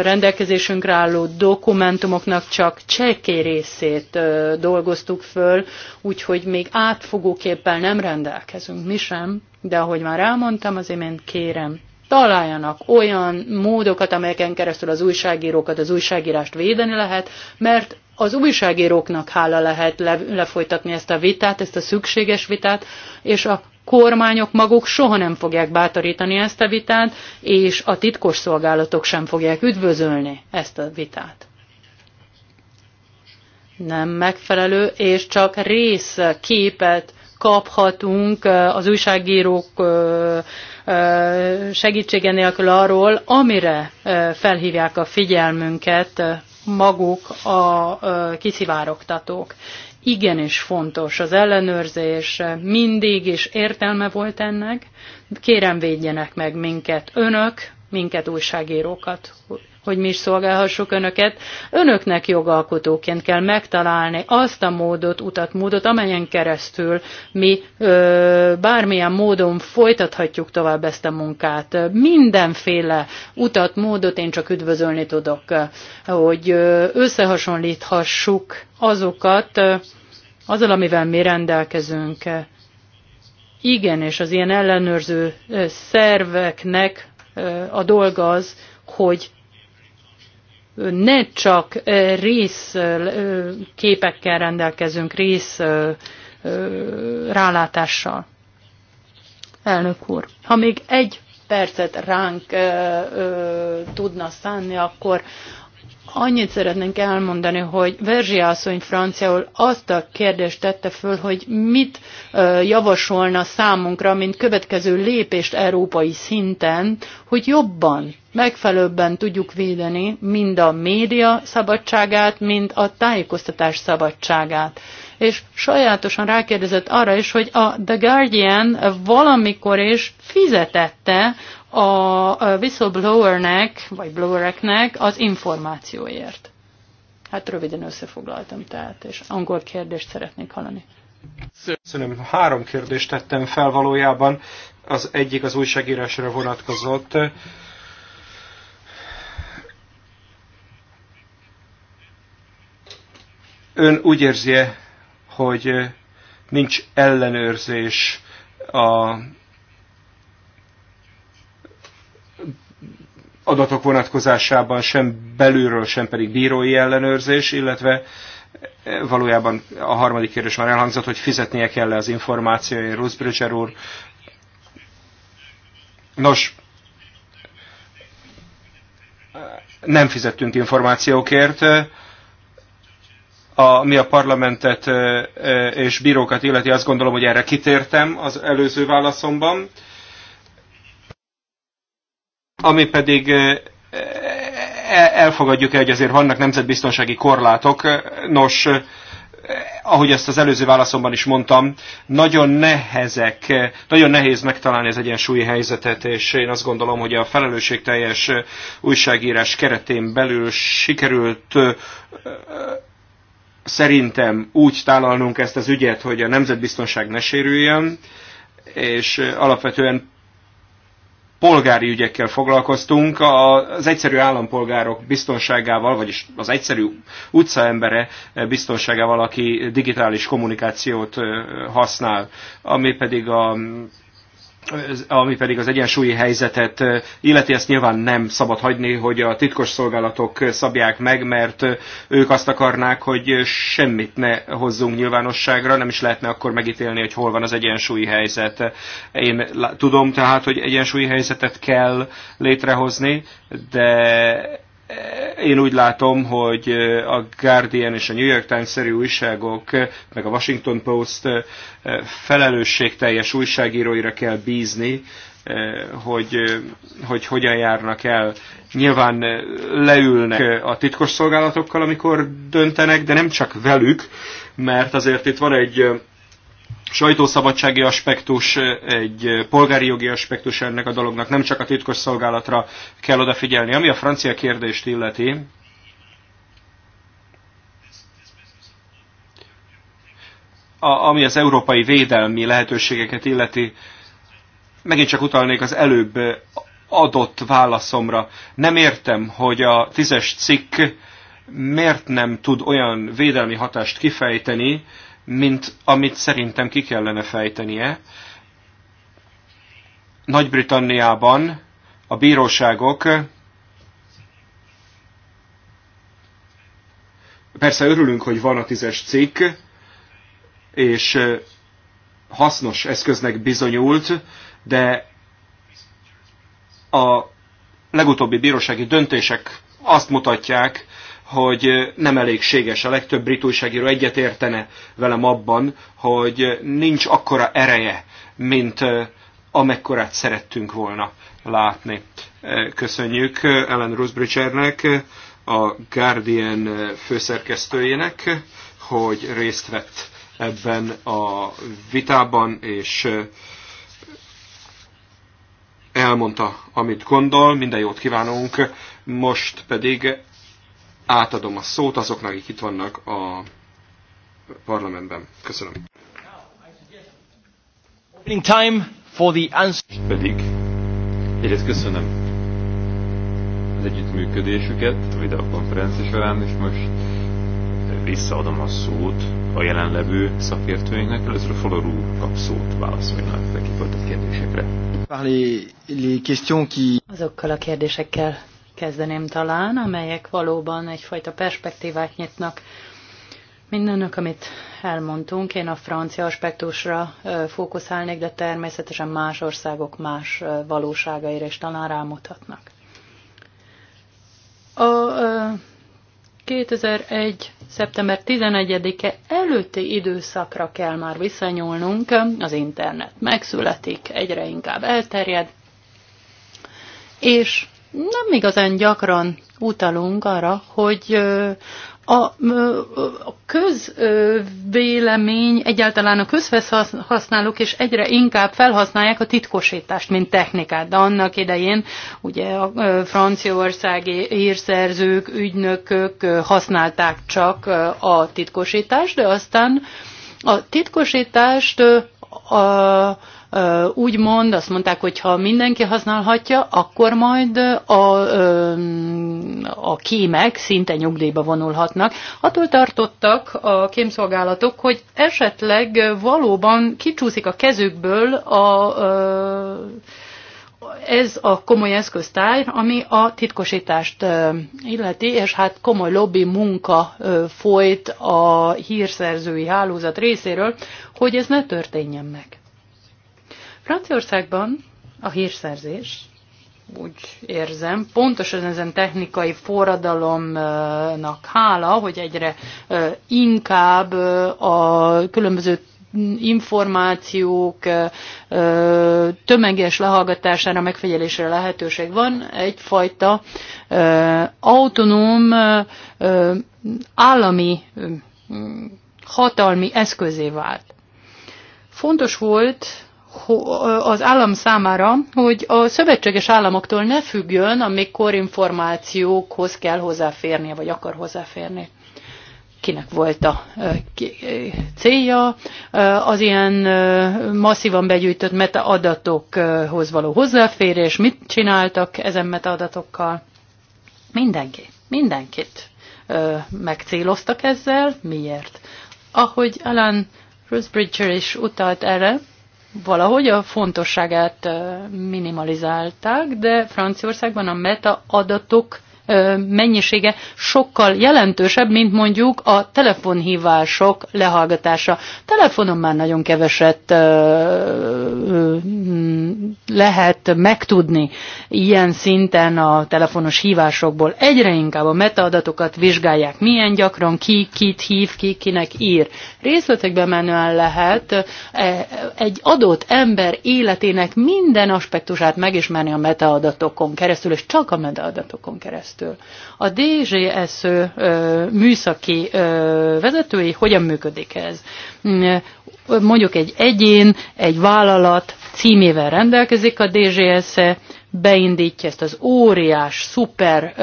rendelkezésünkre álló dokumentumoknak csak cseké részét dolgoztuk föl, úgyhogy még átfogóképpen nem rendelkezünk mi sem, de ahogy már elmondtam, az imént kérem, találjanak olyan módokat, amelyeken keresztül az újságírókat, az újságírást védeni lehet, mert az újságíróknak hála lehet le, lefolytatni ezt a vitát, ezt a szükséges vitát, és a kormányok maguk soha nem fogják bátorítani ezt a vitát, és a titkos szolgálatok sem fogják üdvözölni ezt a vitát. Nem megfelelő, és csak részképet kaphatunk eh, az újságírók eh, eh, segítsége nélkül arról, amire felhívják a figyelmünket maguk a kiszivárogtatók. Igenis fontos az ellenőrzés, mindig is értelme volt ennek. Kérem védjenek meg minket önök, minket újságírókat, hogy mi is szolgálhassuk önöket. Önöknek jogalkotóként kell megtalálni azt a módot, utat, módot, amelyen keresztül mi ö, bármilyen módon folytathatjuk tovább ezt a munkát. Mindenféle utat, módot én csak üdvözölni tudok, hogy összehasonlíthassuk azokat, azzal, amivel mi rendelkezünk. Igen, és az ilyen ellenőrző szerveknek a dolga az, hogy ne csak részképekkel képekkel rendelkezünk, rész rálátással. Elnök úr, ha még egy percet ránk ö, ö, tudna szánni, akkor Annyit szeretnénk elmondani, hogy Verzsi asszony franciául azt a kérdést tette föl, hogy mit javasolna számunkra, mint következő lépést európai szinten, hogy jobban, megfelelőbben tudjuk védeni mind a média szabadságát, mind a tájékoztatás szabadságát és sajátosan rákérdezett arra is, hogy a The Guardian valamikor is fizetette a whistleblowernek, vagy blowereknek az információért. Hát röviden összefoglaltam tehát, és angol kérdést szeretnék hallani. Köszönöm. Három kérdést tettem fel valójában. Az egyik az újságírásra vonatkozott. Ön úgy érzi -e, hogy nincs ellenőrzés a adatok vonatkozásában sem belülről, sem pedig bírói ellenőrzés, illetve valójában a harmadik kérdés már elhangzott, hogy fizetnie kell -e az információért, Rusz Bridger úr. Nos, nem fizettünk információkért, a, mi a parlamentet és bírókat illeti, azt gondolom, hogy erre kitértem az előző válaszomban. Ami pedig e, e, elfogadjuk-e, hogy azért vannak nemzetbiztonsági korlátok. Nos, ahogy ezt az előző válaszomban is mondtam, nagyon nehezek, nagyon nehéz megtalálni az egyensúlyi helyzetet, és én azt gondolom, hogy a felelősségteljes újságírás keretén belül sikerült szerintem úgy tálalnunk ezt az ügyet, hogy a nemzetbiztonság ne sérüljön, és alapvetően polgári ügyekkel foglalkoztunk, az egyszerű állampolgárok biztonságával, vagyis az egyszerű utcaembere biztonságával, aki digitális kommunikációt használ, ami pedig a ami pedig az egyensúlyi helyzetet illeti, ezt nyilván nem szabad hagyni, hogy a titkos szolgálatok szabják meg, mert ők azt akarnák, hogy semmit ne hozzunk nyilvánosságra, nem is lehetne akkor megítélni, hogy hol van az egyensúlyi helyzet. Én tudom tehát, hogy egyensúlyi helyzetet kell létrehozni, de én úgy látom, hogy a Guardian és a New York Times-szerű újságok, meg a Washington Post felelősségteljes újságíróira kell bízni, hogy, hogy hogyan járnak el. Nyilván leülnek a szolgálatokkal, amikor döntenek, de nem csak velük, mert azért itt van egy sajtószabadsági aspektus, egy polgári jogi aspektus ennek a dolognak, nem csak a titkos szolgálatra kell odafigyelni. Ami a francia kérdést illeti, a, ami az európai védelmi lehetőségeket illeti, megint csak utalnék az előbb adott válaszomra. Nem értem, hogy a tízes cikk miért nem tud olyan védelmi hatást kifejteni, mint amit szerintem ki kellene fejtenie. Nagy-Britanniában a bíróságok persze örülünk, hogy van a tízes cikk, és hasznos eszköznek bizonyult, de a legutóbbi bírósági döntések azt mutatják, hogy nem elégséges. A legtöbb brit újságíró egyetértene velem abban, hogy nincs akkora ereje, mint amekkorát szerettünk volna látni. Köszönjük Ellen Rusbridgernek, a Guardian főszerkesztőjének, hogy részt vett ebben a vitában, és elmondta, amit gondol. Minden jót kívánunk. Most pedig átadom a szót azoknak, akik itt vannak a parlamentben. Köszönöm. Opening time for the answer. Pedig egyrészt köszönöm az együttműködésüket a videokonferencia során, és most visszaadom a szót a jelenlevő szakértőinknek, először a úr kap szót válaszoljanak fel kifoltott kérdésekre. Azokkal a kérdésekkel kezdeném talán, amelyek valóban egyfajta perspektívát nyitnak Mindennek, amit elmondtunk, én a francia aspektusra fókuszálnék, de természetesen más országok más valóságaira is talán rámutatnak. A 2001. szeptember 11-e előtti időszakra kell már visszanyúlnunk, az internet megszületik, egyre inkább elterjed, és nem igazán gyakran utalunk arra, hogy a, a közvélemény, egyáltalán a közhasználók és egyre inkább felhasználják a titkosítást, mint technikát. De annak idején ugye a franciaországi írszerzők, ügynökök használták csak a titkosítást, de aztán a titkosítást a, úgy mond, azt mondták, hogy ha mindenki használhatja, akkor majd a, a kémek szinte nyugdíjba vonulhatnak. Attól tartottak a kémszolgálatok, hogy esetleg valóban kicsúszik a kezükből a, ez a komoly eszköztár, ami a titkosítást illeti, és hát komoly lobby munka folyt a hírszerzői hálózat részéről, hogy ez ne történjen meg. Franciaországban a hírszerzés, úgy érzem, pontosan ezen technikai forradalomnak hála, hogy egyre inkább a különböző információk tömeges lehallgatására, megfigyelésre lehetőség van, egyfajta autonóm állami hatalmi eszközé vált. Fontos volt az állam számára, hogy a szövetséges államoktól ne függjön, amikor információkhoz kell hozzáférnie, vagy akar hozzáférni kinek volt a célja, az ilyen masszívan begyűjtött metaadatokhoz való hozzáférés, mit csináltak ezen metaadatokkal. Mindenki, mindenkit megcéloztak ezzel. Miért? Ahogy Alan Rusbridger is utalt erre, valahogy a fontosságát minimalizálták, de Franciaországban a meta adatok mennyisége sokkal jelentősebb, mint mondjuk a telefonhívások lehallgatása. Telefonon már nagyon keveset mm, lehet megtudni ilyen szinten a telefonos hívásokból. Egyre inkább a metaadatokat vizsgálják, milyen gyakran, ki kit hív, ki kinek ír. Részletekbe menően lehet e, egy adott ember életének minden aspektusát megismerni a metaadatokon keresztül, és csak a metaadatokon keresztül keresztül. A DGS műszaki vezetői hogyan működik ez? Mm, mondjuk egy egyén, egy vállalat címével rendelkezik a DGS, -e, beindítja ezt az óriás, szuper ö,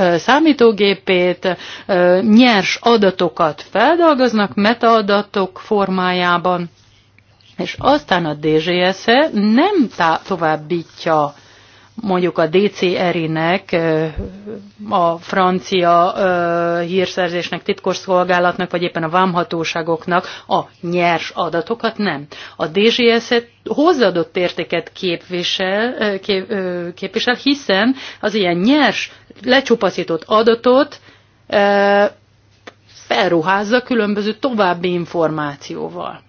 ö, számítógépét, ö, nyers adatokat feldolgoznak metaadatok formájában, és aztán a DGS -e nem továbbítja mondjuk a dcr nek a francia hírszerzésnek, titkosszolgálatnak, vagy éppen a vámhatóságoknak a nyers adatokat nem. A DGS e hozzáadott értéket képvisel, képvisel, hiszen az ilyen nyers, lecsupaszított adatot felruházza különböző további információval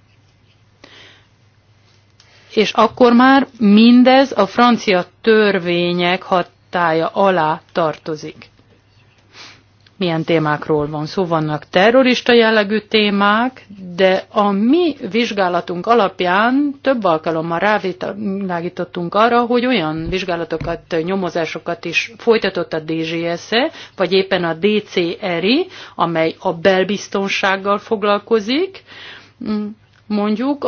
és akkor már mindez a francia törvények hatája alá tartozik. Milyen témákról van szó? Vannak terrorista jellegű témák, de a mi vizsgálatunk alapján több alkalommal rávilágítottunk arra, hogy olyan vizsgálatokat, nyomozásokat is folytatott a DGS-e vagy éppen a DCRI, amely a belbiztonsággal foglalkozik, mm mondjuk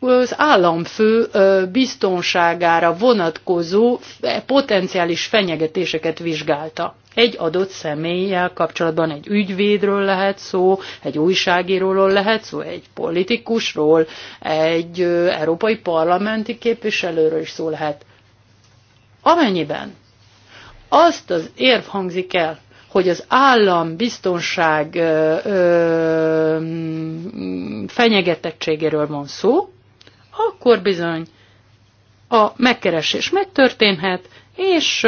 az államfő biztonságára vonatkozó potenciális fenyegetéseket vizsgálta. Egy adott személlyel kapcsolatban egy ügyvédről lehet szó, egy újságíróról lehet szó, egy politikusról, egy európai parlamenti képviselőről is szó lehet. Amennyiben azt az érv hangzik el, hogy az állam biztonság ö, ö, fenyegetettségéről van szó, akkor bizony a megkeresés megtörténhet, és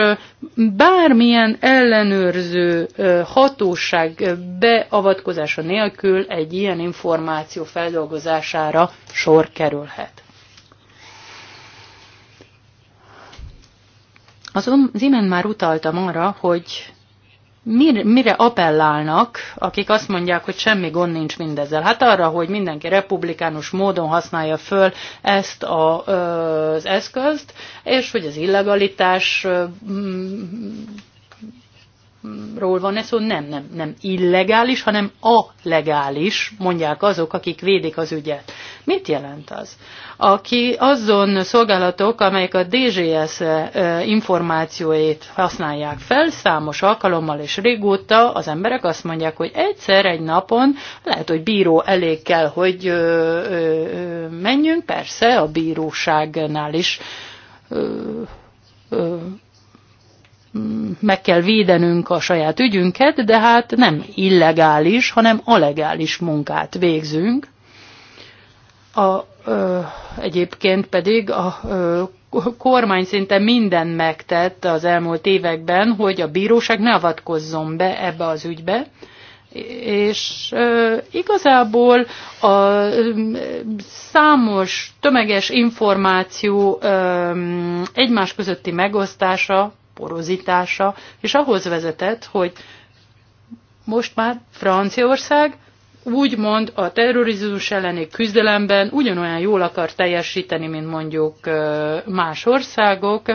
bármilyen ellenőrző hatóság beavatkozása nélkül egy ilyen információ feldolgozására sor kerülhet. Az imént már utaltam arra, hogy mire appellálnak, akik azt mondják, hogy semmi gond nincs mindezzel? Hát arra, hogy mindenki republikánus módon használja föl ezt a, az eszközt, és hogy az illegalitás ról van ez szó, nem, nem, nem illegális, hanem a legális, mondják azok, akik védik az ügyet. Mit jelent az? Aki azon szolgálatok, amelyek a DGS eh, információit használják fel, számos alkalommal és régóta az emberek azt mondják, hogy egyszer egy napon lehet, hogy bíró elég kell, hogy ö, ö, menjünk, persze a bíróságnál is ö, ö, meg kell védenünk a saját ügyünket, de hát nem illegális, hanem alegális munkát végzünk. A, ö, egyébként pedig a ö, kormány szinte minden megtett az elmúlt években, hogy a bíróság ne avatkozzon be ebbe az ügybe, és e, igazából a e, számos tömeges információ e, egymás közötti megosztása porozítása, és ahhoz vezetett, hogy most már Franciaország úgymond a terrorizmus elleni küzdelemben ugyanolyan jól akar teljesíteni, mint mondjuk más országok,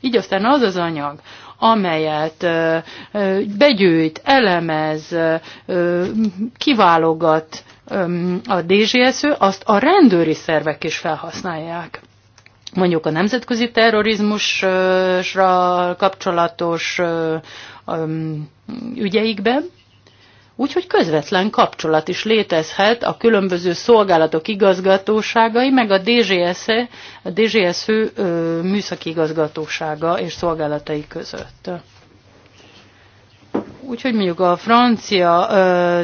így aztán az az anyag, amelyet begyűjt, elemez, kiválogat a DGSZ, azt a rendőri szervek is felhasználják mondjuk a nemzetközi terrorizmusra kapcsolatos ügyeikben, Úgyhogy közvetlen kapcsolat is létezhet a különböző szolgálatok igazgatóságai, meg a DGS, -e, a DGS fő e, műszaki igazgatósága és szolgálatai között. Úgyhogy mondjuk a francia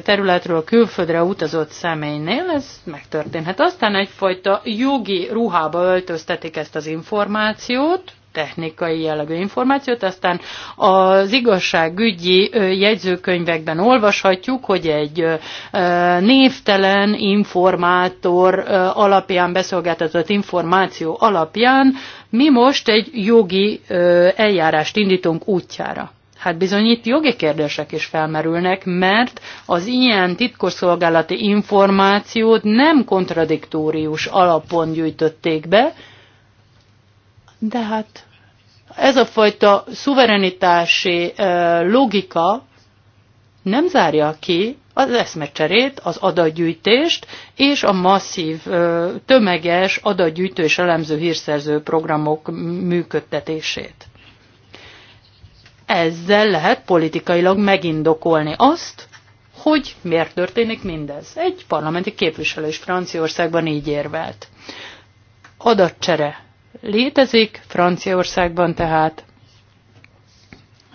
területről külföldre utazott személynél ez megtörténhet. Aztán egyfajta jogi ruhába öltöztetik ezt az információt, technikai jellegű információt, aztán az igazságügyi jegyzőkönyvekben olvashatjuk, hogy egy névtelen informátor alapján beszolgáltatott információ alapján mi most egy jogi eljárást indítunk útjára. Hát bizony itt jogi kérdések is felmerülnek, mert az ilyen titkosszolgálati információt nem kontradiktórius alapon gyűjtötték be, de hát ez a fajta szuverenitási logika nem zárja ki az eszmecserét, az adatgyűjtést és a masszív, tömeges adatgyűjtő és elemző hírszerző programok működtetését ezzel lehet politikailag megindokolni azt, hogy miért történik mindez. Egy parlamenti képviselő is Franciaországban így érvelt. Adatcsere létezik Franciaországban tehát.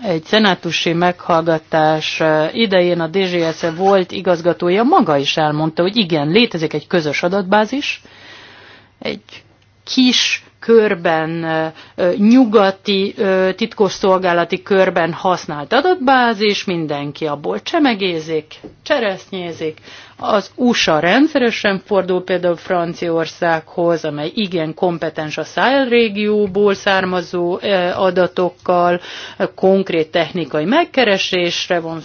Egy szenátusi meghallgatás eh, idején a DGS -e volt igazgatója maga is elmondta, hogy igen, létezik egy közös adatbázis, egy kis körben, nyugati titkosszolgálati körben használt adatbázis, mindenki abból csemegézik, cseresznyézik, az USA rendszeresen fordul például Franciaországhoz, amely igen kompetens a Szájl régióból származó e, adatokkal, e, konkrét technikai megkeresésre van,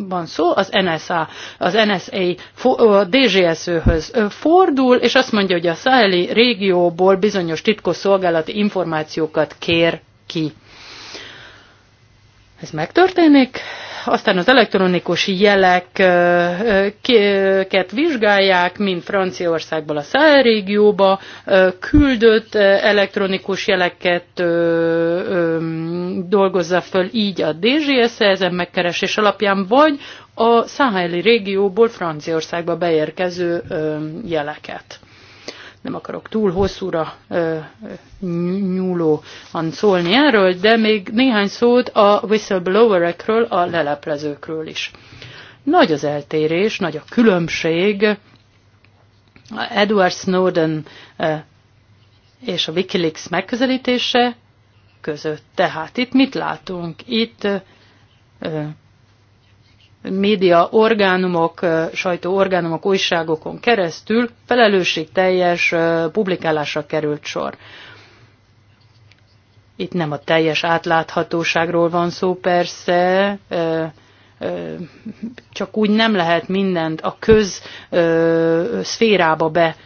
van szó, az NSA, az NSA a DGSZ-höz fordul, és azt mondja, hogy a Szájli régióból bizonyos titkosszolgálati információkat kér ki. Ez megtörténik, aztán az elektronikus jeleket vizsgálják, mint Franciaországból a Száll régióba küldött elektronikus jeleket dolgozza föl így a DGS e ezen megkeresés alapján, vagy a száheli régióból Franciaországba beérkező jeleket nem akarok túl hosszúra nyúlóan szólni erről, de még néhány szót a whistleblowerekről, a leleplezőkről is. Nagy az eltérés, nagy a különbség Edward Snowden és a Wikileaks megközelítése között. Tehát itt mit látunk? Itt média orgánumok, sajtó orgánumok, újságokon keresztül felelősségteljes publikálásra került sor. Itt nem a teljes átláthatóságról van szó persze, csak úgy nem lehet mindent a köz szférába be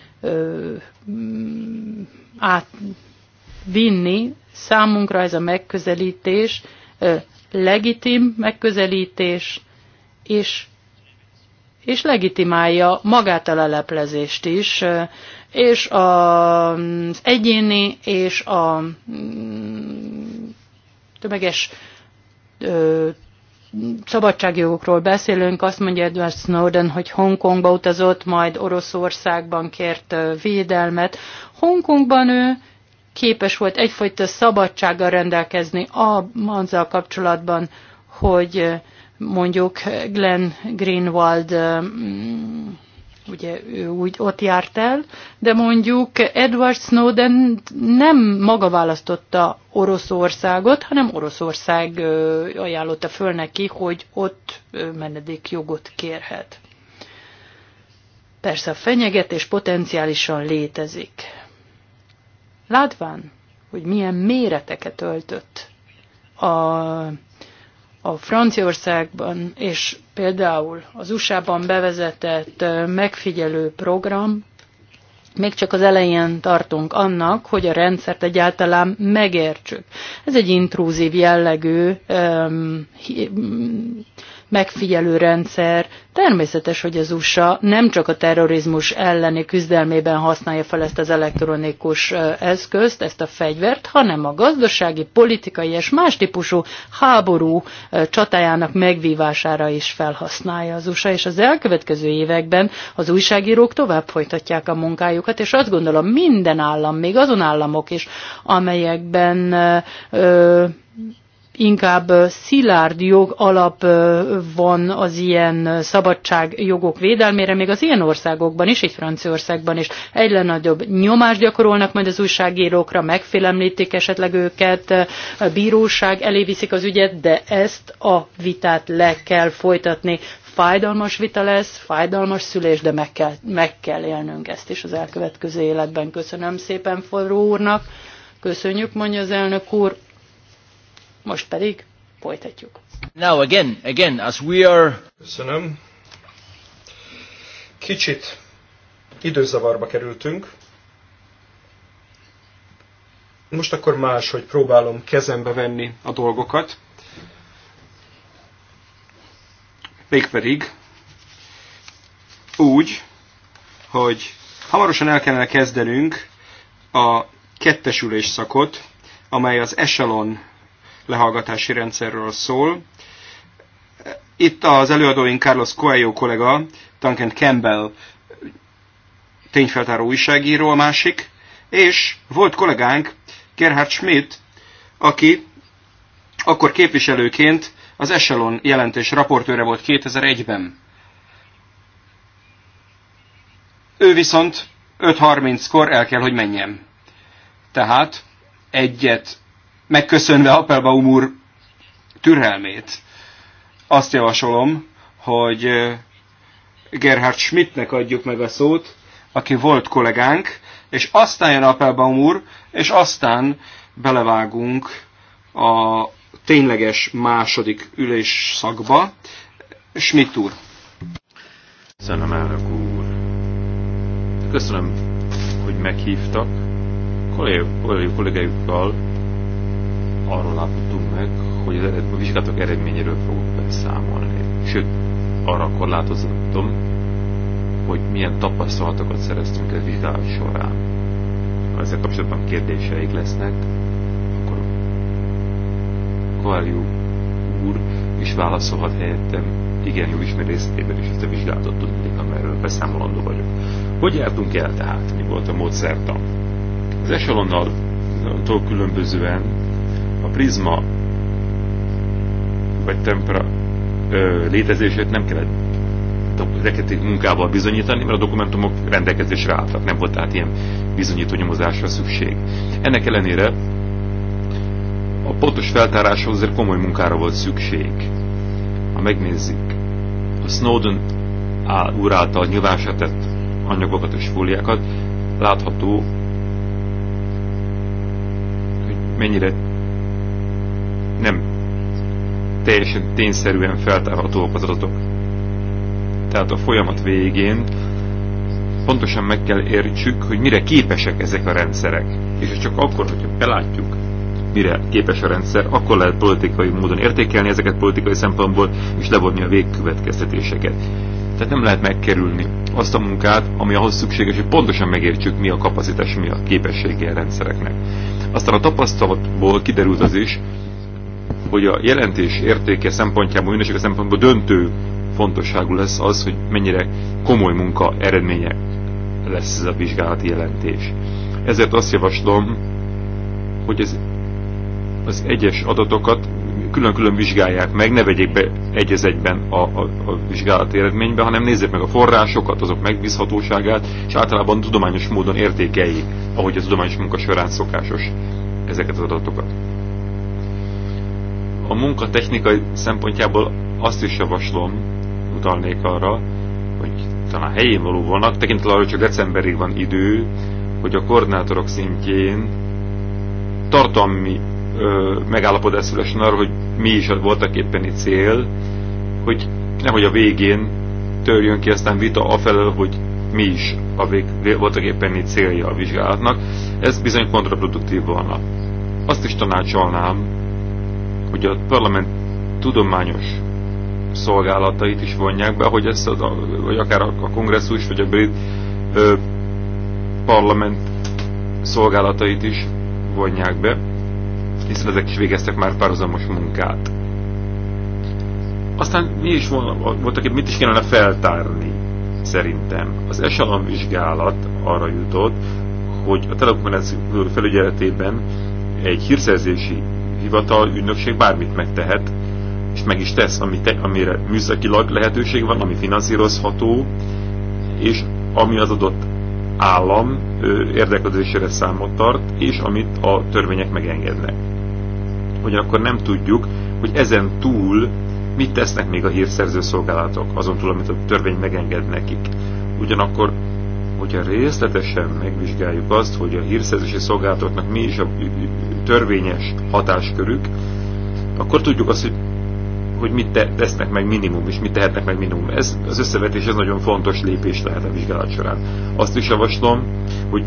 átvinni. Számunkra ez a megközelítés legitim megközelítés, és, és legitimálja magát a leleplezést is, és az egyéni és a mm, tömeges ö, szabadságjogokról beszélünk, azt mondja Edward Snowden, hogy Hongkongba utazott, majd Oroszországban kért védelmet. Hongkongban ő képes volt egyfajta szabadsággal rendelkezni a manzal kapcsolatban, hogy mondjuk Glenn Greenwald mm, ugye ő úgy ott járt el, de mondjuk Edward Snowden nem maga választotta Oroszországot, hanem Oroszország ajánlotta föl neki, hogy ott menedékjogot kérhet. Persze a fenyegetés potenciálisan létezik. Látván, hogy milyen méreteket öltött a a Franciaországban és például az USA-ban bevezetett megfigyelő program, még csak az elején tartunk annak, hogy a rendszert egyáltalán megértsük. Ez egy intrúzív jellegű um, megfigyelő rendszer. Természetes, hogy az USA nem csak a terrorizmus elleni küzdelmében használja fel ezt az elektronikus eszközt, ezt a fegyvert, hanem a gazdasági, politikai és más típusú háború csatájának megvívására is felhasználja az USA, és az elkövetkező években az újságírók tovább folytatják a munkájukat, és azt gondolom minden állam, még azon államok is, amelyekben ö, inkább szilárd jog alap van az ilyen szabadságjogok védelmére, még az ilyen országokban is, egy Franciaországban is egyre nagyobb nyomást gyakorolnak majd az újságírókra, megfélemlítik esetleg őket, a bíróság elé viszik az ügyet, de ezt a vitát le kell folytatni. Fájdalmas vita lesz, fájdalmas szülés, de meg kell, meg kell élnünk ezt is az elkövetkező életben. Köszönöm szépen Forró úrnak. Köszönjük, mondja az elnök úr. Most pedig folytatjuk. Now again, again, as we are... Köszönöm. Kicsit időzavarba kerültünk. Most akkor más, hogy próbálom kezembe venni a dolgokat. Mégpedig úgy, hogy hamarosan el kellene kezdenünk a kettesülés szakot, amely az Echelon lehallgatási rendszerről szól. Itt az előadóink Carlos Coelho kollega, Duncan Campbell tényfeltáró újságíró a másik, és volt kollégánk Gerhard Schmidt, aki akkor képviselőként az Echelon jelentés raportőre volt 2001-ben. Ő viszont 5.30-kor el kell, hogy menjen. Tehát egyet megköszönve Appelbaum úr türelmét, azt javasolom, hogy Gerhard Schmidtnek adjuk meg a szót, aki volt kollégánk, és aztán jön Appelbaum úr, és aztán belevágunk a tényleges második ülés szakba. Schmidt úr. Köszönöm, elnök úr. Köszönöm, hogy meghívtak. Kollégájukkal arról láttuk meg, hogy e- a vizsgálatok eredményéről fogok beszámolni. Sőt, arra korlátozottam, hogy milyen tapasztalatokat szereztünk a vizsgálat során. Ha ezzel kapcsolatban kérdéseik lesznek, akkor Kovárjú úr is válaszolhat helyettem, igen jó ismerésztében is ezt a vizsgálatot tudnék, amelyről beszámolandó vagyok. Hogy jártunk el tehát? Mi volt a módszertan? Az esalonnal különbözően a prizma vagy tempera ö, létezését nem kellett reketik munkával bizonyítani, mert a dokumentumok rendelkezésre álltak, nem volt tehát ilyen bizonyító nyomozásra szükség. Ennek ellenére a pontos feltáráshoz azért komoly munkára volt szükség. Ha megnézzük, a Snowden áll, úr által nyilvánosra tett anyagokat és fóliákat, látható, hogy mennyire nem teljesen tényszerűen feltárhatóak az adatok. Tehát a folyamat végén pontosan meg kell értsük, hogy mire képesek ezek a rendszerek. És csak akkor, hogyha belátjuk, mire képes a rendszer, akkor lehet politikai módon értékelni ezeket politikai szempontból, és levonni a végkövetkeztetéseket. Tehát nem lehet megkerülni azt a munkát, ami ahhoz szükséges, hogy pontosan megértsük, mi a kapacitás, mi a képessége a rendszereknek. Aztán a tapasztalatból kiderült az is, hogy a jelentés értéke szempontjából, minősége szempontból döntő fontosságú lesz az, hogy mennyire komoly munka eredménye lesz ez a vizsgálati jelentés. Ezért azt javaslom, hogy ez, az egyes adatokat külön-külön vizsgálják meg, ne vegyék be egy az egyben a, a, a vizsgálati eredménybe, hanem nézzék meg a forrásokat, azok megbízhatóságát, és általában tudományos módon értékeljék, ahogy a tudományos munka során szokásos ezeket az adatokat. A munkatechnikai szempontjából azt is javaslom, utalnék arra, hogy talán helyén való vannak, tekintettel arra, hogy csak decemberig van idő, hogy a koordinátorok szintjén tartalmi ö, megállapodás szülesen arra, hogy mi is voltak éppen itt cél, hogy nehogy a végén törjön ki aztán vita afelől, hogy mi is a vég, voltak éppen itt célja a vizsgálatnak. Ez bizony kontraproduktív volna. Azt is tanácsolnám, hogy a parlament tudományos szolgálatait is vonják be, hogy ezt, a, vagy akár a kongresszus, vagy a brit ö, parlament szolgálatait is vonják be, hiszen ezek is végeztek már párhuzamos munkát. Aztán mi is voltak itt, mit is kellene feltárni szerintem. Az esalom vizsgálat arra jutott, hogy a telekommunikáció felügyeletében egy hírszerzési hivatal, ügynökség bármit megtehet, és meg is tesz, ami te, amire műszakilag lehetőség van, ami finanszírozható, és ami az adott állam érdeklődésére számot tart, és amit a törvények megengednek. Ugyanakkor nem tudjuk, hogy ezen túl mit tesznek még a hírszerző szolgálatok, azon túl, amit a törvény megenged nekik. Ugyanakkor hogyha részletesen megvizsgáljuk azt, hogy a hírszerzési szolgálatoknak mi is a törvényes hatáskörük, akkor tudjuk azt, hogy, hogy mit tesznek meg minimum, és mit tehetnek meg minimum. Ez az összevetés ez nagyon fontos lépés lehet a vizsgálat során. Azt is javaslom, hogy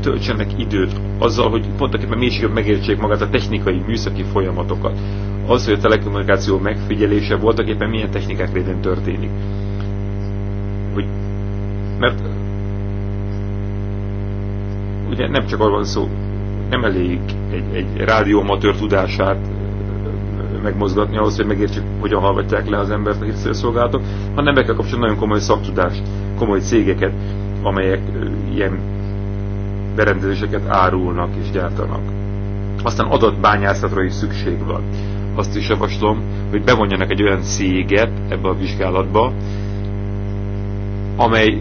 töltsenek időt azzal, hogy pont akiben mélységben megértsék magát a technikai, műszaki folyamatokat. Az, hogy a telekommunikáció megfigyelése voltak éppen milyen technikák révén történik mert ugye nem csak arról van szó, nem elég egy, egy rádiómatőr tudását megmozgatni ahhoz, hogy megértsük, hogyan hallgatják le az embert a hírszerszolgálatok, hanem be kell kapcsolni nagyon komoly szaktudást, komoly cégeket, amelyek ilyen berendezéseket árulnak és gyártanak. Aztán adatbányászatra is szükség van. Azt is javaslom, hogy bevonjanak egy olyan céget ebbe a vizsgálatba, amely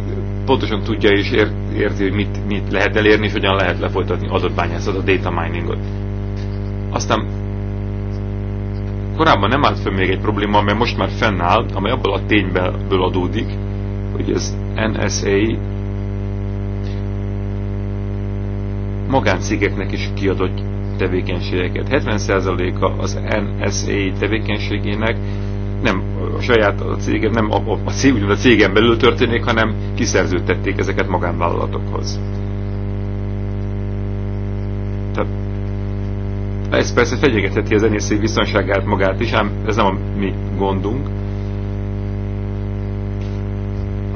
pontosan tudja és érti, hogy mit, mit lehet elérni, és hogyan lehet lefolytatni a data miningot. Aztán korábban nem állt fel még egy probléma, amely most már fennáll, amely abból a tényből adódik, hogy az NSA magáncégeknek is kiadott tevékenységeket. 70%-a az NSA tevékenységének nem a saját a cégem, nem a, a, cég, a cégem belül történik, hanem kiszerződtették ezeket magánvállalatokhoz. Tehát ez persze fenyegetheti az NSZ biztonságát magát is, ám ez nem a mi gondunk,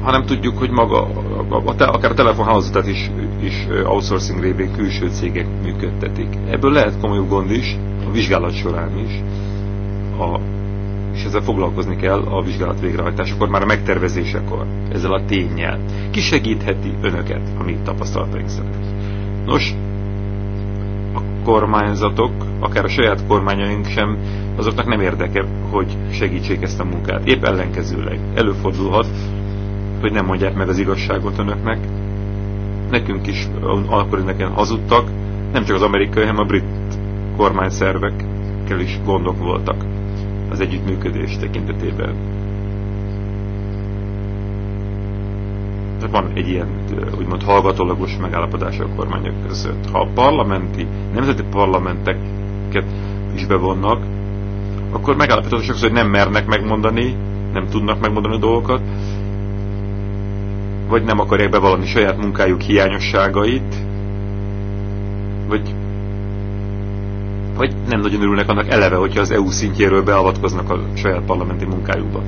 hanem tudjuk, hogy maga, a, a, akár a telefonhálózatát is, is outsourcing révén külső cégek működtetik. Ebből lehet komoly gond is, a vizsgálat során is, a és ezzel foglalkozni kell a vizsgálat végrehajtásakor, már a megtervezésekor, ezzel a tényel. Ki segítheti önöket a mi tapasztalataink szerint? Nos, a kormányzatok, akár a saját kormányaink sem, azoknak nem érdeke, hogy segítsék ezt a munkát. Épp ellenkezőleg előfordulhat, hogy nem mondják meg az igazságot önöknek. Nekünk is akkor nekem hazudtak, nem csak az amerikai, hanem a brit kormányszervekkel is gondok voltak az együttműködés tekintetében. van egy ilyen úgymond hallgatólagos megállapodás a kormányok között. Ha a parlamenti, nemzeti parlamenteket is bevonnak, akkor megállapítható sokszor, hogy nem mernek megmondani, nem tudnak megmondani dolgokat, vagy nem akarják bevallani saját munkájuk hiányosságait, vagy hogy nem nagyon örülnek annak eleve, hogyha az EU szintjéről beavatkoznak a saját parlamenti munkájukba.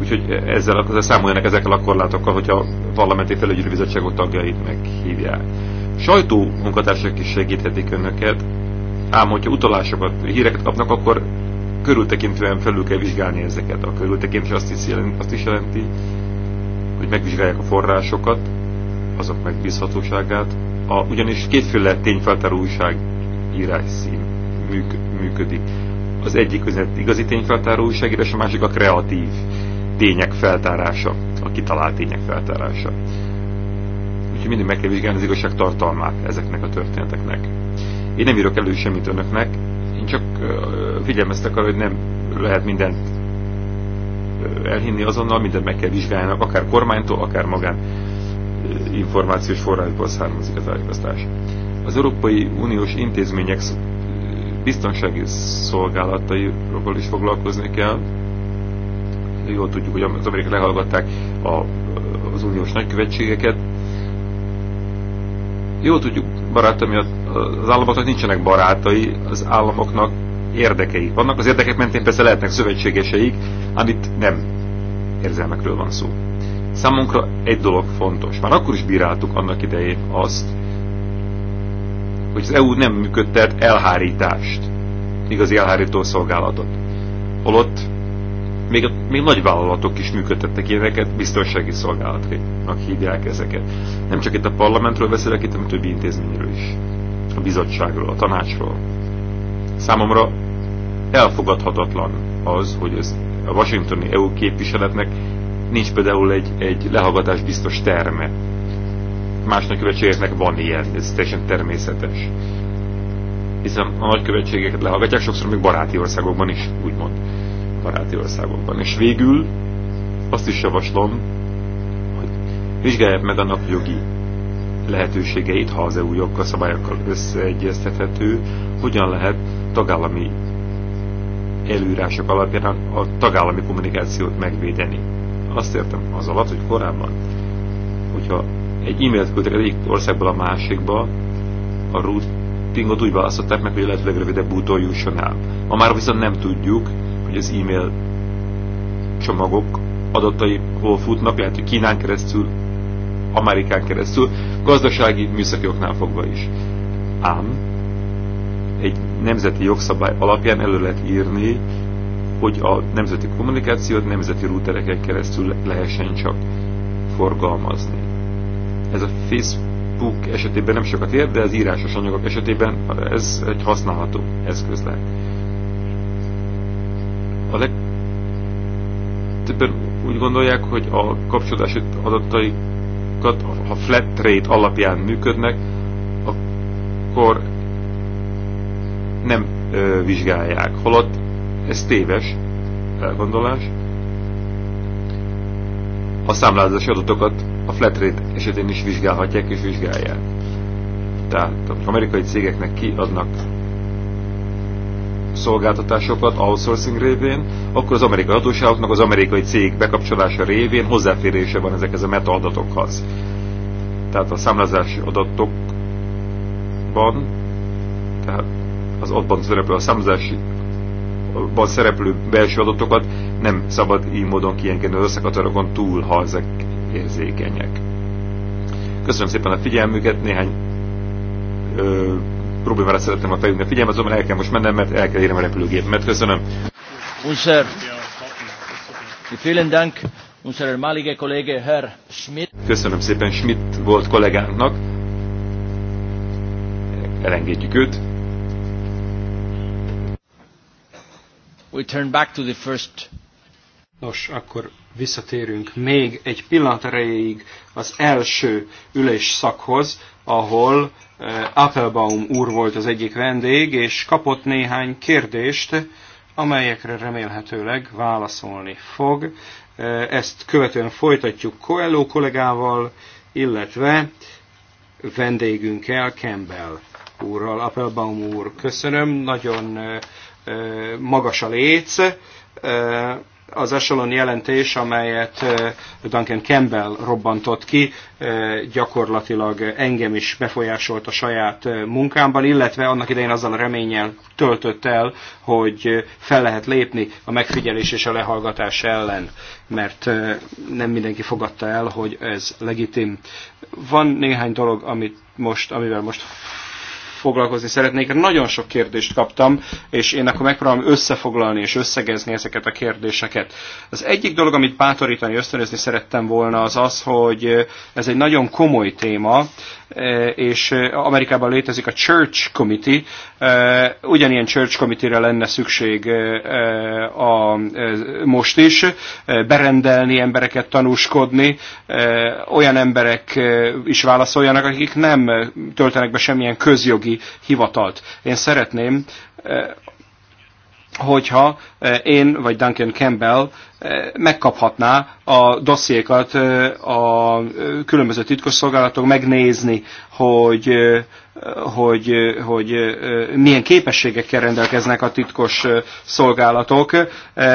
Úgyhogy ezzel, akkor számoljanak ezekkel a korlátokkal, hogyha a parlamenti felügyelőbizottságok tagjait meghívják. Sajtó munkatársak is segíthetik önöket, ám hogyha utalásokat, híreket kapnak, akkor körültekintően felül kell vizsgálni ezeket. A körültekintés azt is jelenti, azt is jelenti hogy megvizsgálják a forrásokat, azok megbízhatóságát, a, ugyanis kétféle tényfeltáró újság írásszín működik. Az egyik az igazi tényfeltáró és a másik a kreatív tények feltárása, a kitalált tények feltárása. Úgyhogy mindig meg kell vizsgálni az igazság tartalmát ezeknek a történeteknek. Én nem írok elő semmit önöknek, én csak figyelmeztek arra, hogy nem lehet mindent elhinni azonnal, mindent meg kell vizsgálni, akár kormánytól, akár magán információs forrásból származik az tájékoztás. Az Európai Uniós intézmények biztonsági szolgálatairól is foglalkozni kell. Jól tudjuk, hogy az amerikai lehallgatták a, az uniós nagykövetségeket. Jól tudjuk, barátom, hogy az államoknak nincsenek barátai, az államoknak érdekei vannak. Az érdekek mentén persze lehetnek szövetségeseik, amit nem érzelmekről van szó. Számunkra egy dolog fontos. Már akkor is bíráltuk annak idején azt, hogy az EU nem működtet elhárítást, igazi elhárító szolgálatot. Holott még, még nagy vállalatok is működtettek ilyeneket, biztonsági szolgálatnak hívják ezeket. Nem csak itt a parlamentről beszélek, itt a többi intézményről is. A bizottságról, a tanácsról. Számomra elfogadhatatlan az, hogy az, a washingtoni EU képviseletnek nincs például egy, egy lehagatás biztos terme más nagykövetségeknek van ilyen, ez teljesen természetes. Hiszen a nagykövetségeket lehallgatják sokszor még baráti országokban is, úgymond baráti országokban. És végül azt is javaslom, hogy vizsgálják meg a napjogi lehetőségeit, ha az EU jogkal szabályokkal összeegyeztethető, hogyan lehet tagállami előírások alapján a tagállami kommunikációt megvédeni. Azt értem az alatt, hogy korábban, hogyha egy e-mailt küldtek az egyik országból a másikba, a routingot úgy választották meg, hogy a lehető legrövidebb úton jusson el. Ma már viszont nem tudjuk, hogy az e-mail csomagok adatai hol futnak, lehet, hogy Kínán keresztül, Amerikán keresztül, gazdasági műszaki oknál fogva is. Ám egy nemzeti jogszabály alapján elő lehet írni, hogy a nemzeti kommunikációt nemzeti rútereken keresztül lehessen csak forgalmazni. Ez a Facebook esetében nem sokat ér, de az írásos anyagok esetében ez egy használható eszköz lehet. A legtöbben úgy gondolják, hogy a kapcsolódási adataikat, ha flat rate alapján működnek, akkor nem ö, vizsgálják. Holott ez téves elgondolás. A számlázási adatokat a rate esetén is vizsgálhatják és vizsgálják. Tehát az amerikai cégeknek kiadnak szolgáltatásokat outsourcing révén, akkor az amerikai hatóságoknak az amerikai cég bekapcsolása révén hozzáférése van ezekhez a metaadatokhoz. Tehát a számlázási adatokban, tehát az ottban szereplő a számlázási szereplő belső adatokat nem szabad így módon kiengedni az összekatarokon túl, ha ezek érzékenyek. Köszönöm szépen a figyelmüket, néhány ö, problémára szeretném a felhívni a figyelmet, azonban el kell most mennem, mert el kell érnem a repülőgépemet. Köszönöm. Unser, vielen Dank, unser malige Kollege Herr Schmidt. Köszönöm szépen Schmidt volt kollégánknak. Elengedjük őt. We turn back to the first. Nos, akkor visszatérünk még egy pillanat erejéig az első ülésszakhoz, ahol eh, Appelbaum úr volt az egyik vendég, és kapott néhány kérdést, amelyekre remélhetőleg válaszolni fog. Eh, ezt követően folytatjuk Coelho kollégával, illetve vendégünkkel, Campbell úrral. Appelbaum úr, köszönöm, nagyon eh, magas a léc az Echelon jelentés, amelyet Duncan Campbell robbantott ki, gyakorlatilag engem is befolyásolt a saját munkámban, illetve annak idején azzal a reménnyel töltött el, hogy fel lehet lépni a megfigyelés és a lehallgatás ellen, mert nem mindenki fogadta el, hogy ez legitim. Van néhány dolog, amit most, amivel most foglalkozni szeretnék. Nagyon sok kérdést kaptam, és én akkor megpróbálom összefoglalni és összegezni ezeket a kérdéseket. Az egyik dolog, amit bátorítani, ösztönözni szerettem volna, az az, hogy ez egy nagyon komoly téma, Eh, és eh, Amerikában létezik a Church Committee, eh, ugyanilyen Church Committee-re lenne szükség a, most is, berendelni embereket, tanúskodni, olyan emberek is válaszoljanak, akik nem töltenek be semmilyen közjogi hivatalt. Én szeretném hogyha eh, én vagy Duncan Campbell eh, megkaphatná a dossziékat eh, a különböző titkosszolgálatok megnézni, hogy, hogy, hogy milyen képességekkel rendelkeznek a titkos szolgálatok.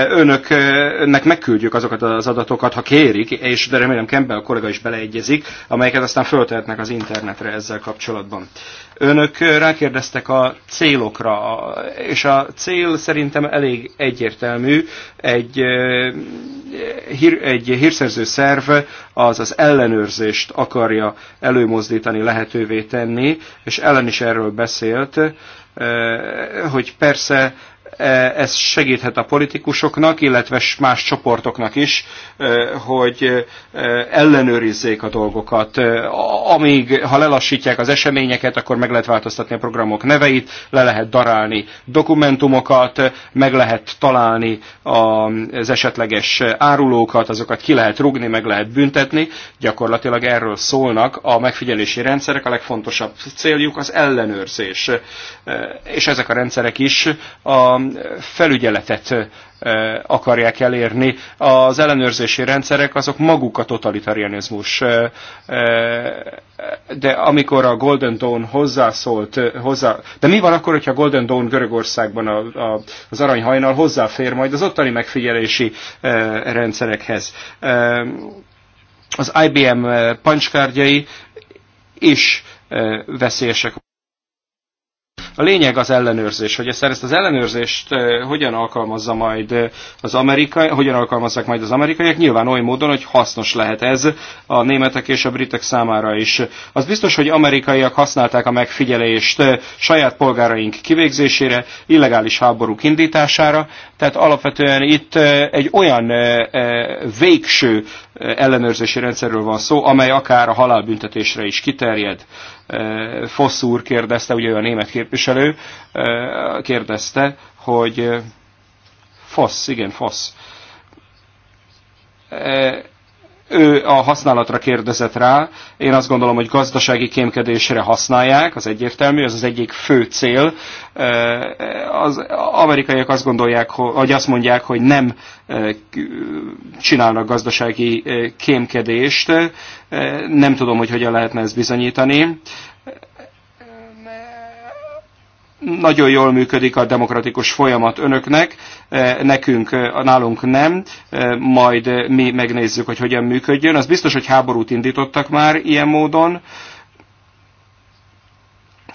Önöknek megküldjük azokat az adatokat, ha kérik, és de remélem Campbell kollega is beleegyezik, amelyeket aztán föltehetnek az internetre ezzel kapcsolatban. Önök rákérdeztek a célokra, és a cél szerintem elég egyértelmű. Egy, hír, egy hírszerző szerv az az ellenőrzést akarja előmozdítani, lehetővé tenni, és ellen is erről beszélt, hogy persze E, ez segíthet a politikusoknak, illetve más csoportoknak is, e, hogy e, ellenőrizzék a dolgokat. Amíg, ha lelassítják az eseményeket, akkor meg lehet változtatni a programok neveit, le lehet darálni dokumentumokat, meg lehet találni az esetleges árulókat, azokat ki lehet rugni, meg lehet büntetni. Gyakorlatilag erről szólnak a megfigyelési rendszerek, a legfontosabb céljuk az ellenőrzés. És ezek a rendszerek is a felügyeletet akarják elérni. Az ellenőrzési rendszerek azok maguk a totalitarianizmus. De amikor a Golden Dawn hozzászólt, hozzá... de mi van akkor, hogyha a Golden Dawn Görögországban a, a, az aranyhajnal hozzáfér majd az ottani megfigyelési rendszerekhez? Az IBM pancskárgyai is veszélyesek. A lényeg az ellenőrzés, hogy ezt az ellenőrzést eh, hogyan alkalmazza majd az amerikai, hogyan alkalmazzák majd az amerikaiak, nyilván oly módon, hogy hasznos lehet ez a németek és a britek számára is. Az biztos, hogy amerikaiak használták a megfigyelést eh, saját polgáraink kivégzésére, illegális háborúk indítására, tehát alapvetően itt eh, egy olyan végső ellenőrzési rendszerről van szó, amely akár a halálbüntetésre is kiterjed. Eh, Fossz úr kérdezte, ugye ő a német képviselő, eh, kérdezte, hogy eh, Fossz, igen, Fossz ő a használatra kérdezett rá. Én azt gondolom, hogy gazdasági kémkedésre használják, az egyértelmű, ez az egyik fő cél. Az amerikaiak azt gondolják, hogy azt mondják, hogy nem csinálnak gazdasági kémkedést. Nem tudom, hogy hogyan lehetne ezt bizonyítani nagyon jól működik a demokratikus folyamat önöknek, e, nekünk, e, nálunk nem, e, majd mi megnézzük, hogy hogyan működjön. Az biztos, hogy háborút indítottak már ilyen módon,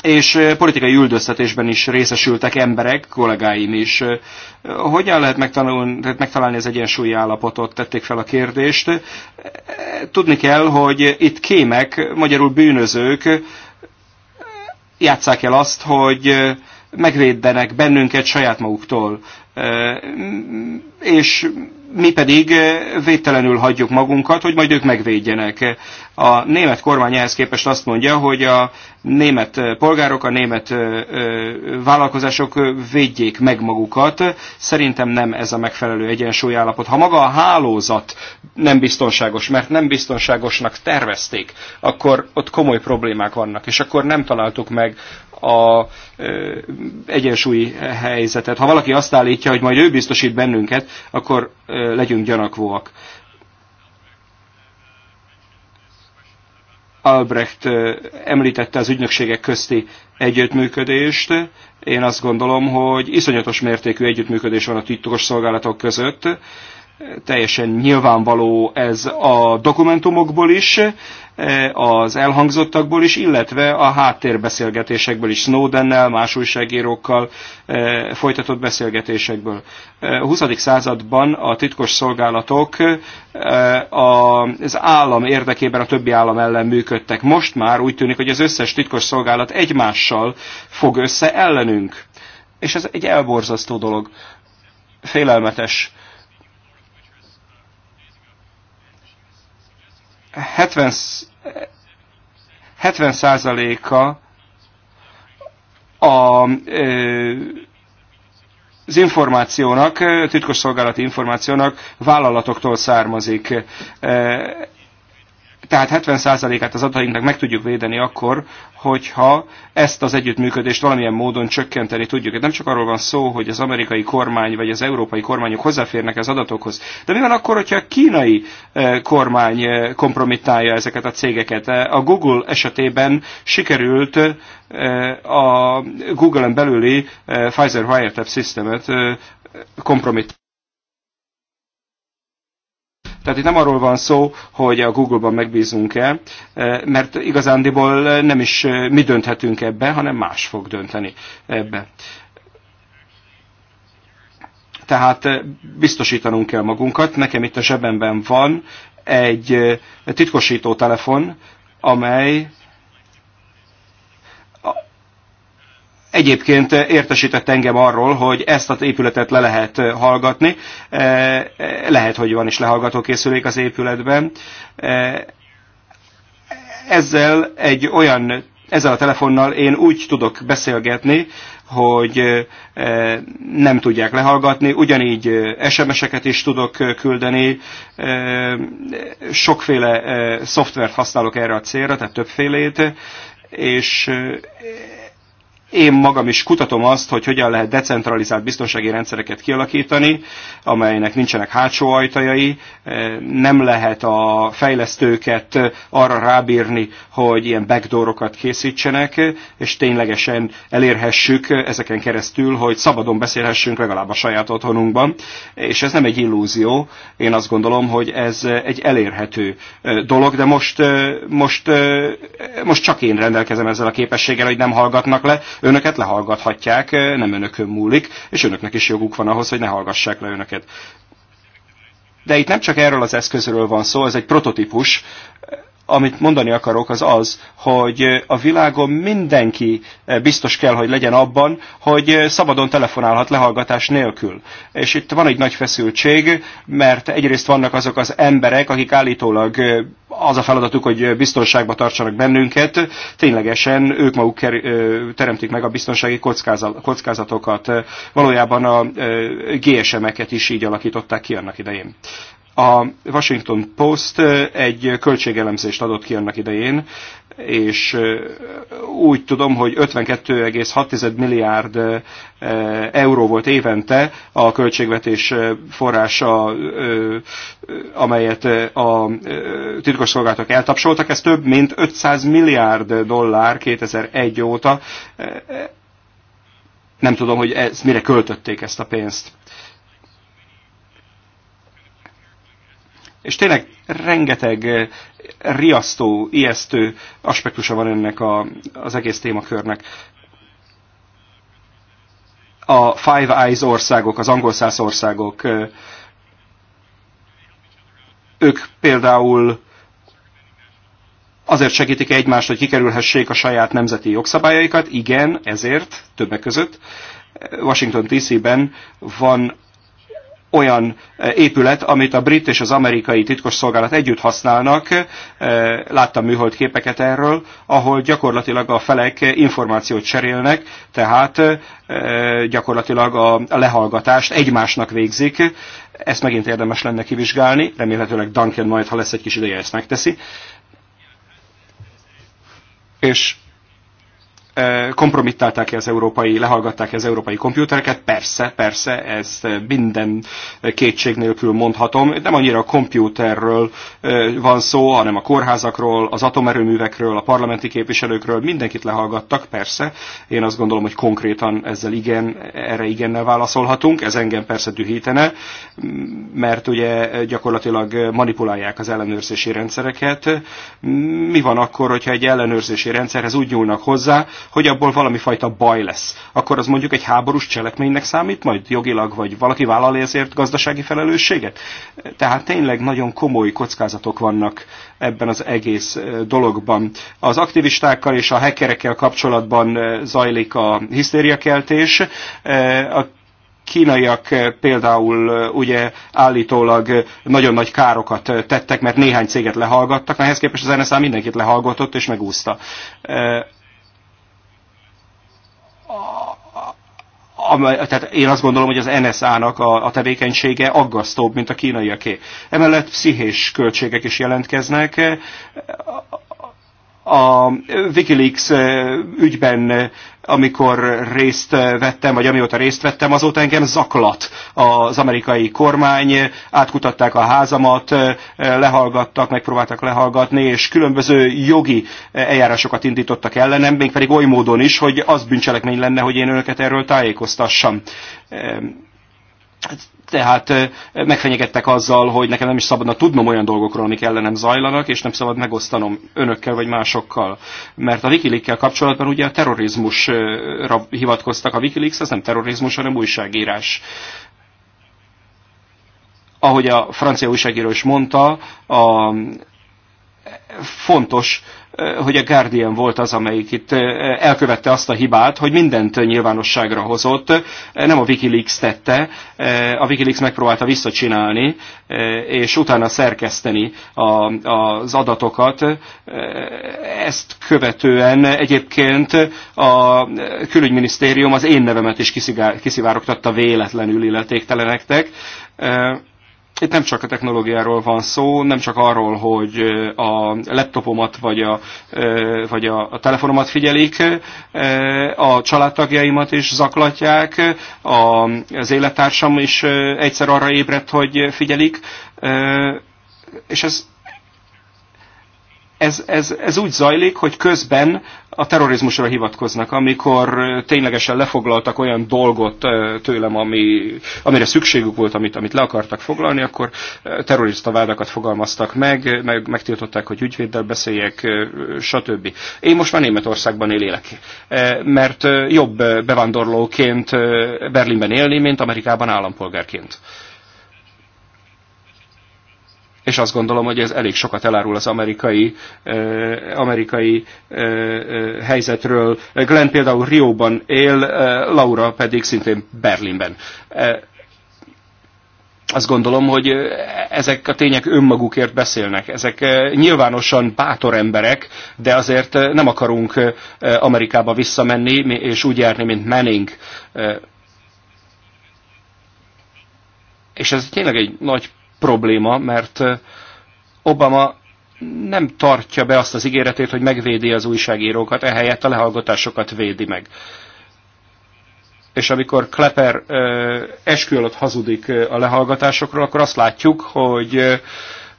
és politikai üldöztetésben is részesültek emberek, kollégáim is. Hogyan lehet tehát megtalálni az egyensúlyi állapotot, tették fel a kérdést. Tudni kell, hogy itt kémek, magyarul bűnözők játsszák el azt, hogy megrédenek bennünket saját maguktól és mi pedig védtelenül hagyjuk magunkat, hogy majd ők megvédjenek. A német kormány ehhez képest azt mondja, hogy a német polgárok, a német vállalkozások védjék meg magukat. Szerintem nem ez a megfelelő egyensúly állapot. Ha maga a hálózat nem biztonságos, mert nem biztonságosnak tervezték, akkor ott komoly problémák vannak, és akkor nem találtuk meg a egyensúlyi helyzetet. Ha valaki azt állítja, hogy majd ő biztosít bennünket, akkor legyünk gyanakvóak. Albrecht említette az ügynökségek közti együttműködést. Én azt gondolom, hogy iszonyatos mértékű együttműködés van a titkos szolgálatok között teljesen nyilvánvaló ez a dokumentumokból is, e, az elhangzottakból is, illetve a háttérbeszélgetésekből is, Snowdennel, más újságírókkal e, folytatott beszélgetésekből. E, a 20. században a titkos szolgálatok az állam érdekében a többi állam ellen működtek. Most már úgy tűnik, hogy az összes titkos szolgálat egymással fog össze ellenünk. És ez egy elborzasztó dolog. Félelmetes 70, 70%-a a, az információnak, szolgálati információnak vállalatoktól származik tehát 70%-át az adatainknak meg tudjuk védeni akkor, hogyha ezt az együttműködést valamilyen módon csökkenteni tudjuk. nem csak arról van szó, hogy az amerikai kormány vagy az európai kormányok hozzáférnek az adatokhoz, de mi van akkor, hogyha a kínai eh, kormány eh, kompromittálja ezeket a cégeket? Eh, a Google esetében sikerült a Google-en belüli Pfizer Wiretap Systemet kompromittálni. Tehát itt nem arról van szó, hogy a Google-ban megbízunk-e, eh, mert igazándiból nem is eh, mi dönthetünk ebbe, hanem más fog dönteni ebbe. Tehát eh, biztosítanunk kell magunkat. Nekem itt a zsebemben van egy titkosító telefon, amely Egyébként eh, értesített engem arról, hogy ezt az épületet le lehet eh, hallgatni. Eh, lehet, hogy van is lehallgató készülék az épületben. Ezzel egy olyan ezzel a telefonnal én úgy tudok beszélgetni, hogy nem tudják lehallgatni, ugyanígy SMS-eket is tudok küldeni, sokféle szoftvert használok erre a célra, tehát többfélét, és én magam is kutatom azt, hogy hogyan lehet decentralizált biztonsági rendszereket kialakítani, amelynek nincsenek hátsó ajtajai, eh, nem lehet a fejlesztőket arra rábírni, hogy ilyen backdoorokat készítsenek, és ténylegesen elérhessük ezeken keresztül, hogy szabadon beszélhessünk legalább a saját otthonunkban, és ez nem egy illúzió, én azt gondolom, hogy ez egy elérhető eh, dolog, de most, eh, most, most csak én rendelkezem ezzel a képességgel, hogy nem hallgatnak le, Önöket lehallgathatják, nem önökön múlik, és önöknek is joguk van ahhoz, hogy ne hallgassák le önöket. De itt nem csak erről az eszközről van szó, ez egy prototípus, amit mondani akarok, az az, hogy a világon mindenki biztos kell, hogy legyen abban, hogy szabadon telefonálhat lehallgatás nélkül. És itt van egy nagy feszültség, mert egyrészt vannak azok az emberek, akik állítólag az a feladatuk, hogy biztonságba tartsanak bennünket, ténylegesen ők maguk teremtik meg a biztonsági kockázatokat. Valójában a GSM-eket is így alakították ki annak idején. A Washington Post egy költségelemzést adott ki annak idején, és úgy tudom, hogy 52,6 milliárd euró volt évente a költségvetés forrása, amelyet a titkosszolgálatok eltapsoltak. Ez több mint 500 milliárd dollár 2001 óta. Nem tudom, hogy ez, mire költötték ezt a pénzt. És tényleg rengeteg eh, riasztó, ijesztő aspektusa van ennek a, az egész témakörnek. A Five Eyes országok, az angol száz országok, eh, ők például azért segítik egymást, hogy kikerülhessék a saját nemzeti jogszabályaikat. Igen, ezért többek között eh, Washington DC-ben van olyan eh, épület, amit a brit és az amerikai titkosszolgálat együtt használnak, eh, láttam műhold képeket erről, ahol gyakorlatilag a felek információt cserélnek, tehát eh, gyakorlatilag a lehallgatást egymásnak végzik, ezt megint érdemes lenne kivizsgálni, remélhetőleg Duncan majd, ha lesz egy kis ideje, ezt megteszi. És kompromittálták az európai, lehallgatták az európai komputereket? Persze, persze, ezt minden kétség nélkül mondhatom. Nem annyira a komputerről van szó, hanem a kórházakról, az atomerőművekről, a parlamenti képviselőkről, mindenkit lehallgattak, persze. Én azt gondolom, hogy konkrétan ezzel igen, erre igennel válaszolhatunk. Ez engem persze dühítene, mert ugye gyakorlatilag manipulálják az ellenőrzési rendszereket. Mi van akkor, hogyha egy ellenőrzési rendszerhez úgy nyúlnak hozzá, hogy abból valami fajta baj lesz, akkor az mondjuk egy háborús cselekménynek számít majd jogilag, vagy valaki vállal ezért gazdasági felelősséget? Tehát tényleg nagyon komoly kockázatok vannak ebben az egész dologban. Az aktivistákkal és a hackerekkel kapcsolatban zajlik a hisztériakeltés. A kínaiak például ugye állítólag nagyon nagy károkat tettek, mert néhány céget lehallgattak, ehhez képest az NSA mindenkit lehallgatott és megúszta tehát én azt gondolom, hogy az NSA-nak a, a tevékenysége aggasztóbb, mint a kínaiaké. Emellett pszichés költségek is jelentkeznek a Wikileaks ügyben, amikor részt vettem, vagy amióta részt vettem, azóta engem zaklat az amerikai kormány, átkutatták a házamat, lehallgattak, megpróbáltak lehallgatni, és különböző jogi eljárásokat indítottak ellenem, még pedig oly módon is, hogy az bűncselekmény lenne, hogy én önöket erről tájékoztassam tehát megfenyegettek azzal, hogy nekem nem is szabadna tudnom olyan dolgokról, amik ellenem zajlanak, és nem szabad megosztanom önökkel vagy másokkal. Mert a Wikileaks-kel kapcsolatban ugye a terrorizmusra hivatkoztak. A Wikileaks az nem terrorizmus, hanem újságírás. Ahogy a francia újságíró is mondta, a fontos, eh, hogy a Guardian volt az, amelyik itt eh, elkövette azt a hibát, hogy mindent nyilvánosságra hozott, eh, nem a Wikileaks tette, a Wikileaks megpróbálta visszacsinálni, és utána szerkeszteni az adatokat. Ezt követően egyébként a külügyminisztérium az én nevemet is kiszivárogtatta véletlenül illetékteleneknek, itt nem csak a technológiáról van szó, nem csak arról, hogy a laptopomat vagy a, vagy a, telefonomat figyelik, a családtagjaimat is zaklatják, a, az élettársam is egyszer arra ébredt, hogy figyelik, és ez ez, ez, ez úgy zajlik, hogy közben a terrorizmusra hivatkoznak, amikor ténylegesen lefoglaltak olyan dolgot tőlem, ami, amire szükségük volt, amit, amit le akartak foglalni, akkor terrorista vádakat fogalmaztak meg, meg megtiltották, hogy ügyvéddel beszéljek, stb. Én most már Németországban élek, mert jobb bevándorlóként Berlinben élni, mint Amerikában állampolgárként és azt gondolom, hogy ez elég sokat elárul az amerikai, amerikai helyzetről. Glenn például Rióban él, Laura pedig szintén Berlinben azt gondolom, hogy ezek a tények önmagukért beszélnek. Ezek nyilvánosan bátor emberek, de azért nem akarunk Amerikába visszamenni, és úgy járni, mint Manning. És ez tényleg egy nagy probléma, mert Obama nem tartja be azt az ígéretét, hogy megvédi az újságírókat, ehelyett a lehallgatásokat védi meg. És amikor Klepper eskü alatt hazudik a lehallgatásokról, akkor azt látjuk, hogy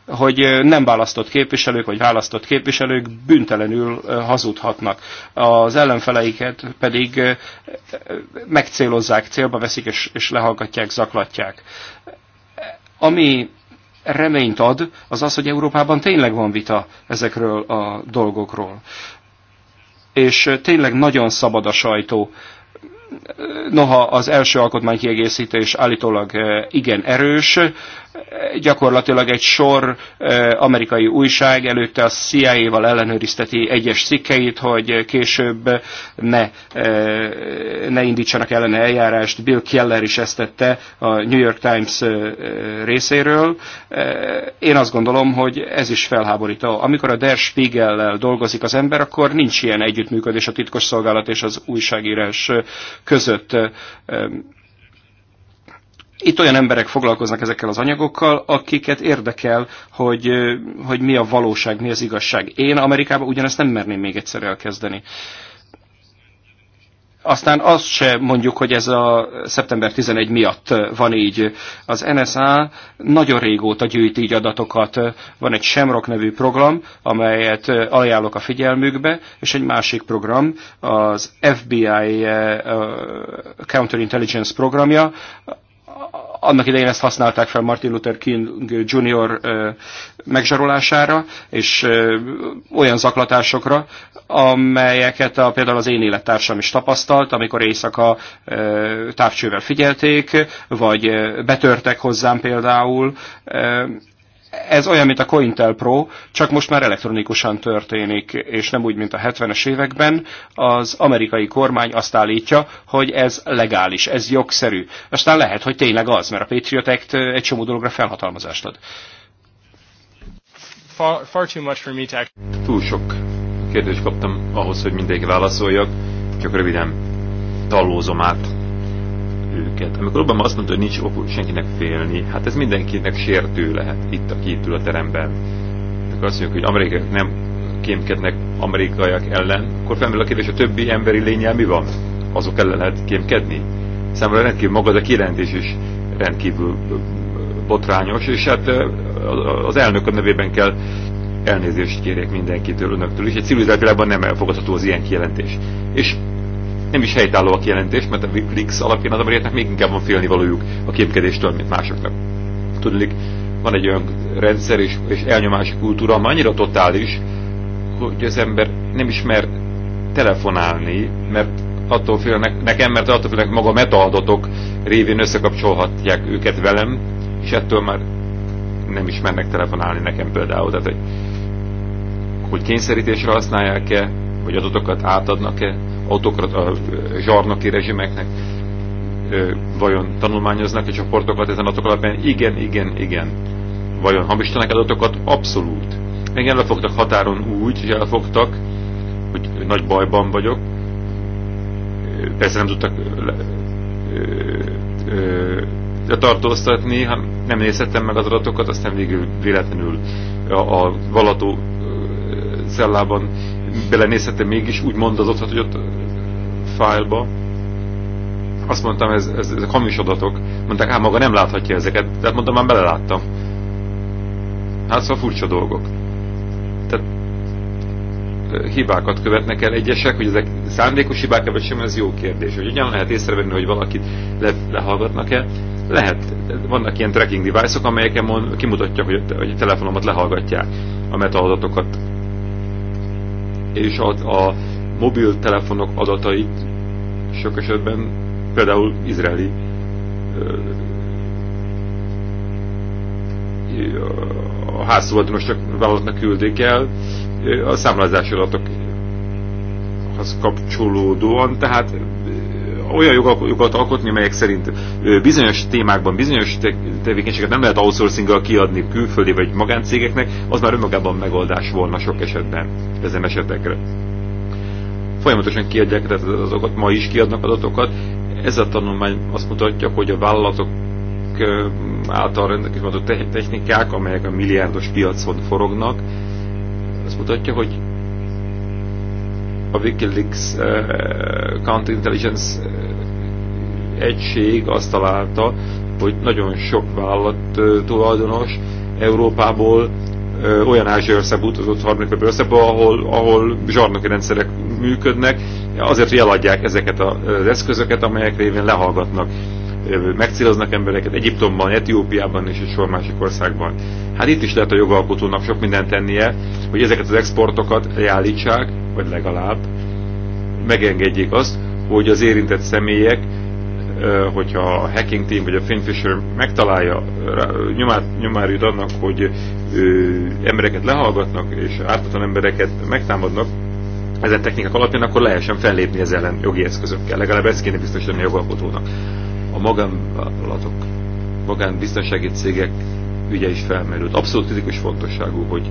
hogy nem választott képviselők, vagy választott képviselők büntelenül hazudhatnak. Az ellenfeleiket pedig megcélozzák, célba veszik, és, és lehallgatják, zaklatják. Ami reményt ad, az az, hogy Európában tényleg van vita ezekről a dolgokról. És tényleg nagyon szabad a sajtó. Noha az első alkotmánykiegészítés állítólag igen erős, gyakorlatilag egy sor amerikai újság előtte a CIA-val ellenőrizteti egyes cikkeit, hogy később ne, ne indítsanak ellene eljárást. Bill Keller is ezt tette a New York Times részéről. Én azt gondolom, hogy ez is felháborító. Amikor a Der Spiegel-lel dolgozik az ember, akkor nincs ilyen együttműködés a titkos szolgálat és az újságírás között itt olyan emberek foglalkoznak ezekkel az anyagokkal, akiket érdekel, hogy, hogy mi a valóság, mi az igazság. Én Amerikában ugyanezt nem merném még egyszer elkezdeni. Aztán azt se mondjuk, hogy ez a szeptember 11 miatt van így. Az NSA nagyon régóta gyűjti így adatokat. Van egy Semrock nevű program, amelyet ajánlok a figyelmükbe, és egy másik program, az FBI eh, Counterintelligence programja, annak idején ezt használták fel Martin Luther King Jr. megzsarolására, és olyan zaklatásokra, amelyeket a, például az én élettársam is tapasztalt, amikor éjszaka távcsővel figyelték, vagy betörtek hozzám például, ez olyan, mint a Cointel Pro, csak most már elektronikusan történik, és nem úgy, mint a 70-es években. Az amerikai kormány azt állítja, hogy ez legális, ez jogszerű. Aztán lehet, hogy tényleg az, mert a Patriot Act eh, egy csomó dologra felhatalmazást ad. Far, far too much for me to... Túl sok kérdést kaptam ahhoz, hogy mindig válaszoljak, csak röviden tallózom át őket. Amikor Obama azt mondta, hogy nincs okuk senkinek félni, hát ez mindenkinek sértő lehet itt, aki itt ül a teremben. Amikor azt mondjuk, hogy amerikaiak nem kémkednek amerikaiak ellen, akkor felmerül a kérdés, a többi emberi lényel mi van? Azok ellen lehet kémkedni? Számomra rendkívül maga, a kijelentés is rendkívül botrányos, és hát az a nevében kell elnézést kérjek mindenkitől, önöktől is. Egy civilizált világban nem elfogadható az ilyen kijelentés. És nem is helytálló a kijelentés, mert a Wikileaks alapján az amerikaiaknak még inkább van valójuk a képkedéstől, mint másoknak. Tudnék, van egy olyan rendszer és, és elnyomási kultúra, ami annyira totális, hogy az ember nem ismer telefonálni, mert attól félnek, nekem, mert attól félnek maga metaadatok révén összekapcsolhatják őket velem, és ettől már nem ismernek telefonálni nekem például. Tehát, hogy, hogy kényszerítésre használják-e, vagy adatokat átadnak-e, a zsarnoki rezsimeknek vajon tanulmányoznak a csoportokat ezen adatok alapján? Igen, igen, igen. Vajon hamisítanak adatokat? Abszolút. Engem lefogtak határon úgy, hogy elfogtak, hogy nagy bajban vagyok. Persze nem tudtak le, ö, ö, letartóztatni, nem nézhettem meg az adatokat, aztán végül véletlenül a, a valató cellában belenézhettem mégis, úgy mondazott, hogy ott fájlba. Azt mondtam, ez, ez, ezek hamis adatok. Mondták, hát maga nem láthatja ezeket. Tehát mondtam, már beleláttam. Hát szóval furcsa dolgok. Tehát hibákat követnek el egyesek, hogy ezek szándékos hibák, vagy sem, ez jó kérdés. Hogy ugyan lehet észrevenni, hogy valakit le, lehallgatnak-e? Lehet. Vannak ilyen tracking device-ok, -ok, amelyeken kimutatja, hogy, hogy a telefonomat lehallgatják, a metaadatokat és a, a mobiltelefonok adatait sok esetben például izraeli a csak vállalatnak küldik el a számlázási adatokhoz kapcsolódóan, tehát olyan jogokat alkotni, melyek szerint bizonyos témákban, bizonyos tevékenységet nem lehet outsourcing kiadni külföldi vagy magáncégeknek, az már önmagában megoldás volna sok esetben ezen esetekre. Folyamatosan kiadják azokat, ma is kiadnak adatokat. Ez a tanulmány azt mutatja, hogy a vállalatok által rendelkező technikák, amelyek a milliárdos piacon forognak, azt mutatja, hogy a Wikileaks uh, eh, counterintelligence eh, egység azt találta, hogy nagyon sok vállalat uh, tulajdonos Európából uh, olyan ázsiai országba utazott harmadik országba, ahol, ahol zsarnoki rendszerek működnek, azért, hogy eladják ezeket az eszközöket, amelyek révén lehallgatnak megcéloznak embereket Egyiptomban, Etiópiában és egy sor másik országban. Hát itt is lehet a jogalkotónak sok mindent tennie, hogy ezeket az exportokat leállítsák, vagy legalább megengedjék azt, hogy az érintett személyek hogyha a hacking team vagy a Finfisher megtalálja, nyomát, nyomára jut annak, hogy ö, embereket lehallgatnak és ártatlan embereket megtámadnak, ezen technikák alapján, akkor lehessen fellépni ezzel ellen jogi eszközökkel. Legalább ezt kéne biztosítani a jogalkotónak a magánvállalatok, magánbiztonsági cégek ügye is felmerült. Abszolút kritikus fontosságú, hogy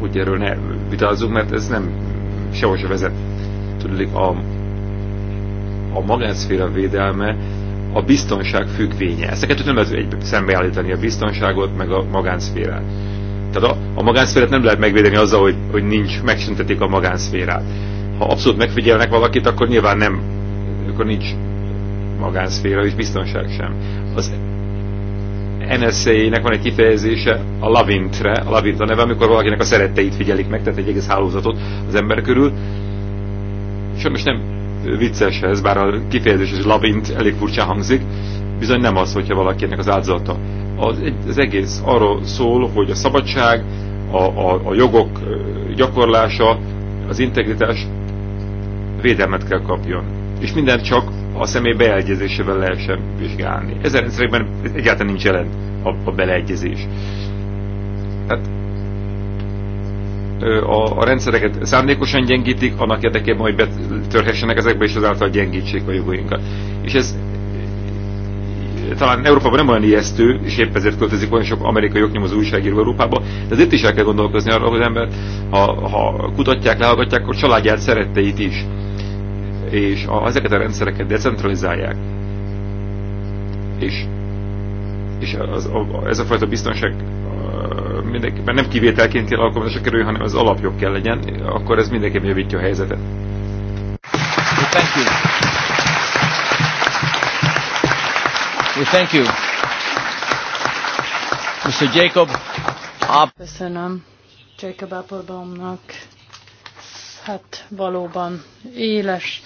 hogy erről ne vitázzunk, mert ez nem sehol se vezet. Tudod, a, a magánszféra védelme a biztonság függvénye. Ezeket nem lehet egy szembeállítani, a biztonságot, meg a magánszférát. Tehát a, a magánszférát nem lehet megvédeni azzal, hogy, hogy nincs, megsüntetik a magánszférát. Ha abszolút megfigyelnek valakit, akkor nyilván nem amikor nincs magánszféra és biztonság sem. Az NSA-nek van egy kifejezése a lavintre, a lavint a neve, amikor valakinek a szeretteit figyelik meg, tehát egy egész hálózatot az ember körül. most nem vicces ez, bár a kifejezés az lavint elég furcsa hangzik, bizony nem az, hogyha valakinek az áldozata. Az, az egész arról szól, hogy a szabadság, a, a, a jogok gyakorlása, az integritás védelmet kell kapjon és minden csak a személy beleegyezésével lehessen vizsgálni. Ezen rendszerekben egyáltalán nincs jelen a, a beleegyezés. Hát, a, a rendszereket szándékosan gyengítik, annak érdekében, hogy betörhessenek ezekbe, és azáltal gyengítsék a jogainkat. És ez talán Európában nem olyan ijesztő, és épp ezért költözik olyan sok amerikai jognyomozó újságíró Európába, de itt is el kell gondolkozni arra, hogy ember, ha, ha kutatják, lehallgatják, akkor családját szeretteit is és a, ezeket a rendszereket decentralizálják, és, és az, a, ez a fajta biztonság mindenképpen nem kivételként kell alkalmazásra kerülni, hanem az alapjog kell legyen, akkor ez mindenképpen javítja a helyzetet. thank you. Well, thank you. Mr. Jacob. Köszönöm Jacob Applebaumnak hát valóban éles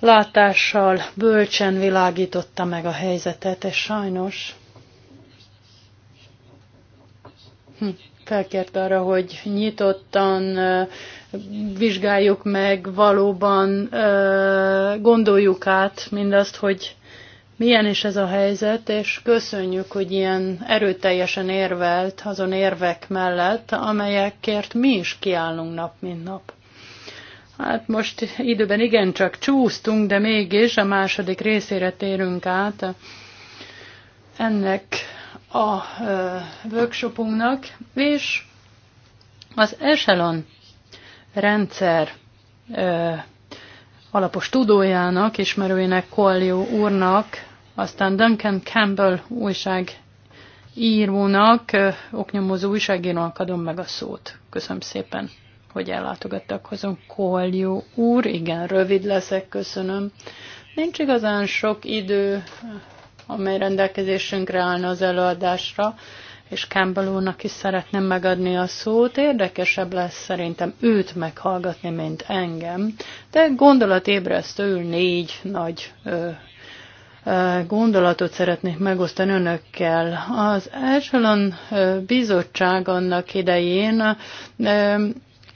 látással, bölcsen világította meg a helyzetet, és sajnos hm, felkért arra, hogy nyitottan vizsgáljuk meg, valóban gondoljuk át mindazt, hogy milyen is ez a helyzet, és köszönjük, hogy ilyen erőteljesen érvelt azon érvek mellett, amelyekért mi is kiállunk nap, mint nap. Hát most időben igen csak csúsztunk, de mégis a második részére térünk át ennek a workshopunknak, és az Echelon rendszer alapos tudójának, ismerőjének, Kollió úrnak, aztán Duncan Campbell újság írónak, oknyomozó újságírónak adom meg a szót. Köszönöm szépen hogy ellátogattak hozom. Koljó úr, igen, rövid leszek, köszönöm. Nincs igazán sok idő, amely rendelkezésünkre állna az előadásra, és Campbell úrnak is szeretném megadni a szót. Érdekesebb lesz szerintem őt meghallgatni, mint engem, de gondolatébresztő négy nagy ö, gondolatot szeretnék megosztani önökkel. Az Echelon bizottság annak idején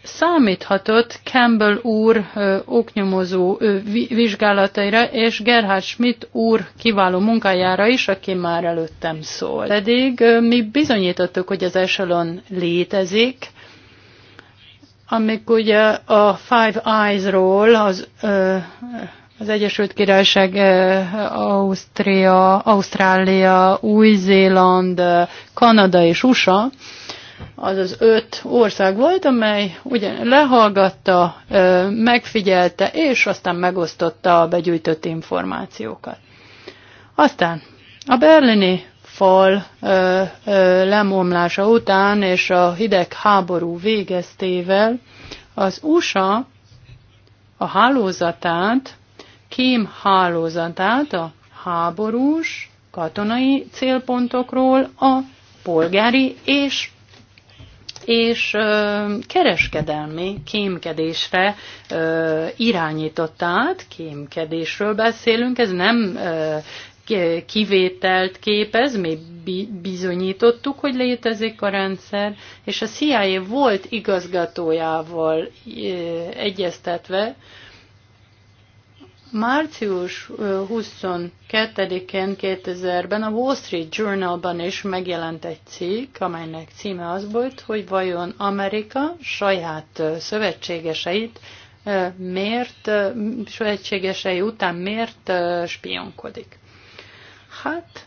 számíthatott Campbell úr ö, oknyomozó ö, vizsgálataira és Gerhard Schmidt úr kiváló munkájára is, aki már előttem szól. Pedig ö, mi bizonyítottuk, hogy az Echelon létezik, amikor ugye a Five Eyes-ról az az Egyesült Királyság, Ausztria, Ausztrália, Új-Zéland, Kanada és USA az az öt ország volt, amely ugye lehallgatta, megfigyelte, és aztán megosztotta a begyűjtött információkat. Aztán a berlini fal lemomlása után és a hideg háború végeztével az USA a hálózatát, kém hálózatát a háborús katonai célpontokról a polgári és és kereskedelmi kémkedésre irányított át, kémkedésről beszélünk, ez nem kivételt képez, mi bizonyítottuk, hogy létezik a rendszer, és a CIA volt igazgatójával egyeztetve Március 22-én 2000-ben a Wall Street Journalban is megjelent egy cikk, amelynek címe az volt, hogy vajon Amerika saját szövetségeseit miért, szövetségesei után miért spionkodik. Hát,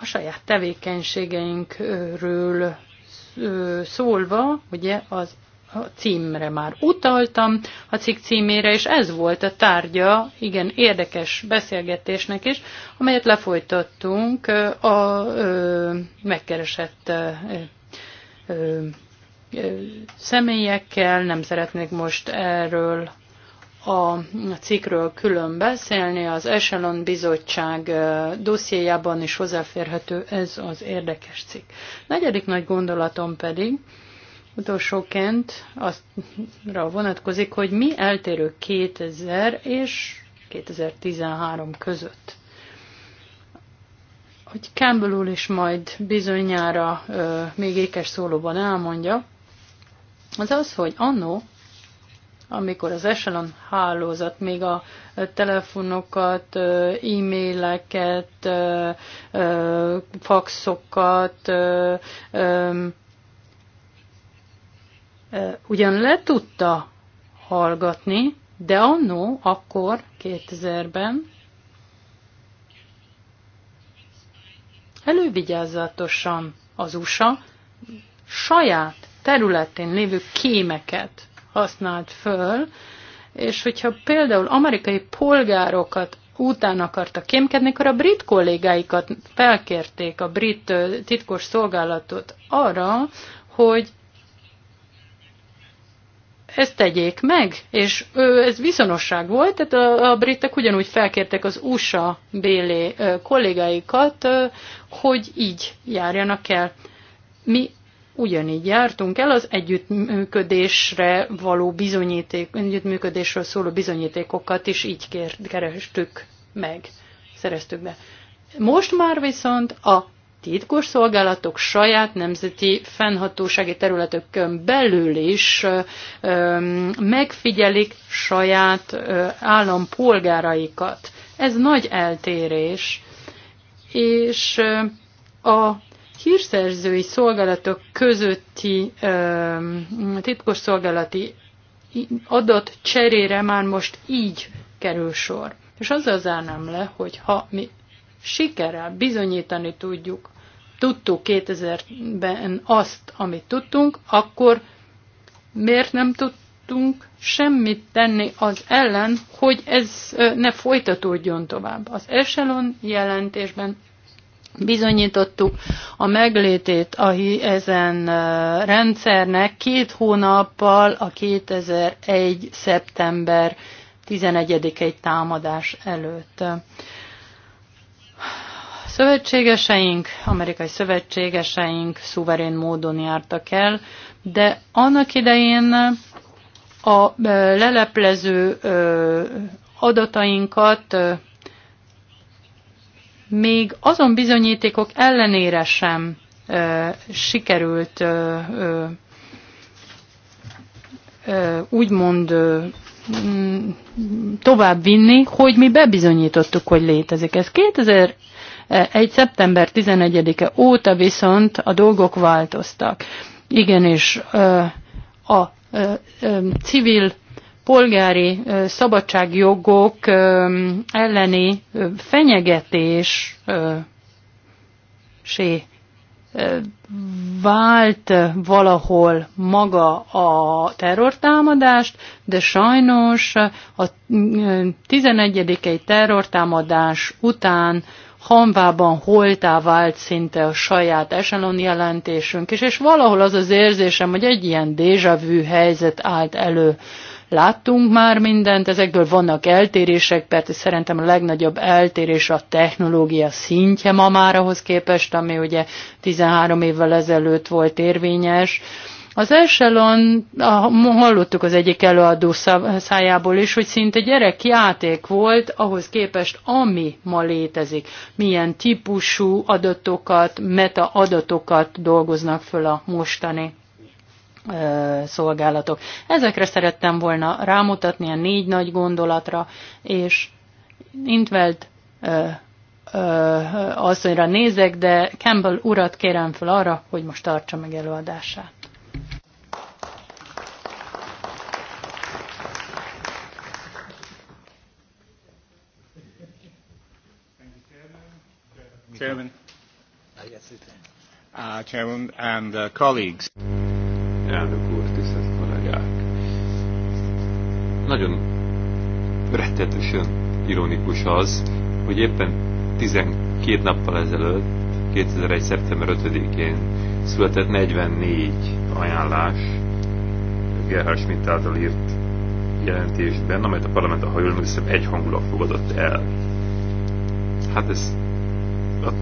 a saját tevékenységeinkről szólva, ugye az a címre már utaltam, a cikk címére, és ez volt a tárgya, igen, érdekes beszélgetésnek is, amelyet lefolytattunk a ö, megkeresett ö, ö, személyekkel, nem szeretnék most erről a cikkről külön beszélni, az Echelon Bizottság dossziéjában is hozzáférhető ez az érdekes cikk. Negyedik nagy gondolatom pedig, Utolsóként rá vonatkozik, hogy mi eltérő 2000 és 2013 között. Hogy Campbell úr is majd bizonyára ö, még ékes szólóban elmondja, az az, hogy annó, amikor az Echelon hálózat még a telefonokat, e-maileket, faxokat, ugyan le tudta hallgatni, de annó, akkor, 2000-ben, elővigyázatosan az USA saját területén lévő kémeket használt föl, és hogyha például amerikai polgárokat után akartak kémkedni, akkor a brit kollégáikat felkérték, a brit titkos szolgálatot arra, hogy ezt tegyék meg, és ö, ez viszonosság volt, tehát a, a britek ugyanúgy felkértek az USA bélé ö, kollégáikat, ö, hogy így járjanak el. Mi ugyanígy jártunk el, az együttműködésre való bizonyíték, együttműködésről szóló bizonyítékokat is így kér, kerestük meg, szereztük be. Most már viszont a titkos szolgálatok saját nemzeti fennhatósági területökön belül is megfigyelik saját állampolgáraikat. Ez nagy eltérés, és a hírszerzői szolgálatok közötti titkos szolgálati adat cserére már most így kerül sor. És azzal zárnám le, hogy ha mi sikerrel bizonyítani tudjuk, tudtuk 2000-ben azt, amit tudtunk, akkor miért nem tudtunk semmit tenni az ellen, hogy ez ne folytatódjon tovább. Az Echelon jelentésben bizonyítottuk a meglétét a, ezen rendszernek két hónappal a 2001. szeptember 11 egy támadás előtt. Szövetségeseink, amerikai szövetségeseink szuverén módon jártak el, de annak idején a leleplező adatainkat még azon bizonyítékok ellenére sem sikerült úgymond tovább vinni, hogy mi bebizonyítottuk, hogy létezik. Ez 2000 Eh, egy szeptember 11-e óta viszont a dolgok változtak. Igenis eh, a eh, civil polgári szabadságjogok elleni fenyegetés sé vált valahol maga a terrortámadást, de sajnos a 11. Mm, terrortámadás után hamvában holtá vált szinte a saját eselon jelentésünk is, és valahol az az érzésem, hogy egy ilyen vu helyzet állt elő. Láttunk már mindent, ezekből vannak eltérések, persze szerintem a legnagyobb eltérés a technológia szintje ma már ahhoz képest, ami ugye 13 évvel ezelőtt volt érvényes. Az Echelon, hallottuk az egyik előadó szájából is, hogy szinte gyerekjáték volt ahhoz képest, ami ma létezik. Milyen típusú adatokat, meta adatokat dolgoznak föl a mostani szolgálatok. Ezekre szerettem volna rámutatni a négy nagy gondolatra, és Intveld asszonyra nézek, de Campbell urat kérem fel arra, hogy most tartsa meg előadását. Chairman. Ah, uh, ah, Chairman and uh, colleagues. Elnök úr, tisztelt kollégák! Nagyon rettetősen ironikus az, hogy éppen 12 nappal ezelőtt, 2001. szeptember 5-én született 44 ajánlás Gerhard Schmidt által írt jelentésben, amelyet a parlament, ha jól emlékszem, egyhangulag fogadott el. Hát ez az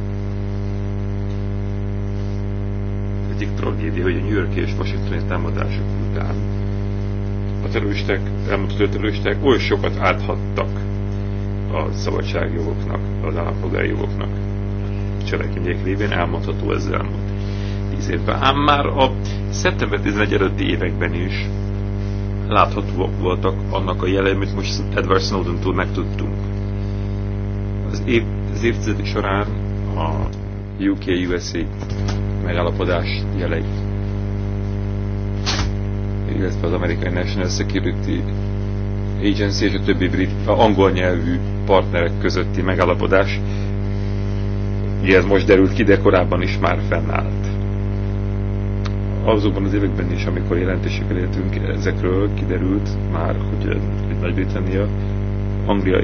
egyik tragédia, hogy a New York és Washingtoni támadások után a terroristák, elmutató terroristák oly sokat áthattak a szabadságjogoknak, az állampolgári jogoknak cselekmények révén elmondható ezzel elmúlt tíz évben. Ám már a szeptember 11 előtti években is láthatóak voltak annak a jelei, amit most Edward Snowden-tól megtudtunk. Az, év, az évtizedek során a UK-USA megállapodás jelei, illetve az Amerikai National Security Agency és a többi brit, a angol nyelvű partnerek közötti megállapodás. Ugye ez most derült ki, de korábban is már fennállt. Azokban az években is, amikor jelentéseket éltünk ezekről, kiderült már, hogy Nagy-Britannia Anglia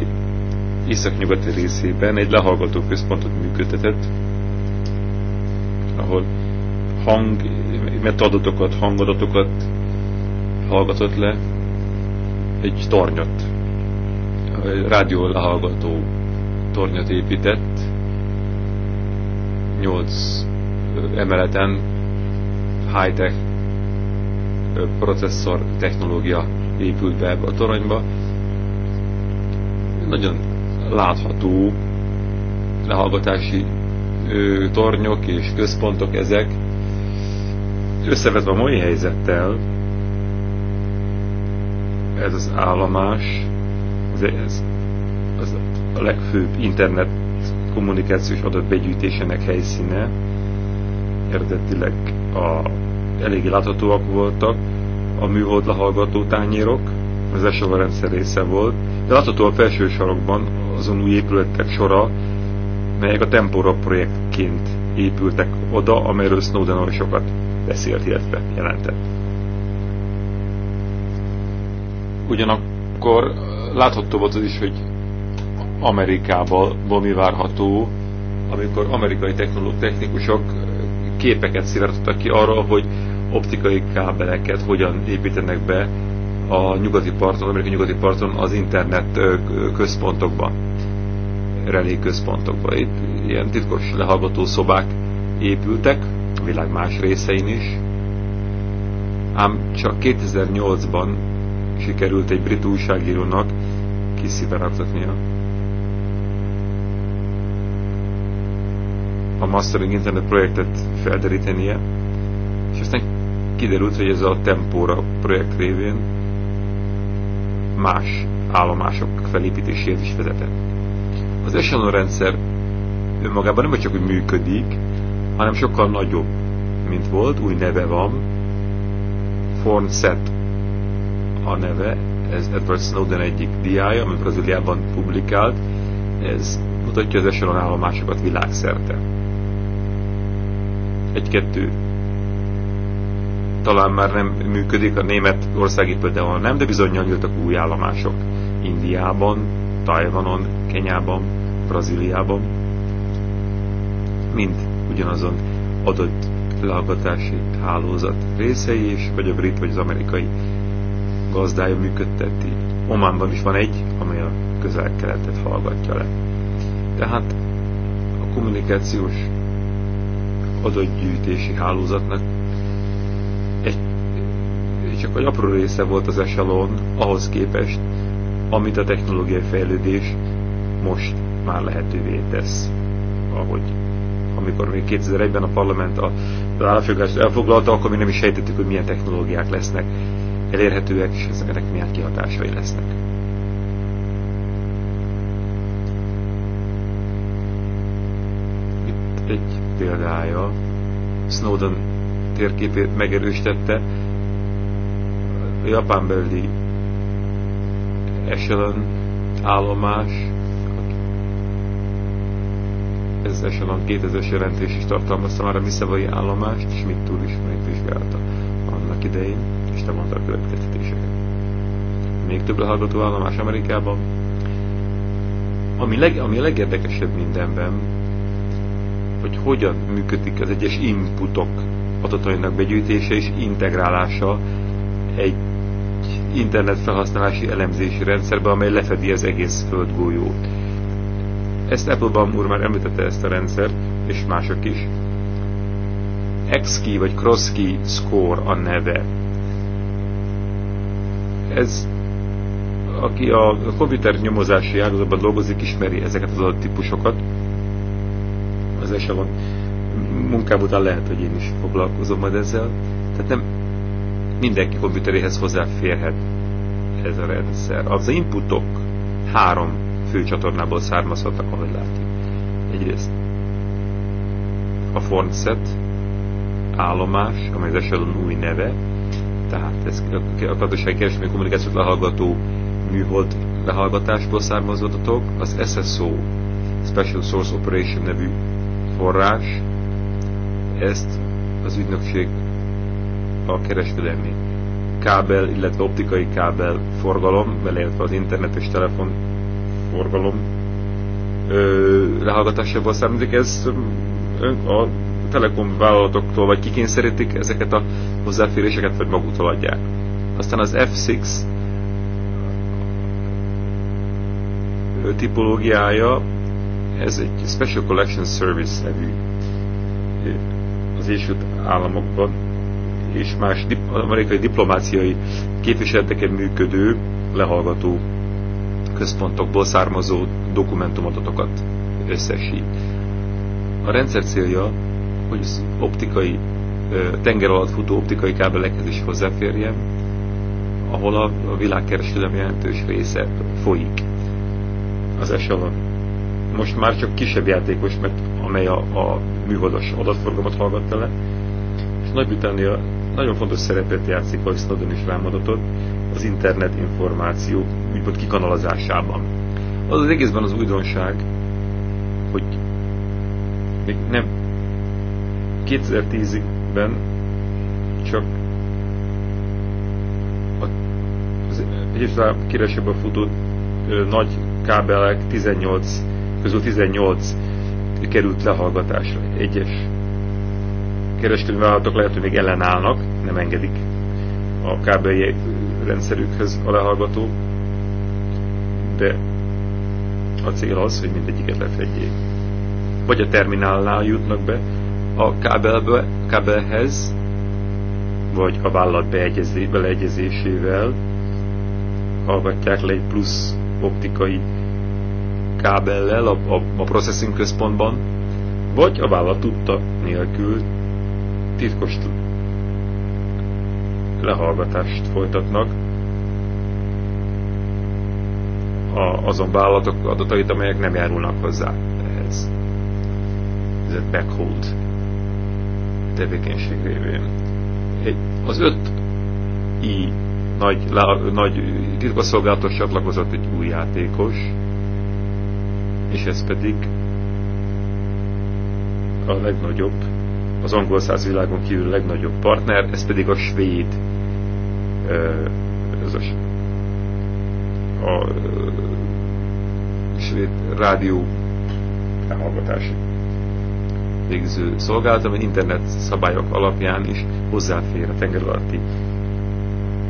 északnyugati részében egy lehallgató központot működtetett, ahol hang, metadatokat, hangadatokat hallgatott le, egy tornyot, rádió lehallgató tornyot épített, nyolc emeleten high-tech processzor technológia épült be ebbe a toronyba. Nagyon látható lehallgatási ö, tornyok és központok ezek. Összevetve a mai helyzettel, ez az állomás, az, ez, az a legfőbb internet kommunikációs adatbegyűjtésének helyszíne, eredetileg a, eléggé láthatóak voltak a műhold lehallgató tányérok, az SOVA rendszer része volt, de látható a felső sarokban azon új épületek sora, melyek a Tempora projektként épültek oda, amelyről Snowden oly sokat beszélt, illetve jelentett. Ugyanakkor látható volt az is, hogy Amerikában mi várható, amikor amerikai technikusok képeket szivárgottak ki arról, hogy optikai kábeleket hogyan építenek be a nyugati parton, amerikai nyugati parton az internet központokban relé központokba. Itt ilyen titkos lehallgató szobák épültek, a világ más részein is, ám csak 2008-ban sikerült egy brit újságírónak kiszivárogtatnia a Mastering Internet projektet felderítenie, és aztán kiderült, hogy ez a Tempora projekt révén más állomások felépítését is vezetett. Az Echelon rendszer önmagában nem csak úgy működik, hanem sokkal nagyobb, mint volt, új neve van, Fornset a neve, ez Edward Snowden egyik diája, amit Brazíliában publikált, ez mutatja az Echelon állomásokat világszerte. Egy-kettő talán már nem működik, a német országi például nem, de bizony nyíltak új állomások Indiában, Tajvanon, Kenyában, Brazíliában, mint ugyanazon adott lehallgatási hálózat részei is, vagy a brit, vagy az amerikai gazdája működteti. Ománban is van egy, amely a közel-keletet hallgatja le. Tehát a kommunikációs adatgyűjtési hálózatnak egy, csak egy apró része volt az eselon ahhoz képest, amit a technológiai fejlődés most már lehetővé tesz, ahogy amikor még 2001-ben a parlament a, az elfoglalta, akkor mi nem is sejtettük, hogy milyen technológiák lesznek elérhetőek, és ezeknek milyen kihatásai lesznek. Itt egy példája. Snowden térképét megerősítette a japán belüli Echelon állomás, ez Echelon 2000-es jelentés is tartalmazta már a Miszavai állomást, és mit túl is megvizsgálta annak idején, és te mondta a következtetéseket. Még több lehallgató állomás Amerikában. Ami, leg, ami a legérdekesebb mindenben, hogy hogyan működik az egyes inputok adatainak begyűjtése és integrálása egy internetfelhasználási elemzési rendszerbe, amely lefedi az egész földgolyót. Ezt Applebaum úr már említette ezt a rendszer, és mások is. X-key vagy Cross-key score a neve. Ez, aki a komputer nyomozási ágazatban dolgozik, ismeri ezeket az típusokat. Az esetben munkám után lehet, hogy én is foglalkozom majd ezzel. Tehát nem mindenki komputeréhez hozzáférhet ez a rendszer. Az inputok három fő csatornából származhatnak, ahogy látjuk. Egyrészt a Fornset állomás, amely az esetben új neve, tehát ez a gazdasági kereskedelmi kommunikációt lehallgató műhold lehallgatásból származó az SSO, Special Source Operation nevű forrás, ezt az ügynökség a kereskedelmi kábel, illetve optikai kábel forgalom, beleértve az internetes telefon forgalom lehallgatásából számítik. Ez a telekom vállalatoktól vagy kikényszerítik ezeket a hozzáféréseket, vagy maguktól adják. Aztán az F6 tipológiája, ez egy Special Collection Service nevű az Egyesült Államokban és más dip amerikai diplomáciai képviseleteken működő lehallgató központokból származó dokumentumadatokat összesít. A rendszer célja, hogy az optikai, tenger alatt futó optikai kábelekhez is hozzáférjen, ahol a világkereskedelem jelentős része folyik. Az esetben most már csak kisebb játékos, mert amely a, a műholdas adatforgalmat hallgatta le, és Nagy-Britannia nagyon fontos szerepet játszik, ahogy Snowden is rámadatott, az internet információ úgymond kikanalazásában. Az az egészben az újdonság, hogy még nem 2010-ben csak az egyébként Államok a futó nagy kábelek 18 közül 18 került lehallgatásra. Egyes kereskedő vállalatok lehet, hogy még ellenállnak, nem engedik a kábeli rendszerükhez a lehallgató, de a cél az, hogy mindegyiket lefedjék. Vagy a terminálnál jutnak be a kábelbe, kábelhez, vagy a vállalat beleegyezésével hallgatják le egy plusz optikai kábellel a, a, a processing központban, vagy a vállalat tudta nélkül titkos lehallgatást folytatnak a, azon vállalatok adatait, amelyek nem járulnak hozzá ehhez. Ez egy backhold tevékenység révén. Az öt i nagy, nagy titkosszolgálatos csatlakozott egy új játékos, és ez pedig a legnagyobb az angol száz világon kívül a legnagyobb partner, ez pedig a svéd ez a, a svéd rádió elhallgatási végző szolgálat, ami internet szabályok alapján is hozzáfér a tenger alatti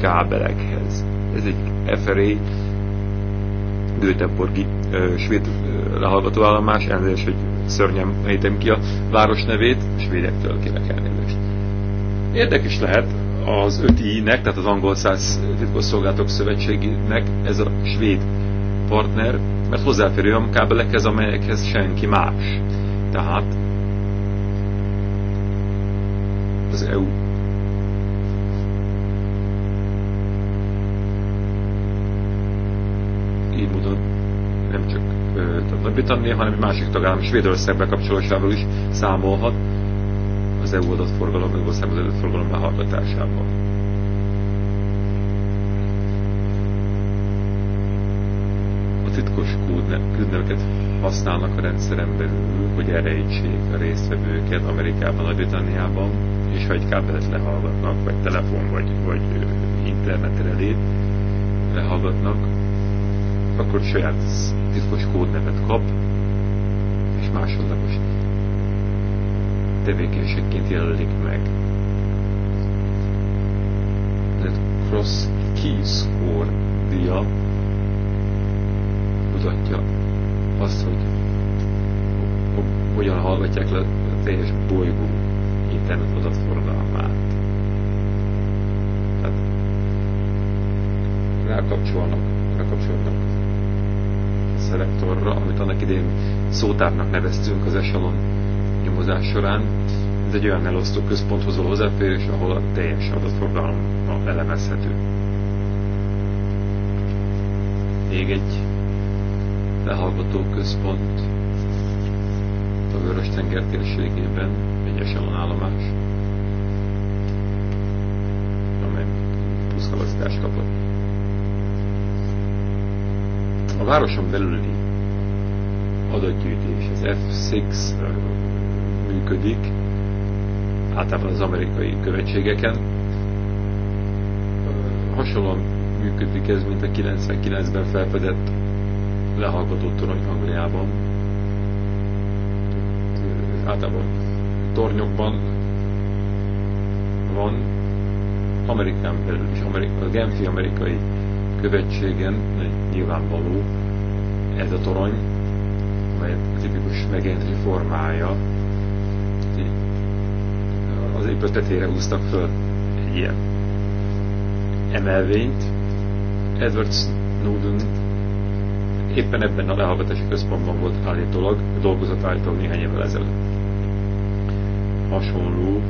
kábelekhez. Ez egy FRA Göteborgi svéd lehallgatóállomás, elnézést, hogy szörnyen ejtem ki a város nevét, svédektől kérek elnézést. Érdekes lehet az 5 nek tehát az angol száz titkosszolgálatok szövetségének ez a svéd partner, mert hozzáférő a kábelekhez, amelyekhez senki más. Tehát az EU nagy Nagy-Britannia, hanem egy másik tagállam Svédország bekapcsolásával is számolhat az EU adatforgalom, az EU adott forgalom behallgatásában. A titkos kódneveket használnak a rendszeren belül, hogy erejtsék a résztvevőket Amerikában, Nagy-Britanniában, és ha egy kábelet lehallgatnak, vagy telefon, vagy, vagy internetre lép, lehallgatnak, akkor saját titkos kódnevet kap, és másodlagos tevékenységként jelölik meg. Tehát Cross Key Score dia mutatja azt, hogy hogyan hallgatják le a teljes bolygó internet adatforgalmát. Tehát rákapcsolnak, rákapcsolnak szelektorra, amit annak idén szótárnak neveztünk az esalon nyomozás során. Ez egy olyan elosztó központhoz való hozzáférés, ahol a teljes adatforgalom elemezhető. Még egy lehallgató központ a Vörös-tenger térségében, egy esalon állomás, amely puszkavacítást kapott. A városon belüli adatgyűjtés, az F6 működik, általában az amerikai követségeken. Hasonlóan működik ez, mint a 99-ben felfedett lehallgatott torony Angliában. Általában tornyokban van, Amerikán belül is, Amerika, a Genfi amerikai követségen, nyilvánvaló, ez a torony, mely tipikus megjelentési formája. Az épület tetére húztak föl egy ilyen emelvényt. Edward Snowden éppen ebben a lehallgatási központban volt állítólag, dolgozott állítólag néhány évvel ezelőtt. Hasonló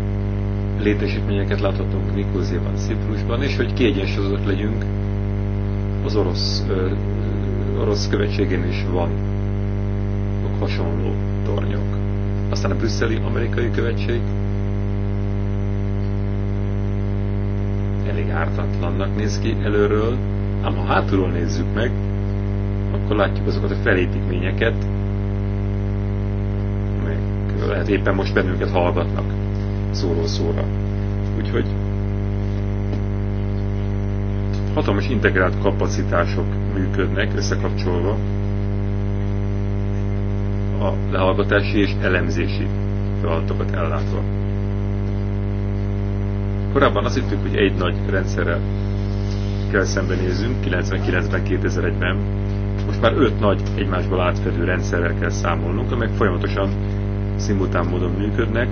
létesítményeket láthatunk Nikózéban, Ciprusban, és hogy kiegyensúlyozott legyünk, az orosz, orosz követségén is van hasonló tornyok. Aztán a brüsszeli amerikai követség elég ártatlannak néz ki előről, ám ha hátulról nézzük meg, akkor látjuk azokat a felépítményeket, meg lehet éppen most bennünket hallgatnak szóról szóra. Úgyhogy hatalmas integrált kapacitások működnek összekapcsolva a lehallgatási és elemzési feladatokat ellátva. Korábban azt hittük, hogy egy nagy rendszerrel kell szembenézzünk, 99-ben, 2001-ben. Most már öt nagy egymásból átfedő rendszerrel kell számolnunk, amelyek folyamatosan szimultán módon működnek,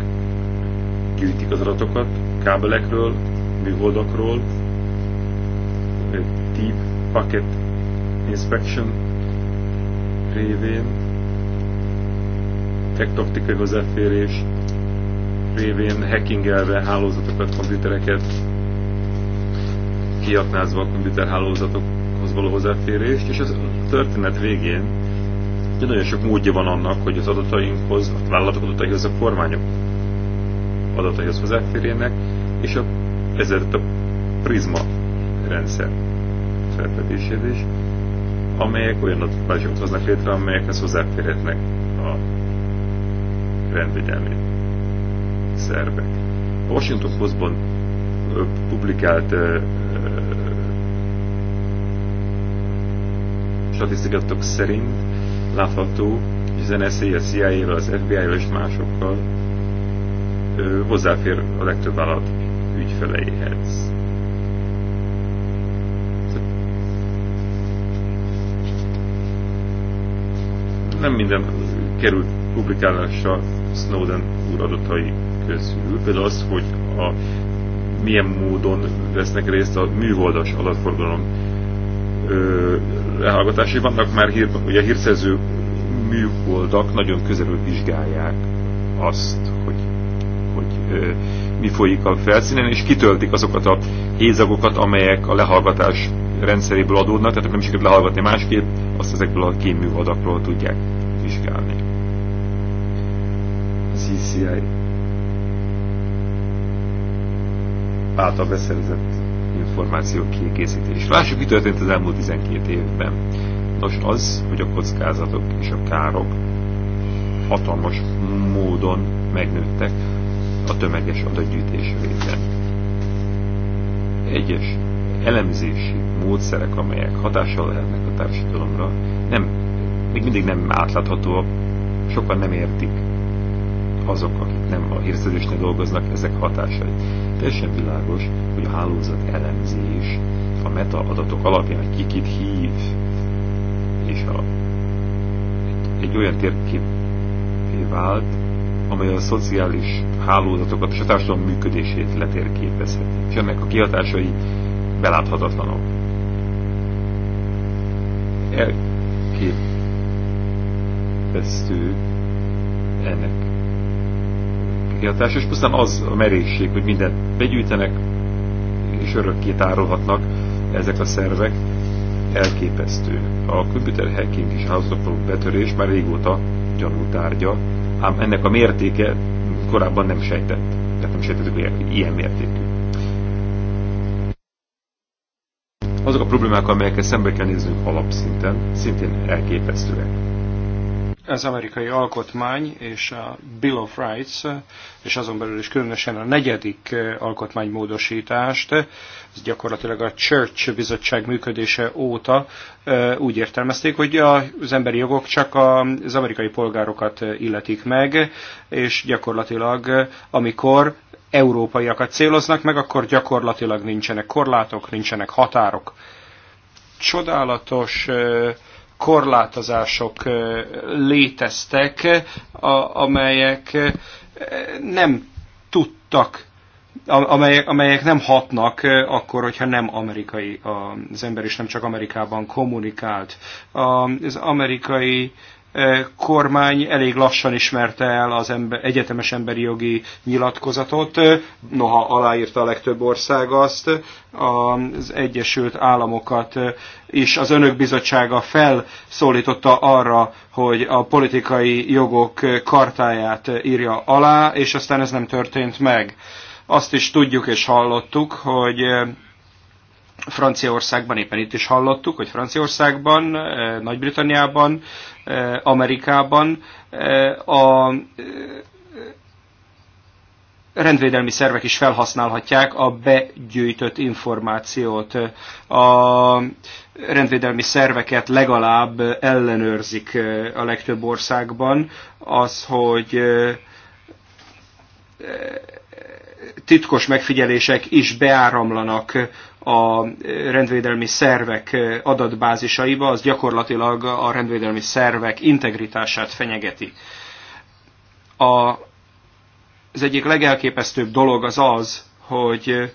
gyűjtik az adatokat kábelekről, műholdakról, Deep packet inspection révén, tektoptikai hozzáférés révén hackingelve hálózatokat, komputereket, kiaknázva a komputerhálózatokhoz való hozzáférést, és az a történet végén de nagyon sok módja van annak, hogy az adatainkhoz, a vállalatok adataihoz, a kormányok adataihoz hozzáférjenek, és a, ezért a Prisma rendszer működésébe is, amelyek olyan adatbázisokat hoznak létre, amelyekhez hozzáférhetnek a rendvédelmi szervek. A Washington Postban publikált statisztikatok szerint látható, hogy az NSA, a cia az FBI-vel és másokkal hozzáfér a legtöbb állat ügyfeleihez. nem minden került publikálásra Snowden úr adatai közül. Például az, hogy a, milyen módon vesznek részt a műholdas adatforgalom lehallgatási. Vannak már hír, ugye hírszerző műholdak nagyon közelről vizsgálják azt, hogy, hogy ö, mi folyik a felszínen, és kitöltik azokat a hézagokat, amelyek a lehallgatás rendszeréből adódnak, tehát nem sikerült lehallgatni másképp, azt ezekből a kéművadakról tudják vizsgálni. Az ECI által beszerzett információk kiegészítés. Lássuk, mi történt az elmúlt 12 évben. Nos, az, hogy a kockázatok és a károk hatalmas módon megnőttek a tömeges adatgyűjtés révén. Egyes elemzési módszerek, amelyek hatással lehetnek a társadalomra, nem, még mindig nem átláthatóak, sokan nem értik azok, akik nem a hírszerzésnél dolgoznak, ezek hatásai. Teljesen világos, hogy a hálózat elemzés a metaadatok alapján kikit hív, és a, egy, egy olyan térképé vált, amely a szociális hálózatokat és a társadalom működését letérképezheti. És ennek a kihatásai beláthatatlanok elképesztő ennek kihatás, és pusztán az a merészség, hogy mindent begyűjtenek, és örökké tárolhatnak ezek a szervek, elképesztő. A computer hacking is házatlanul betörés már régóta gyanú tárgya, ám ennek a mértéke korábban nem sejtett. Tehát nem sejtettük, hogy ilyen mértékű. azok a problémák, amelyekkel szembe kell néznünk alapszinten, szintén elképesztőek. Az amerikai alkotmány és a Bill of Rights, és azon belül is különösen a negyedik eh, alkotmánymódosítást, ez gyakorlatilag a Church bizottság működése óta eh, úgy értelmezték, hogy az emberi jogok csak az amerikai polgárokat eh, illetik meg, és gyakorlatilag amikor európaiakat céloznak meg, akkor gyakorlatilag nincsenek korlátok, nincsenek határok. Csodálatos korlátozások léteztek, amelyek nem tudtak amelyek, amelyek nem hatnak akkor, hogyha nem amerikai az ember, és nem csak Amerikában kommunikált. Az amerikai kormány elég lassan ismerte el az ember, egyetemes emberi jogi nyilatkozatot, noha aláírta a legtöbb ország azt, az Egyesült Államokat is az Önök Bizottsága felszólította arra, hogy a politikai jogok kartáját írja alá, és aztán ez nem történt meg. Azt is tudjuk és hallottuk, hogy Franciaországban, éppen itt is hallottuk, hogy Franciaországban, Nagy-Britanniában Eh, Amerikában eh, a eh, rendvédelmi szervek is felhasználhatják a begyűjtött információt. A rendvédelmi szerveket legalább ellenőrzik a legtöbb országban az, hogy titkos megfigyelések is beáramlanak a rendvédelmi szervek adatbázisaiba, az gyakorlatilag a rendvédelmi szervek integritását fenyegeti. A, az egyik legelképesztőbb dolog az az, hogy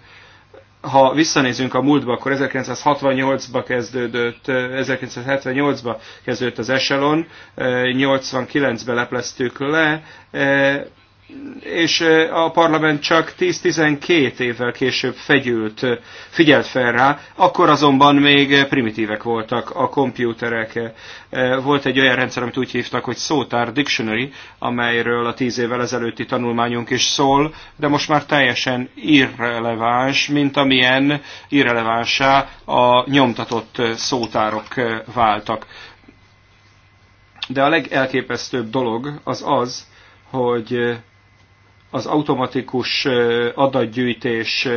ha visszanézünk a múltba, akkor 1968-ba kezdődött, 1978-ba kezdődött az Echelon, 89-ben lepleztük le, és a parlament csak 10-12 évvel később fegyült, figyelt fel rá, akkor azonban még primitívek voltak a kompjúterek. Volt egy olyan rendszer, amit úgy hívtak, hogy szótár dictionary, amelyről a 10 évvel ezelőtti tanulmányunk is szól, de most már teljesen irreleváns, mint amilyen irrelevánsá a nyomtatott szótárok váltak. De a legelképesztőbb dolog az az, hogy az automatikus adatgyűjtés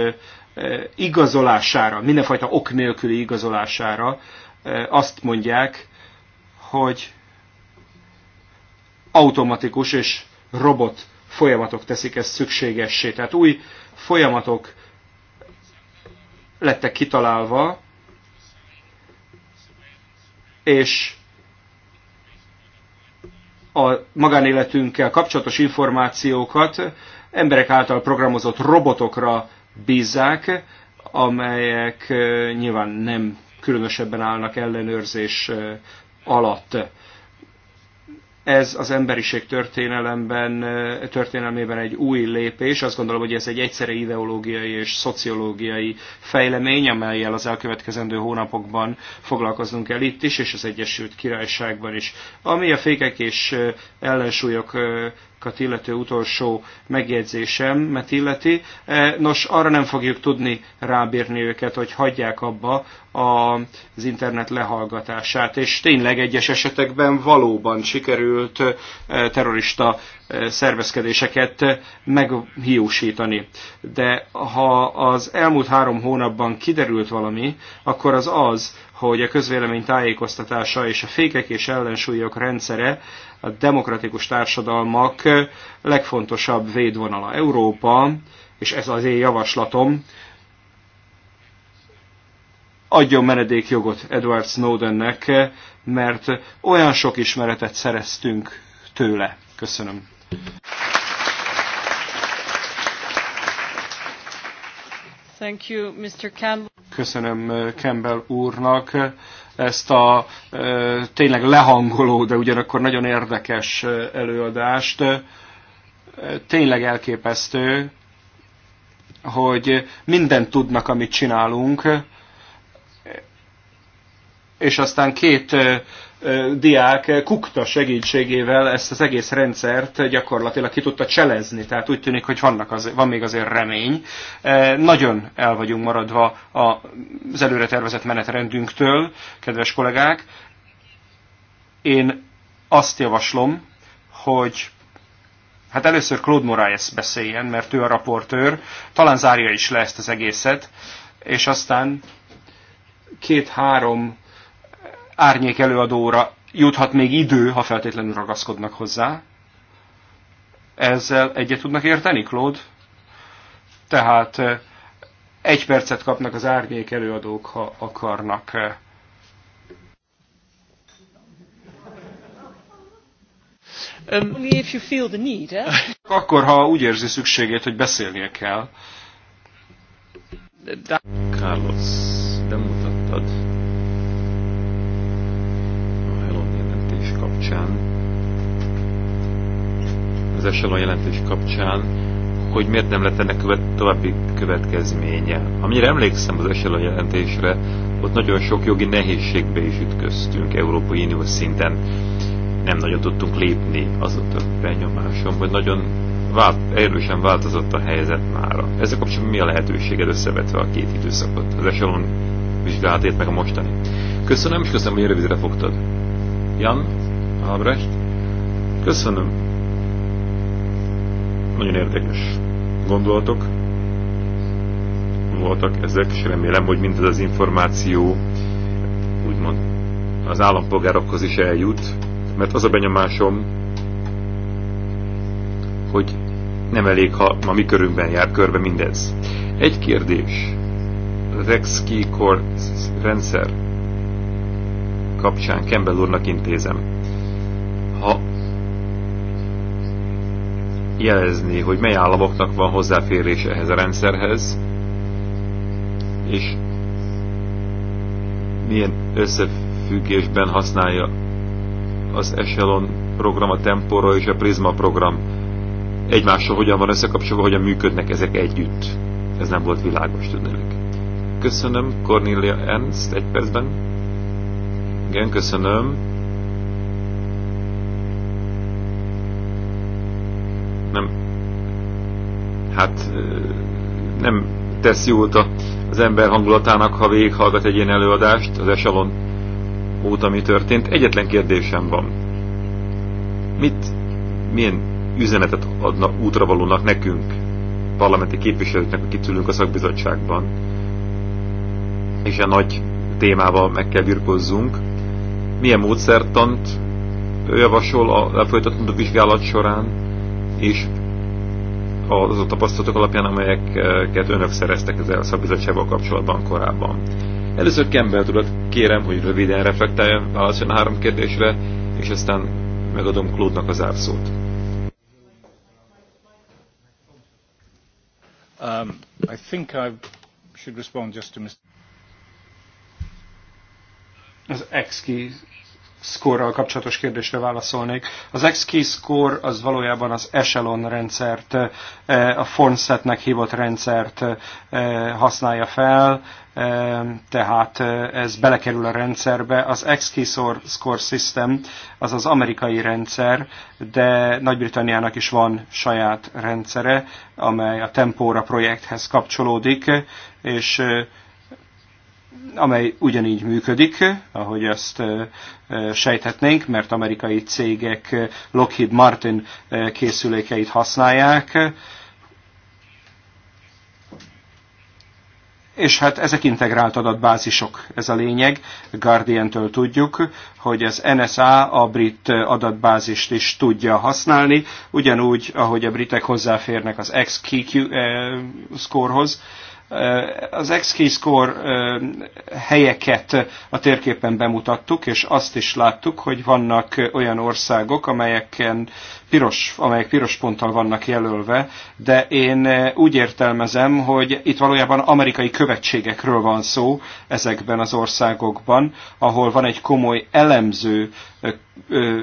igazolására, mindenfajta ok nélküli igazolására azt mondják, hogy automatikus és robot folyamatok teszik ezt szükségessé. Tehát új folyamatok lettek kitalálva, és a magánéletünkkel kapcsolatos információkat emberek által programozott robotokra bízzák, amelyek eh, nyilván nem különösebben állnak ellenőrzés eh, alatt. Ez az emberiség történelemben, történelmében egy új lépés. Azt gondolom, hogy ez egy egyszerű ideológiai és szociológiai fejlemény, amelyel az elkövetkezendő hónapokban foglalkoznunk el itt is, és az Egyesült Királyságban is. Ami a fékek és ellensúlyok illető utolsó mert illeti. E, nos, arra nem fogjuk tudni rábírni őket, hogy hagyják abba az internet lehallgatását. És tényleg egyes esetekben valóban sikerült e, terrorista e, szervezkedéseket meghiúsítani. De ha az elmúlt három hónapban kiderült valami, akkor az az, hogy a közvélemény tájékoztatása és a fékek és ellensúlyok rendszere a demokratikus társadalmak legfontosabb védvonala Európa, és ez az én javaslatom, adjon menedékjogot Edward Snowdennek, mert olyan sok ismeretet szereztünk tőle. Köszönöm. Thank you, Mr. Campbell. Köszönöm eh, Campbell úrnak ezt a tényleg lehangoló, de ugyanakkor nagyon érdekes előadást. Tényleg elképesztő, hogy mindent tudnak, amit csinálunk, és aztán két diák kukta segítségével ezt az egész rendszert gyakorlatilag ki tudta cselezni, tehát úgy tűnik, hogy vannak az, van még azért remény. E, nagyon el vagyunk maradva az előre tervezett menetrendünktől, kedves kollégák. Én azt javaslom, hogy hát először Claude Moraes beszéljen, mert ő a raportőr, talán zárja is le ezt az egészet, és aztán két-három árnyék előadóra juthat még idő, ha feltétlenül ragaszkodnak hozzá. Ezzel egyet tudnak érteni, Claude? Tehát eh, egy percet kapnak az árnyék előadók, ha akarnak. Eh. Um, Only if you feel the need, eh? (laughs) Akkor, ha úgy érzi szükségét, hogy beszélnie kell. Carlos, nem. kapcsán, az esalon jelentés kapcsán, hogy miért nem lett ennek követ, további következménye. Amire emlékszem az esalon jelentésre, ott nagyon sok jogi nehézségbe is ütköztünk Európai Unió szinten. Nem nagyon tudtunk lépni az a benyomásom, hogy nagyon vált, erősen változott a helyzet mára. Ezzel kapcsolatban mi a lehetőséged összevetve a két időszakot? Az esalon vizsgálatét meg a mostani. Köszönöm, és köszönöm, hogy rövidre fogtad. Jan? Albrecht. Köszönöm. Nagyon érdekes gondolatok voltak ezek, és remélem, hogy mindez az információ úgymond az állampolgárokhoz is eljut, mert az a benyomásom, hogy nem elég, ha ma mi körünkben jár körbe mindez. Egy kérdés. Rex Keycore rendszer kapcsán Campbell úrnak intézem ha jelezni, hogy mely államoknak van hozzáférés ehhez a rendszerhez, és milyen összefüggésben használja az Echelon program, a Tempora és a Prisma program egymással hogyan van összekapcsolva, hogyan működnek ezek együtt. Ez nem volt világos, tudnélik. Köszönöm, Cornelia Ernst, egy percben. Igen, köszönöm. hát nem tesz jót az ember hangulatának, ha végighallgat egy ilyen előadást az esalon óta, mi történt. Egyetlen kérdésem van. Mit, milyen üzenetet adna útravalónak nekünk, parlamenti képviselőknek, akik ülünk a szakbizottságban, és a nagy témával meg kell virkozzunk, milyen módszertant javasol a lefolytatott vizsgálat során, és az a tapasztalatok alapján, amelyeket önök szereztek ezzel a szakbizottsággal kapcsolatban korábban. Először Campbell tudott, kérem, hogy röviden reflektálja, válaszoljon a három kérdésre, és aztán megadom Klódnak az árszót. Um, I think I should respond just to Mr. Az ex score-ral kapcsolatos kérdésre válaszolnék. Az X-Key score az valójában az Echelon rendszert, eh, a Fornsetnek hívott rendszert eh, használja fel, eh, tehát ez belekerül a rendszerbe. Az X-Key score system az az amerikai rendszer, de Nagy-Britanniának is van saját rendszere, amely a Tempora projekthez kapcsolódik, és amely ugyanígy működik, ahogy azt sejthetnénk, mert amerikai cégek Lockheed Martin készülékeit használják, és hát ezek integrált adatbázisok, ez a lényeg. Guardian-től tudjuk, hogy az NSA a brit adatbázist is tudja használni, ugyanúgy, ahogy a britek hozzáférnek az eh, scorehoz. Az X-Key helyeket a térképen bemutattuk, és azt is láttuk, hogy vannak olyan országok, amelyeken piros, amelyek piros ponttal vannak jelölve, de én úgy értelmezem, hogy itt valójában amerikai követségekről van szó ezekben az országokban, ahol van egy komoly elemző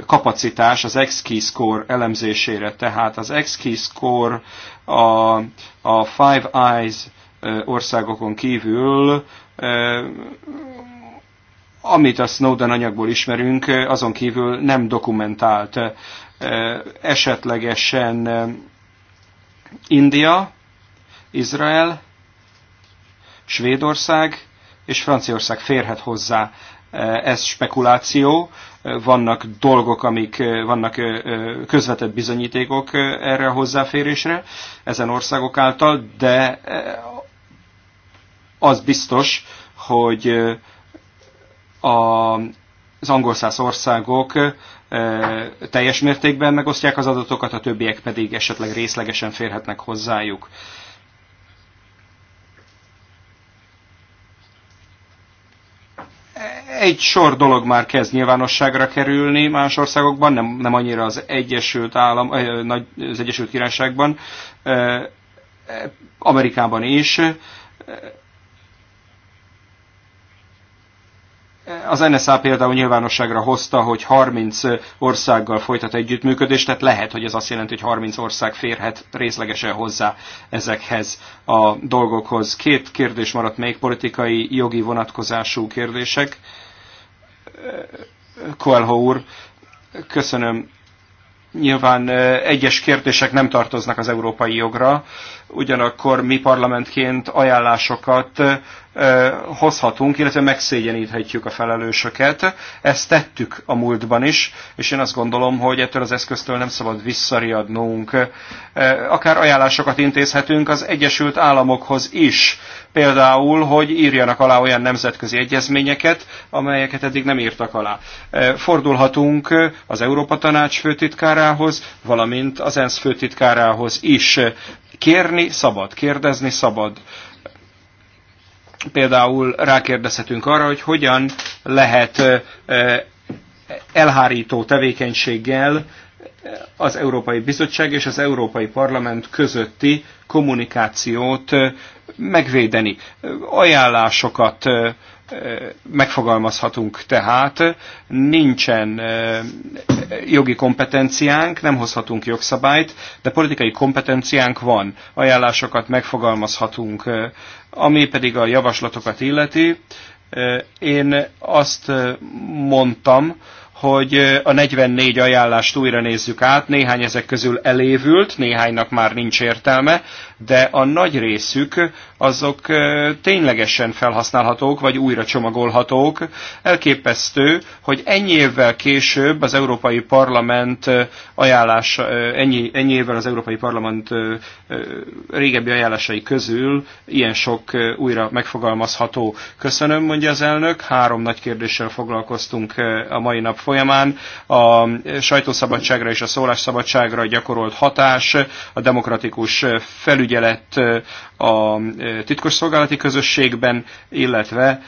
kapacitás az X-Key Score elemzésére. Tehát az X-Key Score, a, a Five Eyes országokon kívül, amit a Snowden anyagból ismerünk, azon kívül nem dokumentált. Esetlegesen India, Izrael, Svédország és Franciaország férhet hozzá. Ez spekuláció, vannak dolgok, amik vannak közvetett bizonyítékok erre a hozzáférésre ezen országok által, de az biztos, hogy a, az angol száz országok teljes mértékben megosztják az adatokat, a többiek pedig esetleg részlegesen férhetnek hozzájuk. Egy sor dolog már kezd nyilvánosságra kerülni más országokban, nem, nem annyira az Egyesült, Állam, az Egyesült Királyságban, Amerikában is Az NSA például nyilvánosságra hozta, hogy 30 országgal folytat együttműködést, tehát lehet, hogy ez azt jelenti, hogy 30 ország férhet részlegesen hozzá ezekhez a dolgokhoz. Két kérdés maradt még, politikai, jogi vonatkozású kérdések. Koelho úr, köszönöm Nyilván egyes kérdések nem tartoznak az európai jogra, ugyanakkor mi parlamentként ajánlásokat hozhatunk, illetve megszégyeníthetjük a felelősöket. Ezt tettük a múltban is, és én azt gondolom, hogy ettől az eszköztől nem szabad visszariadnunk. Akár ajánlásokat intézhetünk az Egyesült Államokhoz is, Például, hogy írjanak alá olyan nemzetközi egyezményeket, amelyeket eddig nem írtak alá. E, fordulhatunk az Európa Tanács főtitkárához, valamint az ENSZ főtitkárához is. Kérni szabad, kérdezni szabad például rákérdezhetünk arra, hogy hogyan lehet e, elhárító tevékenységgel az Európai Bizottság és az Európai Parlament közötti kommunikációt megvédeni. Ajánlásokat megfogalmazhatunk tehát, nincsen jogi kompetenciánk, nem hozhatunk jogszabályt, de politikai kompetenciánk van, ajánlásokat megfogalmazhatunk, ami pedig a javaslatokat illeti. Én azt mondtam, hogy a 44 ajánlást újra nézzük át, néhány ezek közül elévült, néhánynak már nincs értelme, de a nagy részük azok ténylegesen felhasználhatók, vagy újra csomagolhatók. Elképesztő, hogy ennyi évvel később az Európai Parlament ajánlása, ennyi, ennyi évvel az Európai Parlament régebbi ajánlásai közül ilyen sok újra megfogalmazható. Köszönöm, mondja az elnök. Három nagy kérdéssel foglalkoztunk a mai nap folyamán. A sajtószabadságra és a szólásszabadságra gyakorolt hatás, a demokratikus felügyelés, felügyelet a titkosszolgálati közösségben, illetve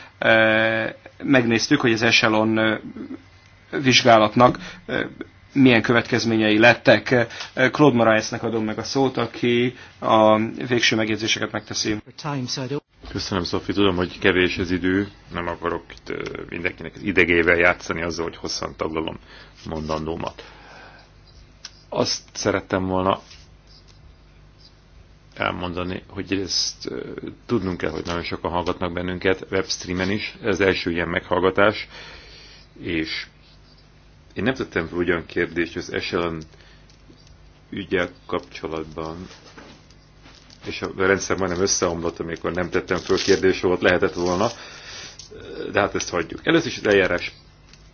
megnéztük, hogy az Echelon vizsgálatnak milyen következményei lettek. Claude Moraesnek adom meg a szót, aki a végső megjegyzéseket megteszi. Köszönöm, Szofi. Tudom, hogy kevés az idő. Nem akarok itt mindenkinek idegével játszani azzal, hogy hosszan taglalom mondandómat. Azt szerettem volna elmondani, hogy ezt tudnunk kell, hogy nagyon sokan hallgatnak bennünket webstreamen is. Ez első ilyen meghallgatás. És én nem tettem fel ugyan kérdést az Echelon ügyel kapcsolatban, és a rendszer majdnem összeomlott, amikor nem tettem föl kérdés, volt lehetett volna, de hát ezt hagyjuk. Először is az eljárás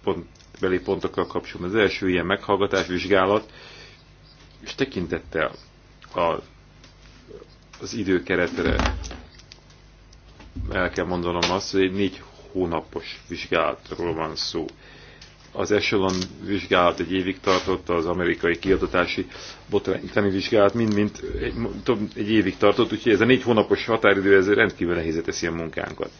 pont, beli pontokkal kapcsolatban. Az első ilyen meghallgatás, vizsgálat, és tekintettel a az időkeretre el kell mondanom azt, hogy egy négy hónapos vizsgálatról van szó. Az Echelon vizsgálat egy évig tartott, az amerikai kiadatási botrányítani vizsgálat mind-mind egy, több, egy évig tartott, úgyhogy ez a négy hónapos határidő ez rendkívül nehézet teszi a munkánkat.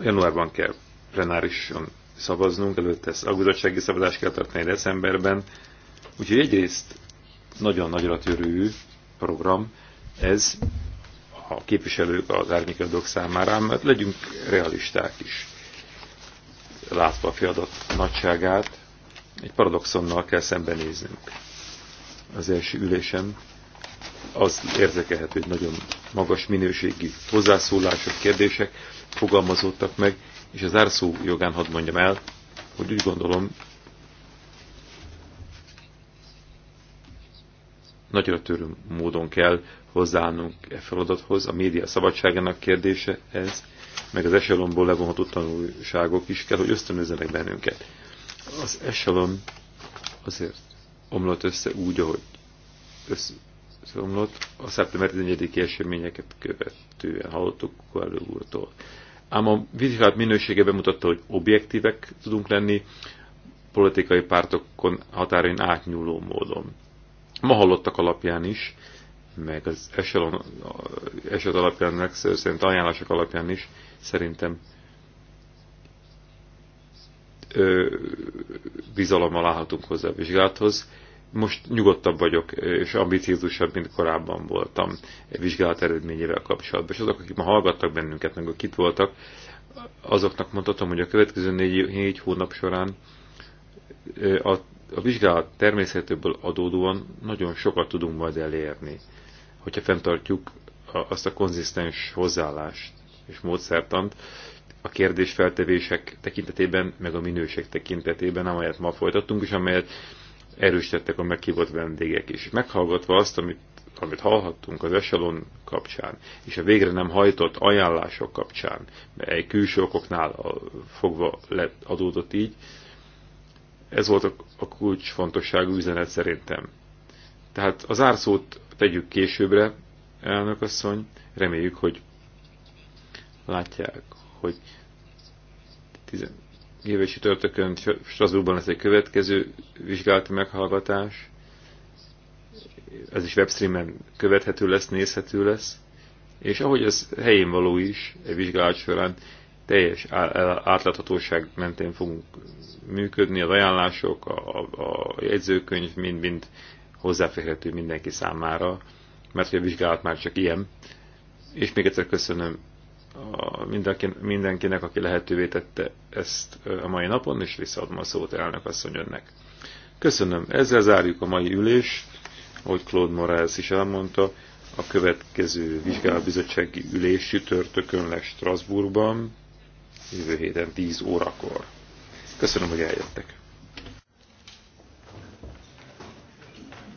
Januárban kell plenárisan szavaznunk, előtte ezt aggodalmi szavazást kell tartani decemberben, úgyhogy egyrészt nagyon nagyra törő program, ez a képviselők az árnyékadók számára, mert legyünk realisták is. Látva a feladat nagyságát, egy paradoxonnal kell szembenéznünk. Az első ülésem az érzékelhető, hogy nagyon magas minőségi hozzászólások, kérdések fogalmazódtak meg, és az árszó jogán hadd mondjam el, hogy úgy gondolom, nagyra törő módon kell hozzáállnunk e feladathoz. A média szabadságának kérdése ez, meg az eselomból levonható tanulságok is kell, hogy ösztönözzenek bennünket. Az eselom azért omlott össze úgy, ahogy összeomlott. A szeptember 14 i eseményeket követően hallottuk Koelő úrtól. Ám a vizsgálat minősége bemutatta, hogy objektívek tudunk lenni, politikai pártokon határain átnyúló módon ma hallottak alapján is, meg az eselon eset alapján, meg szerint ajánlások alapján is, szerintem ö, bizalommal állhatunk hozzá a vizsgálathoz. Most nyugodtabb vagyok, és ambiciózusabb, mint korábban voltam e vizsgálat eredményével kapcsolatban. És azok, akik ma hallgattak bennünket, meg akik itt voltak, azoknak mondhatom, hogy a következő négy, négy hónap során a, a vizsgálat természetéből adódóan nagyon sokat tudunk majd elérni, hogyha fenntartjuk azt a konzisztens hozzáállást és módszertant a kérdésfeltevések tekintetében, meg a minőség tekintetében, amelyet ma folytattunk, és amelyet erősítettek a meghívott vendégek is. Meghallgatva azt, amit, amit hallhattunk az Echelon kapcsán, és a végre nem hajtott ajánlások kapcsán, mely külső okoknál fogva lett adódott így, ez volt a kulcsfontosságú üzenet szerintem. Tehát az árszót tegyük későbbre, elnökasszony, reméljük, hogy látják, hogy tizen... jövő csütörtökön Strasbourgban lesz egy következő vizsgálati meghallgatás, ez is webstreamen követhető lesz, nézhető lesz, és ahogy ez helyén való is, egy vizsgálat során teljes átláthatóság mentén fogunk működni, az ajánlások, a, a jegyzőkönyv mind-mind hozzáférhető mindenki számára, mert hogy a vizsgálat már csak ilyen. És még egyszer köszönöm a mindenkinek, mindenkinek, aki lehetővé tette ezt a mai napon, és visszaadom a szót elnök asszony önnek. Köszönöm. Ezzel zárjuk a mai ülést, ahogy Claude Morales is elmondta, a következő vizsgálatbizottsági ülés csütörtökön lesz Strasbourgban, jövő héten 10 órakor. Köszönöm, hogy eljöttek.